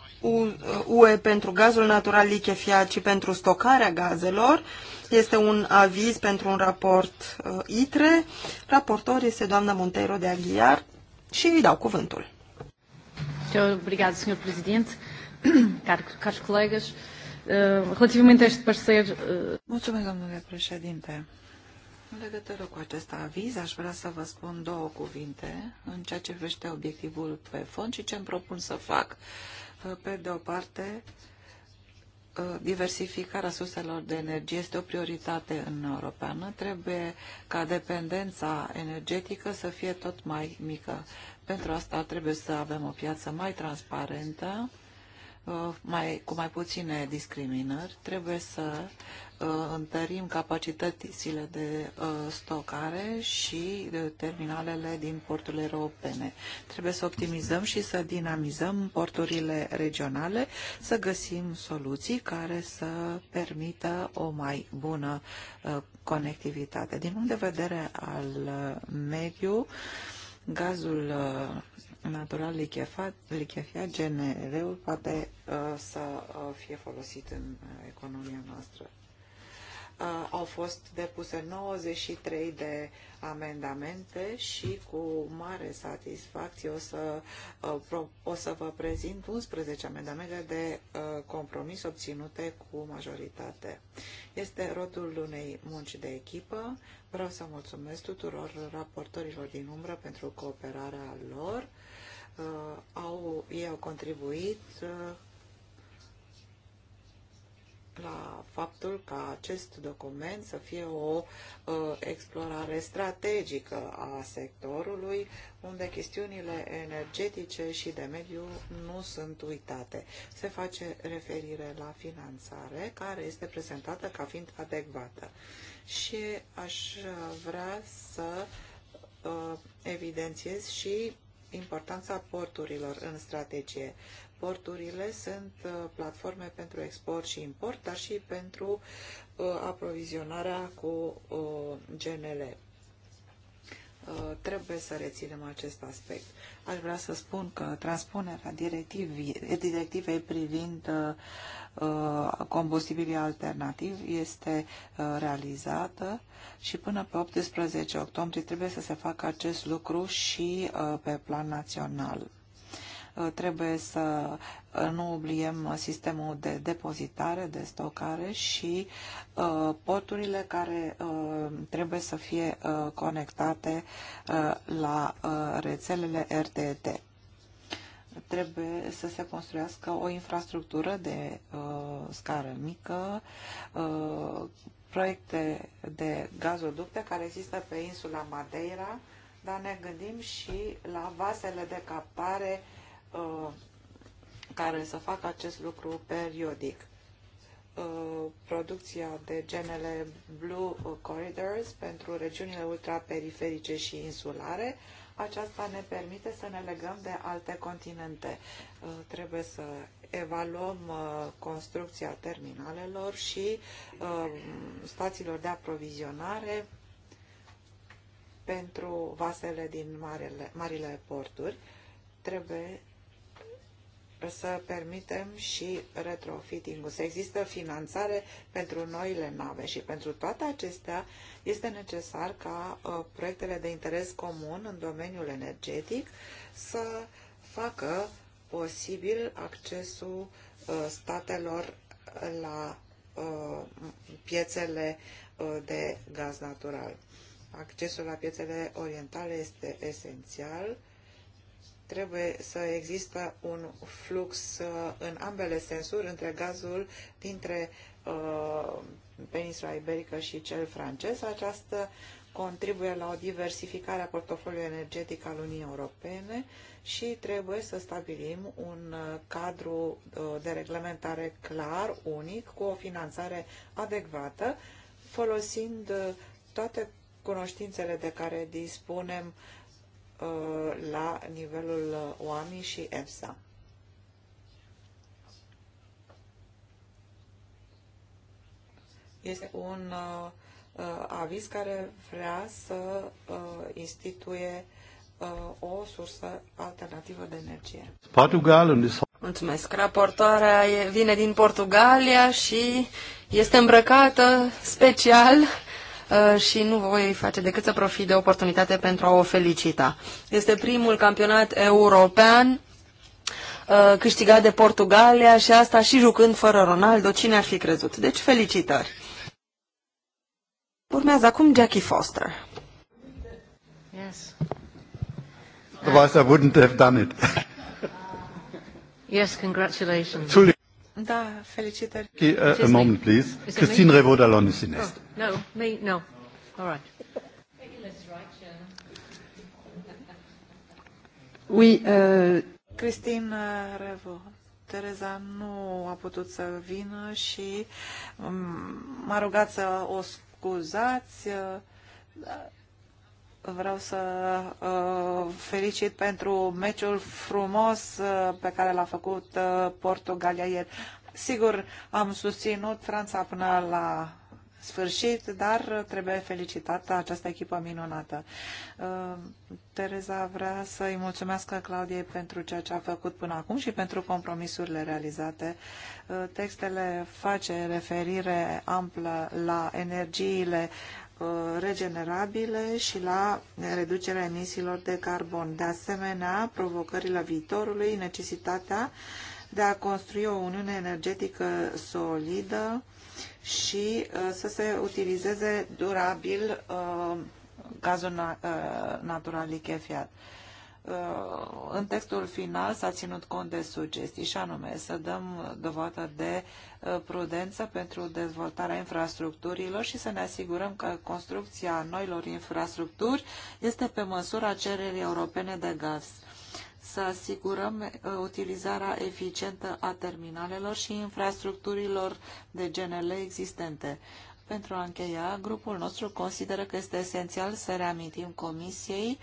UE pentru gazul natural lichefiat și pentru stocarea gazelor. Este un aviz pentru un raport uh, ITRE. Raportor este doamna Monteiro de Aghiar și îi dau cuvântul. Obrigado, Presidente. caros colegas, eh, relativamente a este parecer... Eh, Mulțumesc, domnule președinte. În legătură cu acest aviz, aș vrea să vă spun două cuvinte în ceea ce vește obiectivul pe fond și ce îmi propun să fac. Eh, pe de o parte, diversificarea surselor de energie este o prioritate în Europeană. Trebuie ca dependența energetică să fie tot mai mică. Pentru asta trebuie să avem o piață mai transparentă, Uh, mai, cu mai puține discriminări. Trebuie să uh, întărim capacitățile de uh, stocare și terminalele din porturile europene. Trebuie să optimizăm și să dinamizăm porturile regionale, să găsim soluții care să permită o mai bună conectivitate. Din punct de vedere al mediu, gazul natural lichefiat, GNR-ul poate uh, să uh, fie folosit în uh, economia noastră. Au fost depuse 93 de amendamente și cu mare satisfacție o să, o să vă prezint 11 amendamente de compromis obținute cu majoritate. Este rodul unei munci de echipă. Vreau să mulțumesc tuturor raportorilor din umbră pentru cooperarea lor Uh, au, ei au contribuit uh, la faptul ca acest document să fie o uh, explorare strategică a sectorului, unde chestiunile energetice și de mediu nu sunt uitate. Se face referire la finanțare, care este prezentată ca fiind adecvată. Și aș vrea să uh, evidențiez și importanța porturilor în strategie. Porturile sunt uh, platforme pentru export și import, dar și pentru uh, aprovizionarea cu uh, GNL. Uh, trebuie să reținem acest aspect. Aș vrea să spun că transpunerea directivei privind uh, combustibilii alternativi este uh, realizată și până pe 18 octombrie trebuie să se facă acest lucru și pe plan național. Uh, trebuie să uh, nu obliem sistemul de depozitare, de stocare și uh, porturile care trebuie să fie conectate la rețelele RTT. Trebuie să se construiască o infrastructură de scară mică, proiecte de gazoducte care există pe insula Madeira, dar ne gândim și la vasele de captare uh, Uh, care să facă acest lucru periodic. Uh, producția de genele Blue Corridors pentru regiunile ultraperiferice și insulare, aceasta ne permite să ne legăm de alte continente. Uh, trebuie să evaluăm construcția terminalelor și stațiilor de aprovizionare pentru vasele din marile, marile porturi. Trebuie să permitem și retrofitting-ul, să există finanțare pentru noile nave și pentru toate acestea este necesar ca uh, proiectele de interes comun în domeniul energetic să facă posibil accesul uh, statelor la uh, piețele uh, de gaz natural. Accesul la piețele orientale este esențial trebuie să există un flux uh, în ambele sensuri între gazul dintre uh, peninsula iberică și cel francez. Această contribuie la o diversificare a portofoliului energetic al Uniunii Europene și trebuie să stabilim un uh, cadru de reglementare clar, unic, cu o finanțare adecvată, folosind toate cunoștințele de care dispunem Uh, la nivelul uh, OAMI și EFSA. Este un uh, aviz care vrea să instituie o sursă alternativă de energie. Portugal Mulțumesc. Raportoarea vine din Portugalia și este îmbrăcată special Uh, și nu voi face decât să profit de oportunitate pentru a o felicita. Este primul campionat european uh, câștigat de Portugalia și asta și jucând fără Ronaldo, cine ar fi crezut. Deci felicitări! Urmează acum Jackie Foster. Yes. Otherwise I wouldn't have done it. Yes, congratulations. Da, felicitări. Okay, uh, a moment, please. Christine Revodalon dallon is next. Oh, no, me, no. All right. Oui, euh, uh... Christine Revo. Tereza nu a putut să vină și um, m-a rugat să o scuzați. Uh, vreau să uh, felicit pentru meciul frumos uh, pe care l-a făcut uh, Portugalia ieri. Sigur, am susținut Franța până la sfârșit, dar trebuie felicitată această echipă minunată. Uh, Tereza vrea să-i mulțumească Claudiei pentru ceea ce a făcut până acum și pentru compromisurile realizate. Uh, textele face referire amplă la energiile uh, Uh, regenerabile și la reducerea emisiilor de carbon. De asemenea, provocările viitorului, necesitatea de a construi o uniune energetică solidă și uh, să se utilizeze durabil uh, gazul natural lichefiat. Uh, în textul final s-a ținut cont de sugestii și anume să dăm dovadă de uh, prudență pentru dezvoltarea infrastructurilor și să ne asigurăm că construcția noilor infrastructuri este pe măsura cererii europene de gaz să asigurăm uh, utilizarea eficientă a terminalelor și infrastructurilor de GNL existente. Pentru a încheia, grupul nostru consideră că este esențial să reamintim Comisiei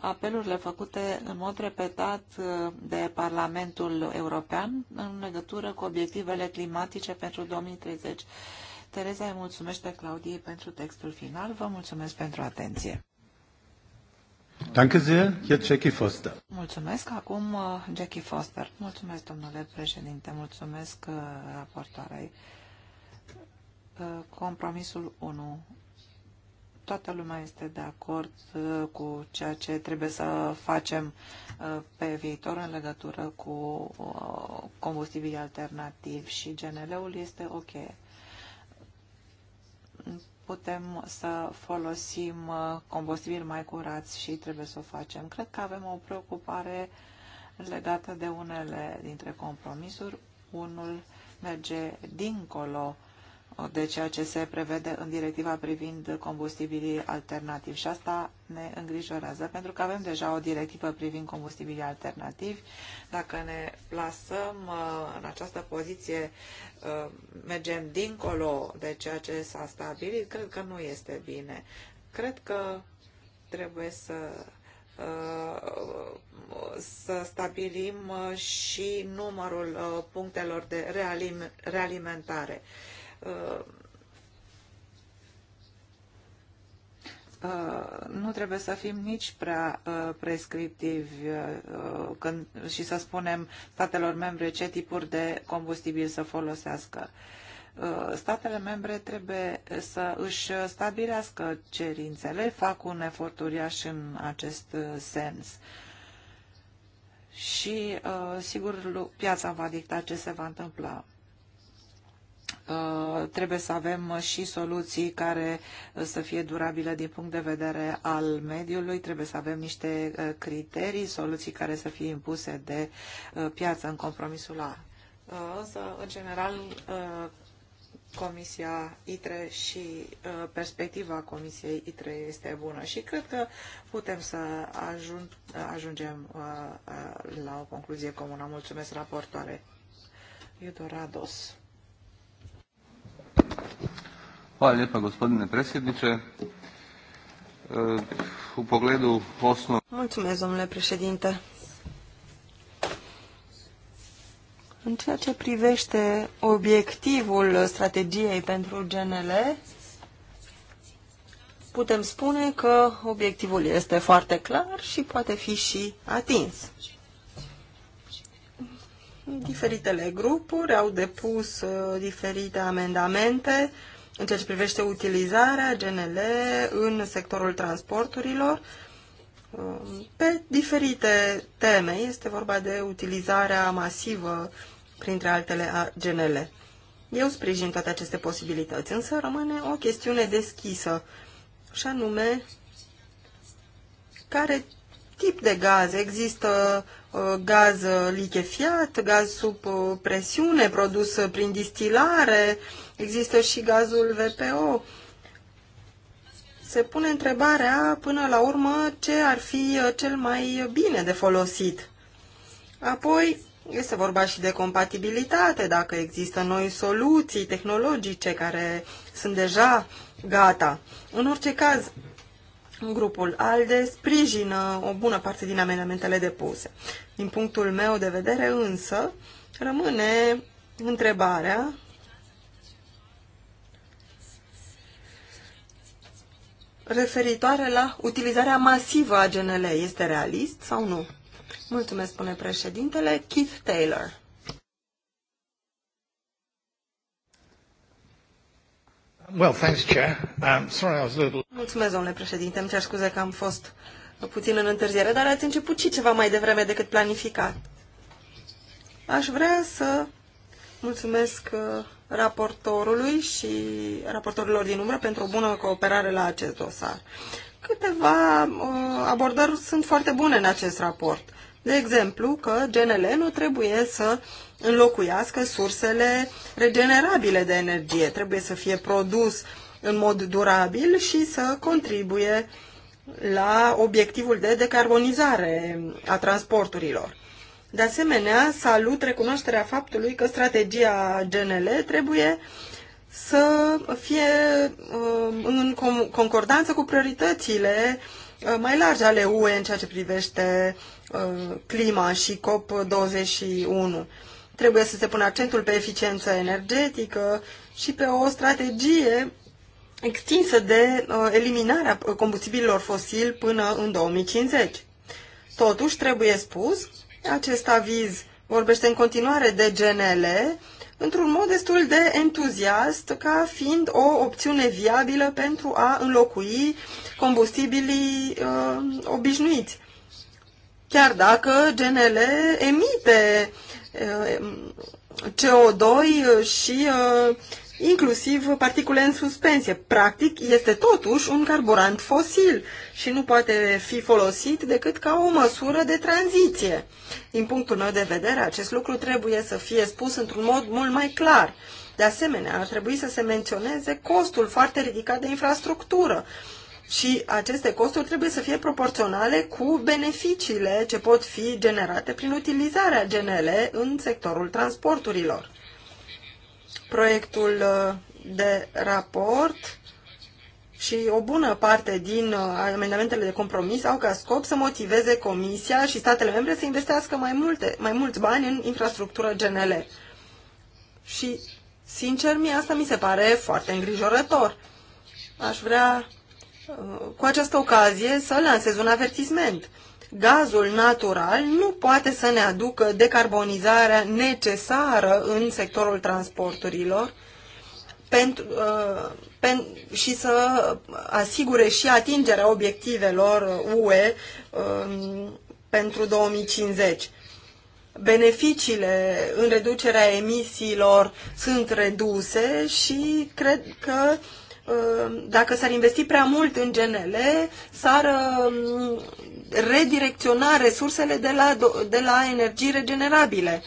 apelurile făcute în mod repetat uh, de Parlamentul European în legătură cu obiectivele climatice pentru 2030. Tereza îi mulțumește Claudiei pentru textul final. Vă mulțumesc pentru atenție. Danke sehr, jetzt Jackie Foster. Mulțumesc, acum uh, Jackie Foster. Mulțumesc, domnule președinte, mulțumesc uh, raportoarei. Compromisul 1 toată lumea este de acord uh, cu ceea ce trebuie să facem uh, pe viitor în legătură cu uh, combustibili alternativi și GNL-ul este ok. Putem să folosim combustibili mai curați și trebuie să o facem. Cred că avem o preocupare legată de unele dintre compromisuri. Unul merge dincolo de ceea ce se prevede în directiva privind combustibilii alternativi. Și asta ne îngrijorează, pentru că avem deja o directivă privind combustibilii alternativi. Dacă ne plasăm uh, în această poziție, uh, mergem dincolo de ceea ce s-a stabilit, cred că nu este bine. Cred că trebuie să uh, să stabilim și numărul punctelor de realimentare. Uh, uh, nu trebuie să fim nici prea uh, prescriptivi când, și să spunem statelor membre ce tipuri de combustibil să folosească. Statele membre trebuie să își stabilească cerințele, fac un efort uriaș în acest sens. Și, sigur, piața va dicta ce se va întâmpla. Uh, trebuie să avem și soluții care să fie durabile din punct de vedere al mediului, trebuie să avem niște uh, criterii, soluții care să fie impuse de uh, piață în compromisul A. Însă, în general, Comisia ITRE și perspectiva Comisiei ITRE este bună și cred că putem să ajung, ajungem la o concluzie comună. Mulțumesc raportoare. Iudorados. Hvala lijepa gospodine predsjedniče. U pogledu osnov... Mulțumesc, domnule președinte. În ceea ce privește obiectivul strategiei pentru GNL, putem spune că obiectivul este foarte clar și poate fi și atins. Diferitele grupuri au depus uh, diferite amendamente în ceea ce privește utilizarea GNL în sectorul transporturilor um, pe diferite teme. Este vorba de utilizarea masivă, printre altele, a GNL. Eu sprijin toate aceste posibilități, însă rămâne o chestiune deschisă, și anume care tip de gaze există Uh, gaz lichefiat, gaz sub uh, presiune produs uh, prin distilare, există și gazul VPO. Se pune întrebarea până la urmă ce ar fi cel mai bine de folosit. Apoi este vorba și de compatibilitate, dacă există noi soluții tehnologice care sunt deja gata. În orice caz, Grupul ALDE sprijină o bună parte din amendamentele depuse. Din punctul meu de vedere însă rămâne întrebarea referitoare la utilizarea masivă a GNL. Este realist sau nu? Mulțumesc, spune președintele. Keith Taylor. Well, thanks, Chair. Um, sorry, I was a little... Mulțumesc, domnule președinte. Îmi cer scuze că am fost puțin în întârziere, dar ați început și ceva mai devreme decât planificat. Aș vrea să mulțumesc uh, raportorului și raportorilor din umbră pentru o bună cooperare la acest dosar. Câteva uh, abordări sunt foarte bune în acest raport. De exemplu, că GNL nu trebuie să uh, înlocuiască sursele regenerabile de energie. Trebuie să fie produs în mod durabil și să contribuie la obiectivul de decarbonizare a transporturilor. De asemenea, salut recunoașterea faptului că strategia GNL trebuie să fie um, în concordanță cu prioritățile uh, mai largi ale UE în ceea ce privește uh, clima și COP21. Trebuie să se pună accentul pe eficiența energetică și pe o strategie extinsă de uh, eliminarea uh, combustibililor fosili până în 2050. Totuși, trebuie spus, acest aviz vorbește în continuare de GNL într-un mod destul de entuziast ca fiind o opțiune viabilă pentru a înlocui combustibilii uh, obișnuiți. Chiar dacă GNL emite Uh, CO2 uh, și uh, inclusiv particule în suspensie. Practic, este totuși un carburant fosil și nu poate fi folosit decât ca o măsură de tranziție. Din punctul meu de vedere, acest lucru trebuie să fie spus într-un mod mult mai clar. De asemenea, ar trebui să se menționeze costul foarte ridicat de infrastructură și aceste costuri trebuie să fie proporționale cu beneficiile ce pot fi generate prin utilizarea GNL în sectorul transporturilor. Proiectul uh, de raport și o bună parte din uh, amendamentele de compromis au ca scop să motiveze Comisia și statele membre să investească mai, multe, mai mulți bani în infrastructură GNL. Și, sincer, mie asta mi se pare foarte îngrijorător. Aș vrea cu această ocazie să lansez un avertisment. Gazul natural nu poate să ne aducă decarbonizarea necesară în sectorul transporturilor pentru, uh, pen, și să asigure și atingerea obiectivelor UE uh, pentru 2050. Beneficiile în reducerea emisiilor sunt reduse și cred că uh, Ehm, dacă s-ar investi prea mult în GNL, s-ar ehm, redirecționa resursele de la, de la energii regenerabile.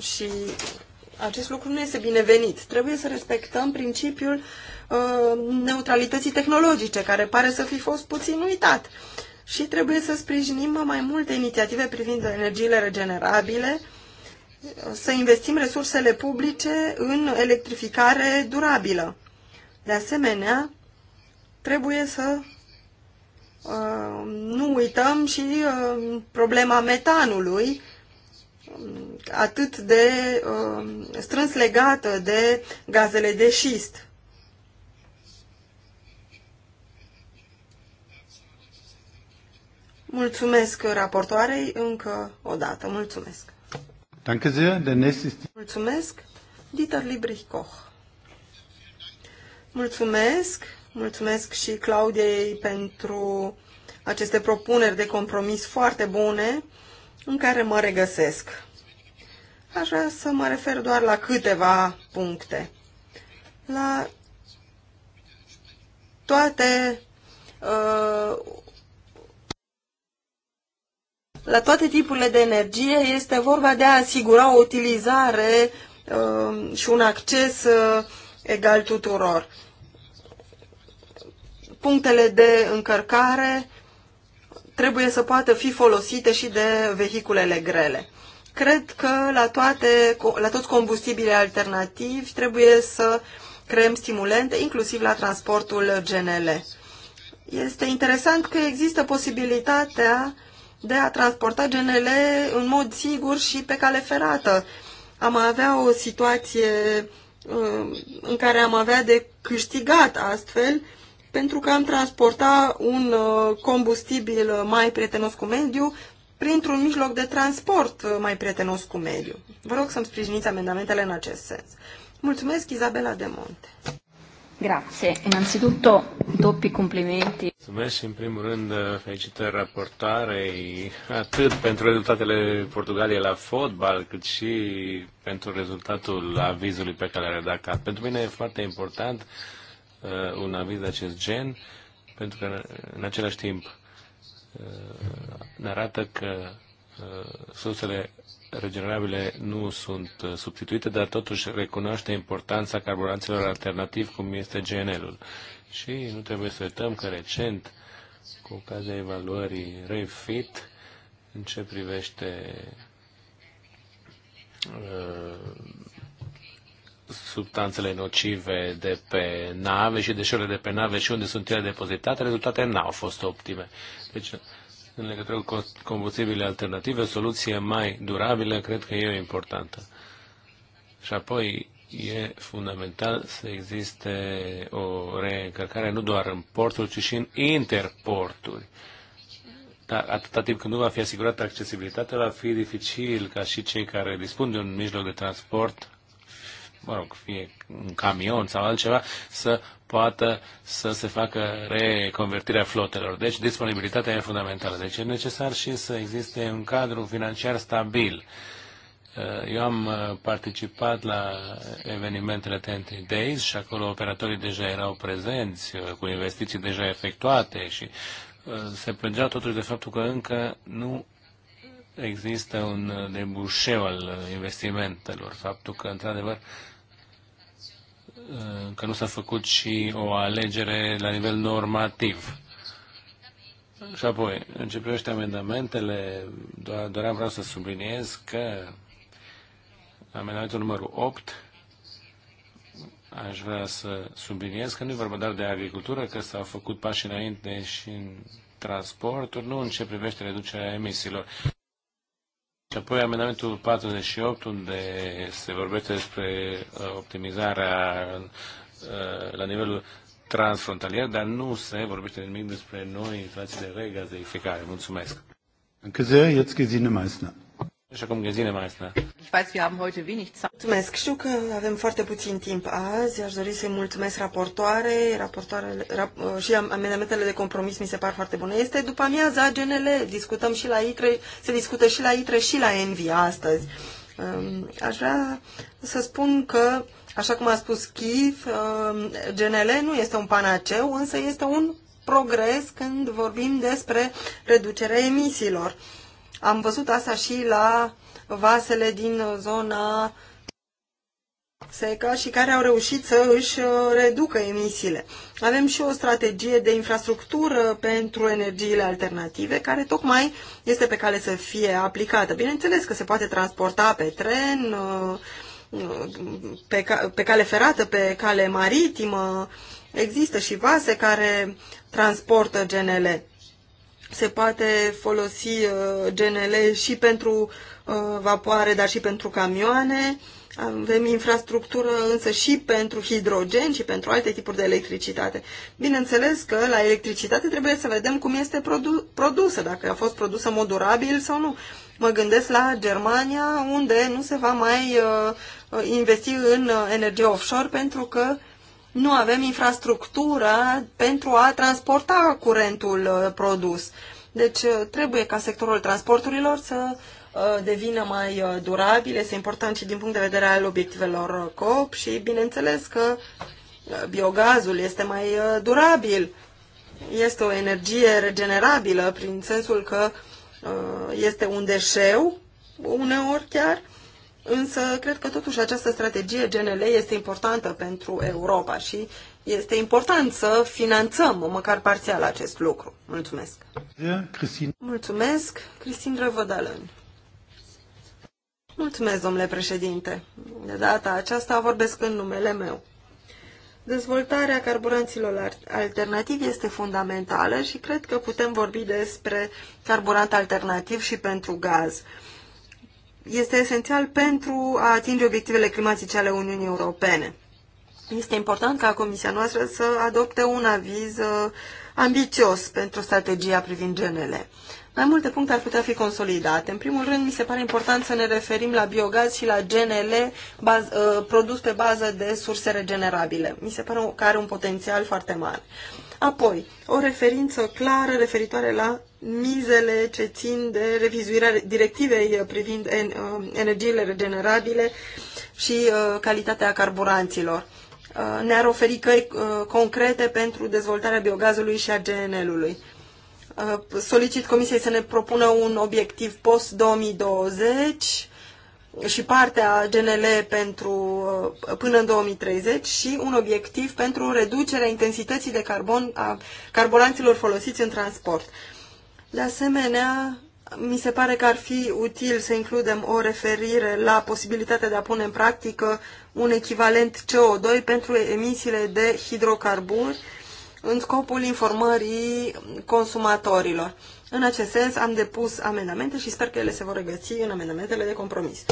Și acest lucru nu este binevenit. Trebuie să respectăm principiul ehm, neutralității tehnologice, care pare să fi fost puțin uitat. Și trebuie să sprijinim mai multe inițiative privind energiile regenerabile, să investim resursele publice în electrificare durabilă. De asemenea, trebuie să uh, nu uităm și uh, problema metanului, um, atât de uh, strâns legată de gazele de șist. Mulțumesc raportoarei încă o dată. Mulțumesc. Danke sehr. Der nächste Mulțumesc. Dieter Liebrich Koch. Mulțumesc, mulțumesc și Claudiei pentru aceste propuneri de compromis foarte bune în care mă regăsesc. Aș vrea să mă refer doar la câteva puncte. La toate uh, la toate tipurile de energie este vorba de a asigura o utilizare uh, și un acces uh, egal tuturor. Punctele de încărcare trebuie să poată fi folosite și de vehiculele grele. Cred că la, toate, la toți combustibile alternativi trebuie să creăm stimulente, inclusiv la transportul GNL. Este interesant că există posibilitatea de a transporta GNL în mod sigur și pe cale ferată. Am avea o situație în care am avea de câștigat astfel, pentru că am transporta un uh, combustibil mai prietenos cu mediu printr-un mijloc de transport uh, mai prietenos cu mediu. Vă rog să-mi sprijiniți amendamentele în acest sens. Mulțumesc, Izabela de Monte. Grazie. Innanzitutto doppi complimenti. Mulțumesc și în primul rând felicitări raportarei atât pentru rezultatele Portugaliei la fotbal, cât și pentru rezultatul avizului pe care l-a redactat. Pentru mine e foarte important uh, un aviz de acest gen, pentru că în același timp uh, ne arată că uh, sursele regenerabile nu sunt uh, substituite, dar totuși recunoaște importanța carburanților alternativi, cum este GNL-ul. Și nu trebuie să uităm că recent, cu ocazia evaluării REFIT, în ce privește uh, substanțele nocive de pe nave și deșeurile de pe nave și unde sunt ele depozitate, rezultatele n-au fost optime. Deci în legătură cu combustibile alternative, o soluție mai durabilă, cred că e importantă. Și apoi e fundamental să existe o reîncărcare nu doar în porturi, ci și în interporturi. Dar atâta timp când nu va fi asigurată accesibilitatea, va fi dificil ca și cei care dispun de un mijloc de transport, mă rog, fie un camion sau altceva, să poată să se facă reconvertirea flotelor. Deci disponibilitatea e fundamentală. Deci e necesar și să existe un cadru financiar stabil. Uh, eu am uh, participat la evenimentele TNT Days și acolo operatorii deja erau prezenți, uh, cu investiții deja efectuate și se plângea totuși de faptul că încă nu există un debușeu al investimentelor. Faptul că, într-adevăr, că nu s-a făcut și o alegere la nivel normativ. Și apoi, în ce privește amendamentele, doar, vreau să subliniez că amendamentul numărul 8 aș vrea să subliniez că nu e vorba doar de agricultură, că s-au făcut pași înainte și în transporturi, nu în ce privește reducerea emisiilor. Și apoi amendamentul 48, unde se vorbește despre uh, optimizarea uh, la nivelul transfrontalier, dar nu se vorbește nimic despre noi instalații de regazificare. Mulțumesc! Încă zi, jetzt Gesine Meissner. Așa cum Gesine mai este. Mulțumesc. Știu că avem foarte puțin timp azi. Aș dori să-i mulțumesc raportoare, raportoare rap, uh, și amendamentele de compromis mi se par foarte bune. Este după amiaza genele, discutăm și la ITRE, se discută și la ITRE și la ENVI astăzi. Um, aș vrea să spun că, așa cum a spus Keith, um, GNL nu este un panaceu, însă este un progres când vorbim despre reducerea emisiilor am văzut asta și la vasele din zona seca și care au reușit să își uh, reducă emisiile. Avem și o strategie de infrastructură pentru energiile alternative care tocmai este pe cale să fie aplicată. Bineînțeles că se poate transporta pe tren, uh, uh, pe, cale ferată, pe cale maritimă. Există și vase care transportă genele se poate folosi uh, GNL și pentru uh, vapoare, dar și pentru camioane. Avem infrastructură însă și pentru hidrogen și pentru alte tipuri de electricitate. Bineînțeles că la electricitate trebuie să vedem cum este produ- produsă, dacă a fost produsă în mod durabil sau nu. Mă gândesc la Germania, unde nu se va mai uh, uh investi în energie offshore pentru că uh, nu avem infrastructură pentru a transporta curentul uh, produs. Deci uh, trebuie ca sectorul transporturilor să uh, devină mai durabil, este important și din punct de vedere al obiectivelor COP și bineînțeles că biogazul este mai durabil. Este o energie regenerabilă prin sensul că este un deșeu, uneori chiar, Însă, cred că totuși această strategie GNL este importantă pentru Europa și este important să finanțăm măcar parțial acest lucru. Mulțumesc! Mulțumesc, Cristin Drăvădălân. Mulțumesc, domnule președinte. De data aceasta vorbesc în numele meu. Dezvoltarea carburanților alternativi este fundamentală și cred că putem vorbi despre carburant alternativ și pentru gaz este esențial pentru a atinge obiectivele climatice ale Uniunii Europene. Este important ca Comisia noastră să adopte un aviz uh, ambițios pentru strategia privind genele. Mai multe puncte ar putea fi consolidate. În primul rând, mi se pare important să ne referim la biogaz și la GNL baz, uh, produs pe bază de surse regenerabile. Mi se pare că are un potențial foarte mare. Apoi, o referință clară referitoare la mizele ce țin de revizuirea directivei privind uh, energiile regenerabile și uh, calitatea carburanților. Uh, ne-ar oferi căi concrete pentru dezvoltarea biogazului și a GNL-ului. Solicit Comisiei să ne propună un obiectiv post-2020 și partea GNL pentru, până în 2030 și un obiectiv pentru reducerea intensității de carbon a carburanților folosiți în transport. De asemenea, mi se pare că ar fi util să includem o referire la posibilitatea de a pune în practică un echivalent CO2 pentru emisiile de hidrocarburi în scopul informării consumatorilor. În acest sens am depus amendamente și sper că ele se vor regăsi în amendamentele de compromis.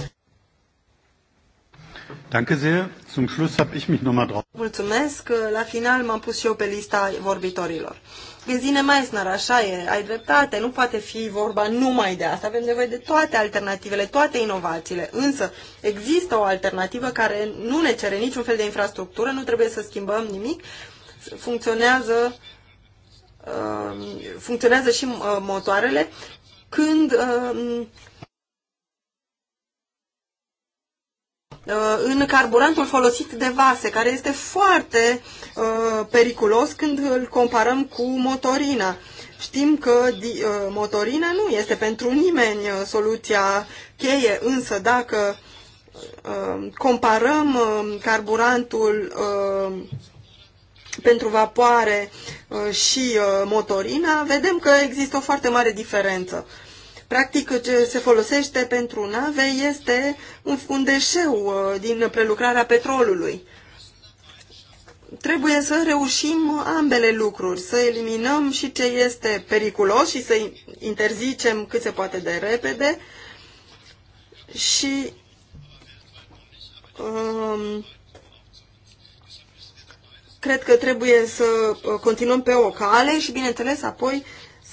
Danke sehr. Zum Schluss habe ich mich nochmal drauf. Mulțumesc. La final m-am pus și eu pe lista vorbitorilor mai Meissner, așa e, ai dreptate, nu poate fi vorba numai de asta. Avem nevoie de toate alternativele, toate inovațiile. Însă există o alternativă care nu ne cere niciun fel de infrastructură, nu trebuie să schimbăm nimic. Funcționează, uh, funcționează și uh, motoarele când uh, Uh, în carburantul folosit de vase, care este foarte uh, periculos când îl comparăm cu motorina. Știm că uh, motorina nu este pentru nimeni soluția cheie, însă dacă comparăm carburantul pentru vapoare și motorina, vedem că există o foarte mare diferență. Practic, ce se folosește pentru nave este un, un deșeu uh, din prelucrarea petrolului. Trebuie să reușim ambele lucruri, să eliminăm și ce este periculos și să interzicem cât se poate de repede și um, cred că trebuie să uh, continuăm pe o cale și, bineînțeles, apoi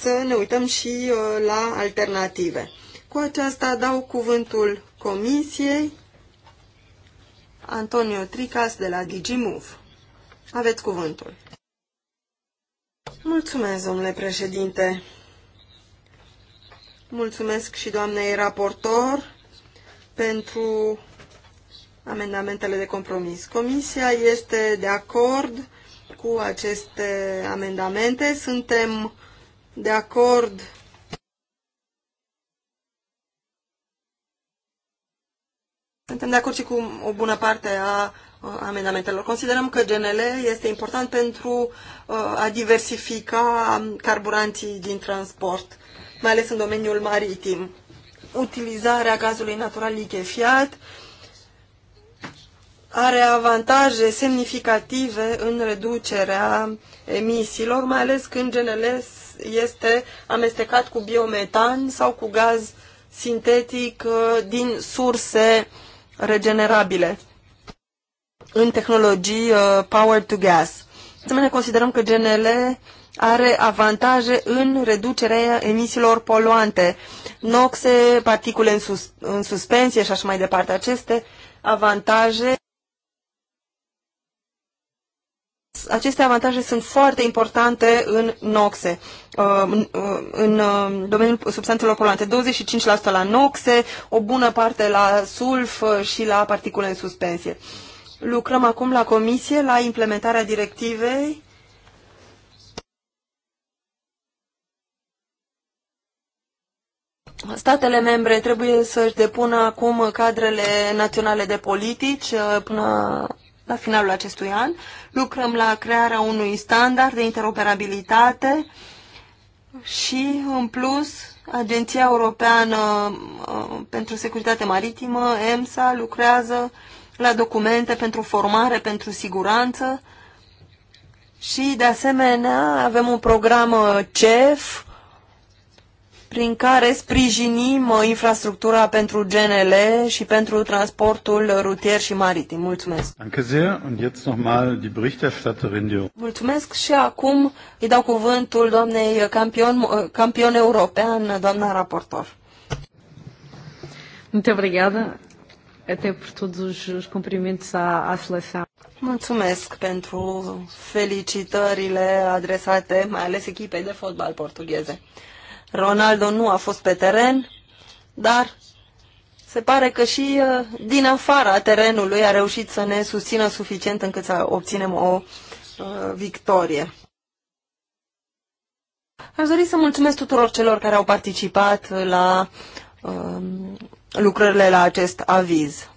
să ne uităm și uh, la alternative. Cu aceasta dau cuvântul Comisiei Antonio Tricas de la DigiMove. Aveți cuvântul. Mulțumesc, domnule președinte. Mulțumesc și doamnei raportor pentru amendamentele de compromis. Comisia este de acord cu aceste amendamente. Suntem de acord Suntem de acord și cu o bună parte a amendamentelor. Considerăm că GNL este important pentru uh, a diversifica carburanții din transport, mai ales în domeniul maritim. Utilizarea gazului natural lichefiat are avantaje semnificative în reducerea emisiilor, mai ales când GNL este amestecat cu biometan sau cu gaz sintetic uh, din surse regenerabile în tehnologii uh, power to gas. Asemenea, considerăm că GNL are avantaje în reducerea emisiilor poluante, noxe, particule în, sus, în suspensie și așa mai departe. Aceste avantaje aceste avantaje sunt foarte importante în noxe, uh, uh, în uh, domeniul substanțelor polante. 25% la noxe, o bună parte la sulf și la particule în suspensie. Lucrăm acum la comisie la implementarea directivei Statele membre trebuie să-și depună acum cadrele naționale de politici până la finalul acestui an. Lucrăm la crearea unui standard de interoperabilitate și, în plus, Agenția Europeană uh, pentru Securitate Maritimă, EMSA, lucrează la documente pentru formare, pentru siguranță și, de asemenea, avem un program uh, CEF prin care sprijinim uh, infrastructura pentru GNL și pentru transportul rutier și maritim. Mulțumesc! Mulțumesc și acum îi dau cuvântul doamnei campion, uh, campion european, doamna raportor. Muito obrigada, até por todos os cumprimentos à, à seleção. Mulțumesc pentru felicitările adresate, mai ales echipei de fotbal portugheze. Ronaldo nu a fost pe teren, dar se pare că și uh, din afara terenului a reușit să ne susțină suficient încât să obținem o uh, victorie. Aș dori să mulțumesc tuturor celor care au participat la um, lucrările la acest aviz.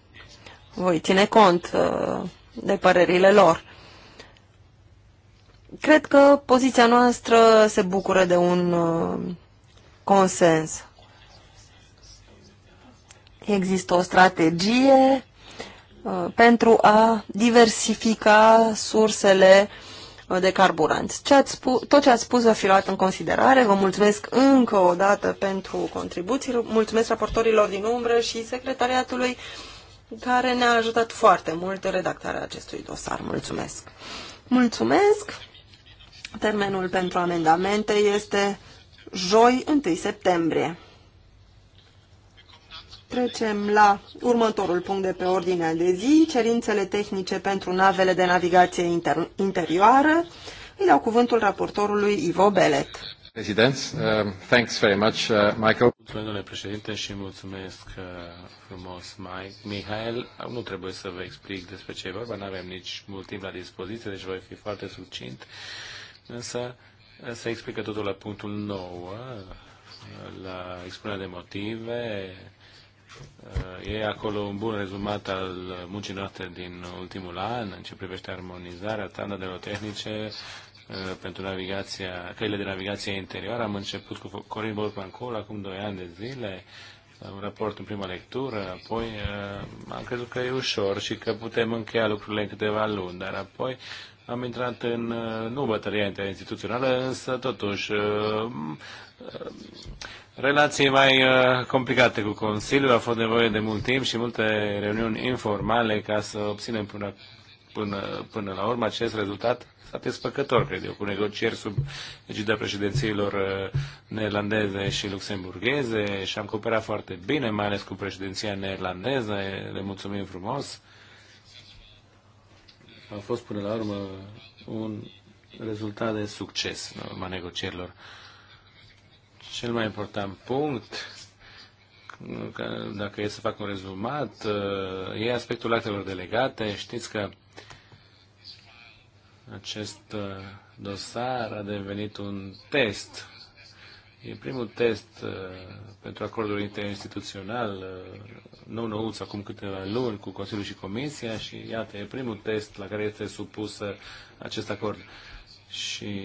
Voi ține cont uh, de părerile lor. Cred că poziția noastră se bucură de un uh, consens. Există o strategie uh, pentru a diversifica sursele uh, de carburanți. Ce ați spus, tot ce ați spus va fi luat în considerare. Vă mulțumesc încă o dată pentru contribuții. Mulțumesc raportorilor din umbră și secretariatului care ne-a ajutat foarte mult în redactarea acestui dosar. Mulțumesc! Mulțumesc! Termenul pentru amendamente este joi 1 septembrie. Trecem la următorul punct de pe ordinea de zi, cerințele tehnice pentru navele de navigație inter interioară. Îi dau cuvântul raportorului Ivo Belet. President, uh, thanks very much, uh, Michael. Mulțumesc, domnule președinte, și mulțumesc uh, frumos, Mike. Mihail, nu trebuie să vă explic despre ce e vorba, nu avem nici mult timp la dispoziție, deci voi fi foarte succint. Însă, se explică totul la punctul 9, la expunerea de motive. E acolo un bun rezumat al muncii noastre din ultimul an în ce privește armonizarea standardelor tehnice uh, pentru navigația, căile de navigație interioară. Am început cu Corin Wolfman Cole acum 2 ani de zile, un raport în prima lectură, apoi uh, am crezut că e ușor și că putem încheia lucrurile în câteva luni, dar apoi am intrat în, uh, nu bătălia interinstituțională, însă totuși uh, uh, relații mai complicate cu Consiliul. A fost nevoie de mult timp și multe reuniuni informale ca să obținem până, până, până la urmă acest rezultat satisfăcător, cred eu, cu negocieri sub egida președințiilor neerlandeze și luxemburgheze și am cooperat foarte bine, mai ales cu președinția neerlandeză. Le mulțumim frumos a fost până la urmă un rezultat de succes în urma negocierilor. Cel mai important punct, dacă e să fac un rezumat, uh, e aspectul actelor delegate. Știți că acest uh, dosar a devenit un test E primul test uh, pentru acordul interinstituțional uh, nou-nouț acum câteva luni cu Consiliul și Comisia și iată, e primul test la care este supus acest acord. Și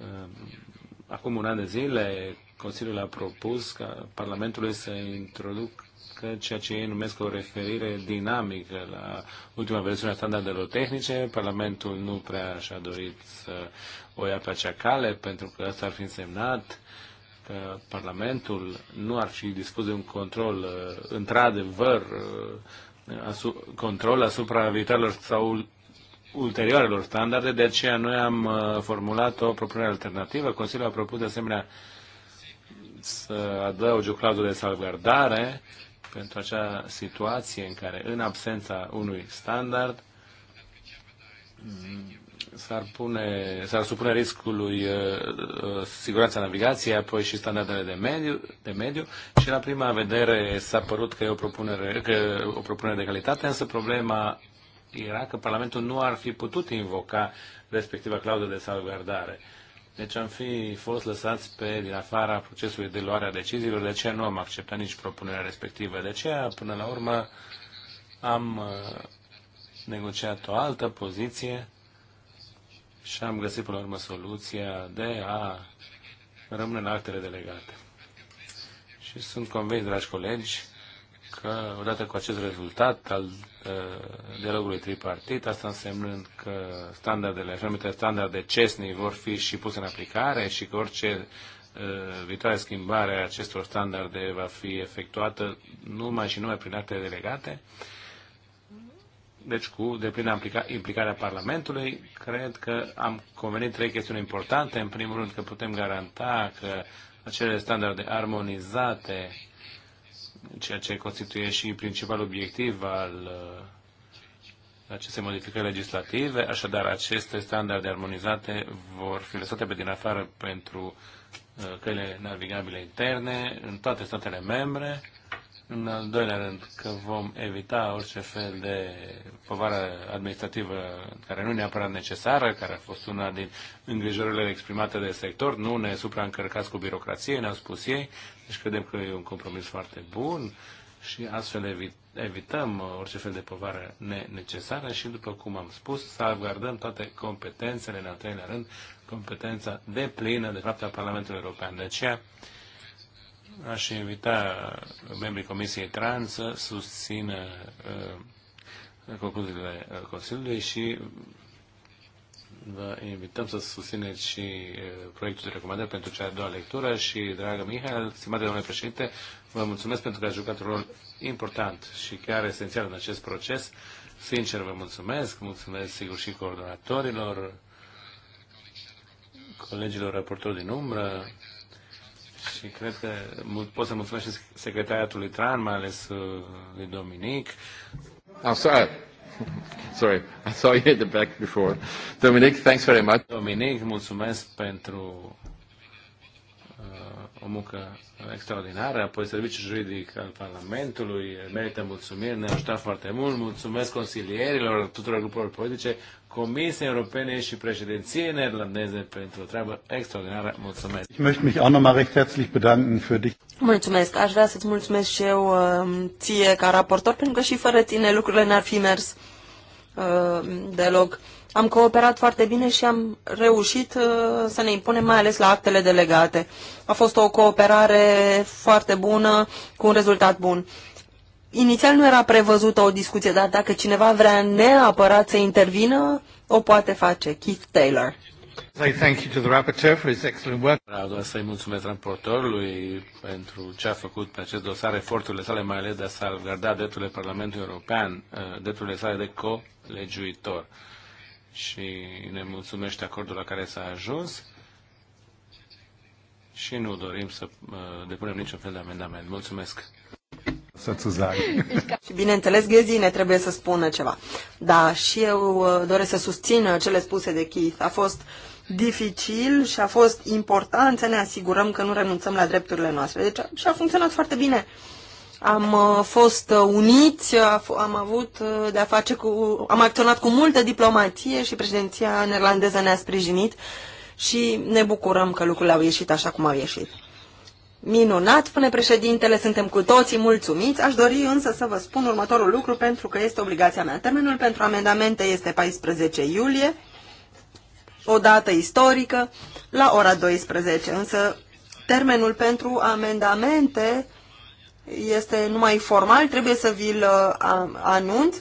uh, acum un an de zile Consiliul a propus ca Parlamentului să introducă folosească ceea ce ei numesc o referire dinamică la ultima versiune a standardelor tehnice. Parlamentul nu prea și-a dorit să o ia pe acea cale, pentru că asta ar fi însemnat că Parlamentul nu ar fi dispus de un control uh, într-adevăr uh, control asupra viitorilor sau ulterioarelor standarde, de aceea noi am uh, formulat o propunere alternativă. Consiliul a propus de asemenea să adauge o clauză de salvgardare pentru acea situație în care, în absența unui standard, s-ar, pune, s-ar supune riscului uh, uh, siguranța navigației, apoi și standardele de mediu, de mediu și la prima vedere s-a părut că e o propunere, că o propunere de calitate, însă problema era că Parlamentul nu ar fi putut invoca respectiva clauză de salvgardare. Uh, deci am fi fost lăsați pe din afara procesului de luare a deciziilor, de aceea nu am acceptat nici propunerea respectivă. De aceea, până la urmă, am uh, negociat o altă poziție și am găsit până la urmă soluția de a rămâne în actele delegate. Și sunt convins, dragi colegi, că odată cu acest rezultat al uh, dialogului tripartit, asta însemnând că standardele, așa numite standarde CESNI vor fi și puse în aplicare și că orice uh, viitoare schimbare a acestor standarde va fi efectuată numai și numai prin acte delegate, deci cu deplină implica, implicarea Parlamentului, cred că am convenit trei chestiuni importante. În primul rând că putem garanta că acele standarde armonizate ceea ce constituie și principal obiectiv al uh, aceste modificări legislative, așadar aceste standarde armonizate vor fi lăsate pe din afară pentru uh, căile navigabile interne în toate statele membre în al doilea rând, că vom evita orice fel de povară administrativă care nu e neapărat necesară, care a fost una din îngrijorările exprimate de sector. Nu ne supraîncărcați cu birocrație, ne-au spus ei, deci credem că e un compromis foarte bun și astfel evităm orice fel de povară necesară și, după cum am spus, salvgardăm toate competențele, în al treilea rând, competența de plină, de fapt, a Parlamentului European. De aceea, aș invita membrii Comisiei Trans să susțină uh, concluziile uh, Consiliului și vă invităm să susțineți și uh, proiectul de recomandare pentru cea a doua lectură și, dragă Mihail, stimate domnule președinte, vă mulțumesc pentru că ați jucat un rol important și chiar esențial în acest proces. Sincer vă mulțumesc, mulțumesc sigur și coordonatorilor, colegilor raportori din umbră, și cred că pot să mulțumesc și secretariatului Tran, mai ales uh, lui Dominic. I'm sorry. Sorry, I saw you at the back before. Dominic, thanks very much. Dominic, mulțumesc pentru muncă extraordinară, apoi serviciul juridic al Parlamentului merită mulțumiri, ne-a ajutat foarte mult, mulțumesc consilierilor tuturor grupurilor politice, Comisiei Europene și președinției neerlandeze pentru o treabă extraordinară. Mulțumesc! Ich möchte mich auch nochmal recht herzlich bedanken für dich. Mulțumesc! Aș vrea să-ți mulțumesc și eu um, ție ca raportor, pentru că și fără tine lucrurile n-ar fi mers. Uh, deloc. Am cooperat foarte bine și am reușit uh, să ne impunem mai ales la actele delegate. A fost o cooperare foarte bună, cu un rezultat bun. Inițial nu era prevăzută o discuție, dar dacă cineva vrea neapărat să intervină, o poate face. Keith Taylor. Say thank you to the rapporteur for his excellent work. Vreau doar să-i mulțumesc raportorului pentru ce a făcut pe acest dosar, eforturile sale, mai ales de a salvgarda drepturile Parlamentului European, uh, drepturile sale de co legiuitor. Și ne mulțumește acordul la care s-a ajuns și nu dorim să uh, depunem niciun fel de amendament. Mulțumesc! să Și bineînțeles, Ghezine trebuie să spună ceva. Da, și eu uh, doresc să susțin uh, cele spuse de Keith. A fost dificil și a fost important să ne asigurăm că nu renunțăm la drepturile noastre. Deci și a funcționat foarte bine am uh, fost uh, uniți, uh, am avut de a face cu, am acționat cu multă diplomație și președinția neerlandeză ne-a sprijinit și ne bucurăm că lucrurile au ieșit așa cum au ieșit. Minunat, spune președintele, suntem cu toții mulțumiți. Aș dori însă să vă spun următorul lucru pentru că este obligația mea. Termenul pentru amendamente este 14 iulie, o dată istorică, la ora 12. Însă termenul pentru amendamente este numai formal, trebuie să vi-l uh, anunț.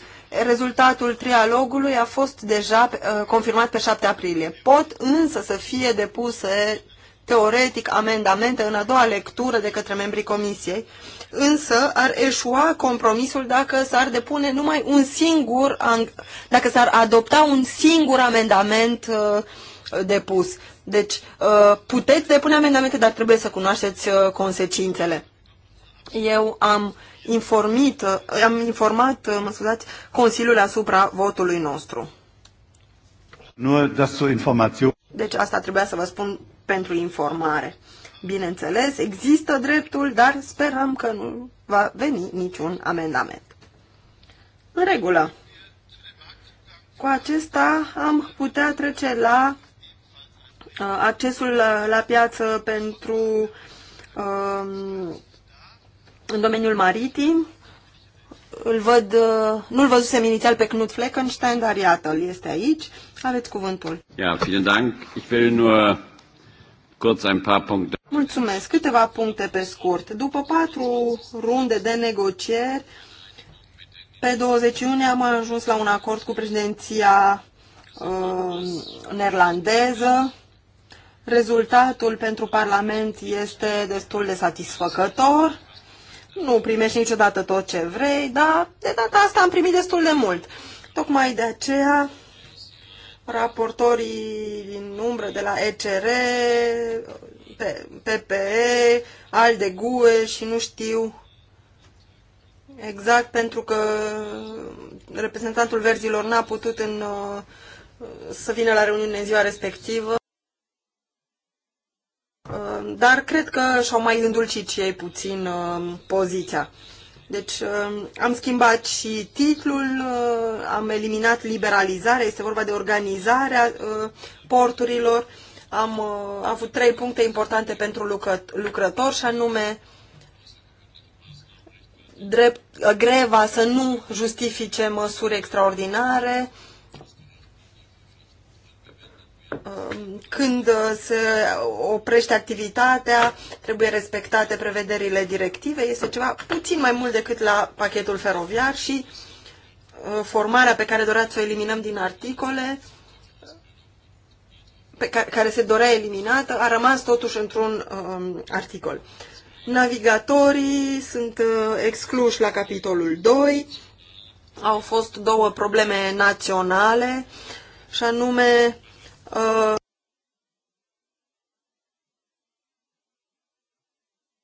Rezultatul trialogului a fost deja uh, confirmat pe 7 aprilie. Pot însă să fie depuse teoretic amendamente în a doua lectură de către membrii comisiei, însă ar eșua compromisul dacă s-ar depune numai un singur, dacă s-ar adopta un singur amendament uh, depus. Deci, puteți depune amendamente, dar trebuie să cunoașteți consecințele. Eu am, informit, am informat, mă scuzați, Consiliul asupra votului nostru. Nu, informație. Deci asta trebuia să vă spun pentru informare. Bineînțeles, există dreptul, dar sperăm că nu va veni niciun amendament. În regulă. Cu acesta am putea trece la uh, accesul la, la piață pentru uh, în domeniul maritim. Îl văd, uh, nu-l văzusem inițial pe Knut Fleckenstein, dar iată-l, este aici. Aveți cuvântul. Ja, vielen Dank. Ich will nur kurz ein paar Punkte. Mulțumesc. Câteva puncte pe scurt. După patru runde de negocieri, pe 20 iunie am ajuns la un acord cu președinția uh, neerlandeză. Rezultatul pentru Parlament este destul de satisfăcător nu primești niciodată tot ce vrei, dar de data asta am primit destul de mult. Tocmai de aceea, raportorii din umbră de la ECR, PPE, ALDE, GUE și nu știu exact pentru că reprezentantul verzilor n-a putut în, uh, să vină la reuniune în ziua respectivă, Ehm, dar cred că și-au mai îndulcit și ei puțin ehm, poziția. Deci ehm, am schimbat și titlul, am eliminat liberalizarea, este vorba de organizarea porturilor. Am avut trei puncte importante pentru lucrători și anume drept, greva să nu justifice măsuri extraordinare, Um, când uh, se oprește activitatea, trebuie respectate prevederile directive. Este ceva puțin mai mult decât la pachetul feroviar și uh, formarea pe care doreați să o eliminăm din articole, pe care, care se dorea eliminată, a rămas totuși într-un um, articol. Navigatorii sunt uh, excluși la capitolul 2. Au fost două probleme naționale, și anume Uh,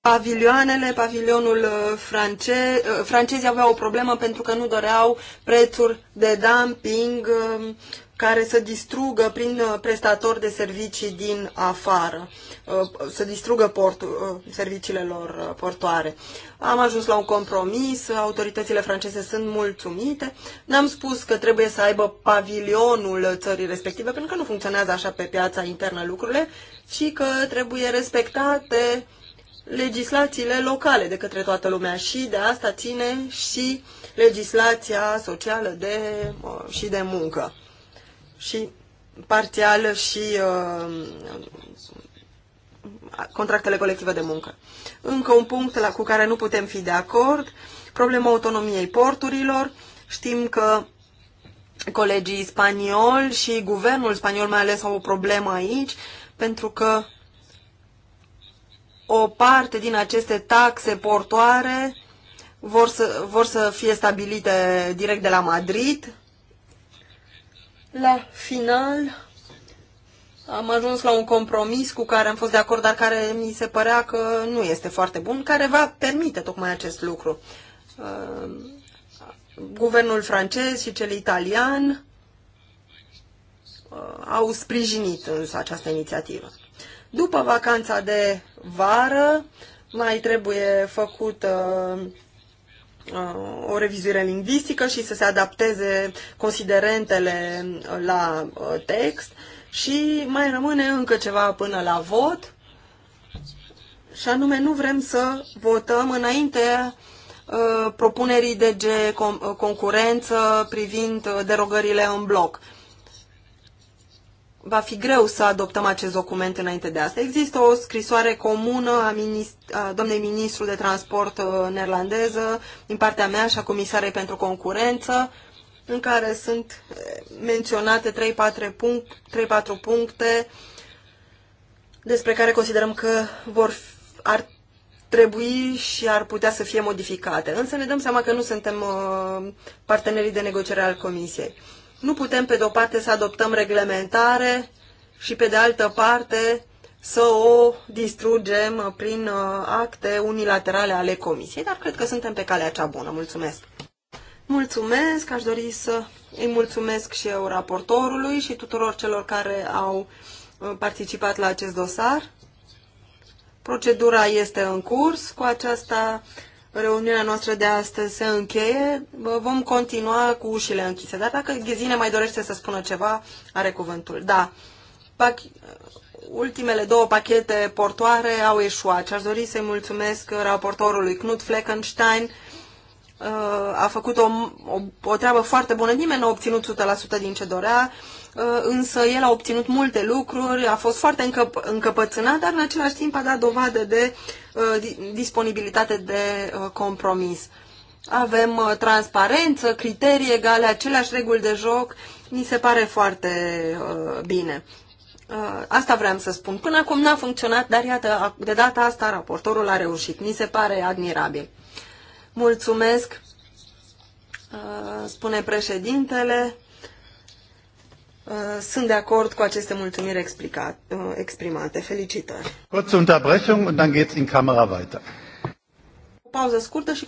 pavilioanele, pavilionul uh, francez, uh, francezii aveau o problemă pentru că nu doreau prețuri de dumping um, care să distrugă prin uh, prestatori de servicii din afară, uh, să distrugă portul, uh, serviciile lor portoare. Am ajuns la un compromis, autoritățile franceze sunt mulțumite. N-am spus că trebuie să aibă pavilionul țării respective, pentru că nu funcționează așa pe piața internă lucrurile, ci că trebuie respectate legislațiile locale de către toată lumea și de asta ține și legislația socială de, și de muncă și parțială și uh, contractele colective de muncă. Încă un punct la, cu care nu putem fi de acord, problema autonomiei porturilor. Știm că colegii spanioli și guvernul spaniol mai ales au o problemă aici, pentru că o parte din aceste taxe portoare vor să, vor să fie stabilite direct de la Madrid, la final am ajuns la un compromis cu care am fost de acord, dar care mi se părea că nu este foarte bun, care va permite tocmai acest lucru. Uh, guvernul francez și cel italian uh, au sprijinit însă această inițiativă. După vacanța de vară mai trebuie făcută uh, Uh, o revizuire lingvistică și să se adapteze considerentele uh, la uh, text și mai rămâne încă ceva până la vot și anume nu vrem să votăm înainte propunerii de G concurență privind derogările în bloc va fi greu să adoptăm acest document înainte de asta. Există o scrisoare comună a, minist- a domnului ministru de transport uh, neerlandeză din partea mea și a comisarei pentru concurență, în care sunt uh, menționate 3-4 punct, 3, puncte despre care considerăm că vor ar trebui și ar putea să fie modificate. Însă ne dăm seama că nu suntem uh, partenerii de negociere al Comisiei. Nu putem, pe de-o parte, să adoptăm reglementare și, pe de altă parte, să o distrugem prin uh, acte unilaterale ale Comisiei, dar cred că suntem pe calea cea bună. Mulțumesc! Mulțumesc, aș dori să îi mulțumesc și eu raportorului și tuturor celor care au uh, participat la acest dosar. Procedura este în curs, cu aceasta reuniunea noastră de astăzi se încheie. Vom continua cu ușile închise. Dar dacă Ghezine mai dorește să spună ceva, are cuvântul. Da. Pach- ultimele două pachete portoare au eșuat. Și aș dori să-i mulțumesc raportorului Knut Fleckenstein. Uh, a făcut o, o, o treabă foarte bună. Nimeni nu a obținut 100% din ce dorea Uh, însă el a obținut multe lucruri, a fost foarte încăp- încăpățânat, dar în același timp a dat dovadă de uh, disponibilitate de uh, compromis. Avem transparență, criterii egale, aceleași reguli de joc, mi se pare foarte bine. Asta vreau să spun. Până acum n-a funcționat, dar iată, de data asta raportorul a reușit. Mi se pare admirabil. Mulțumesc, spune președintele. Uh, sunt de acord cu aceste mulțumiri uh, exprimate. Felicitări. Kurze Unterbrechung und dann geht's in Kamera weiter. pauză scurtă și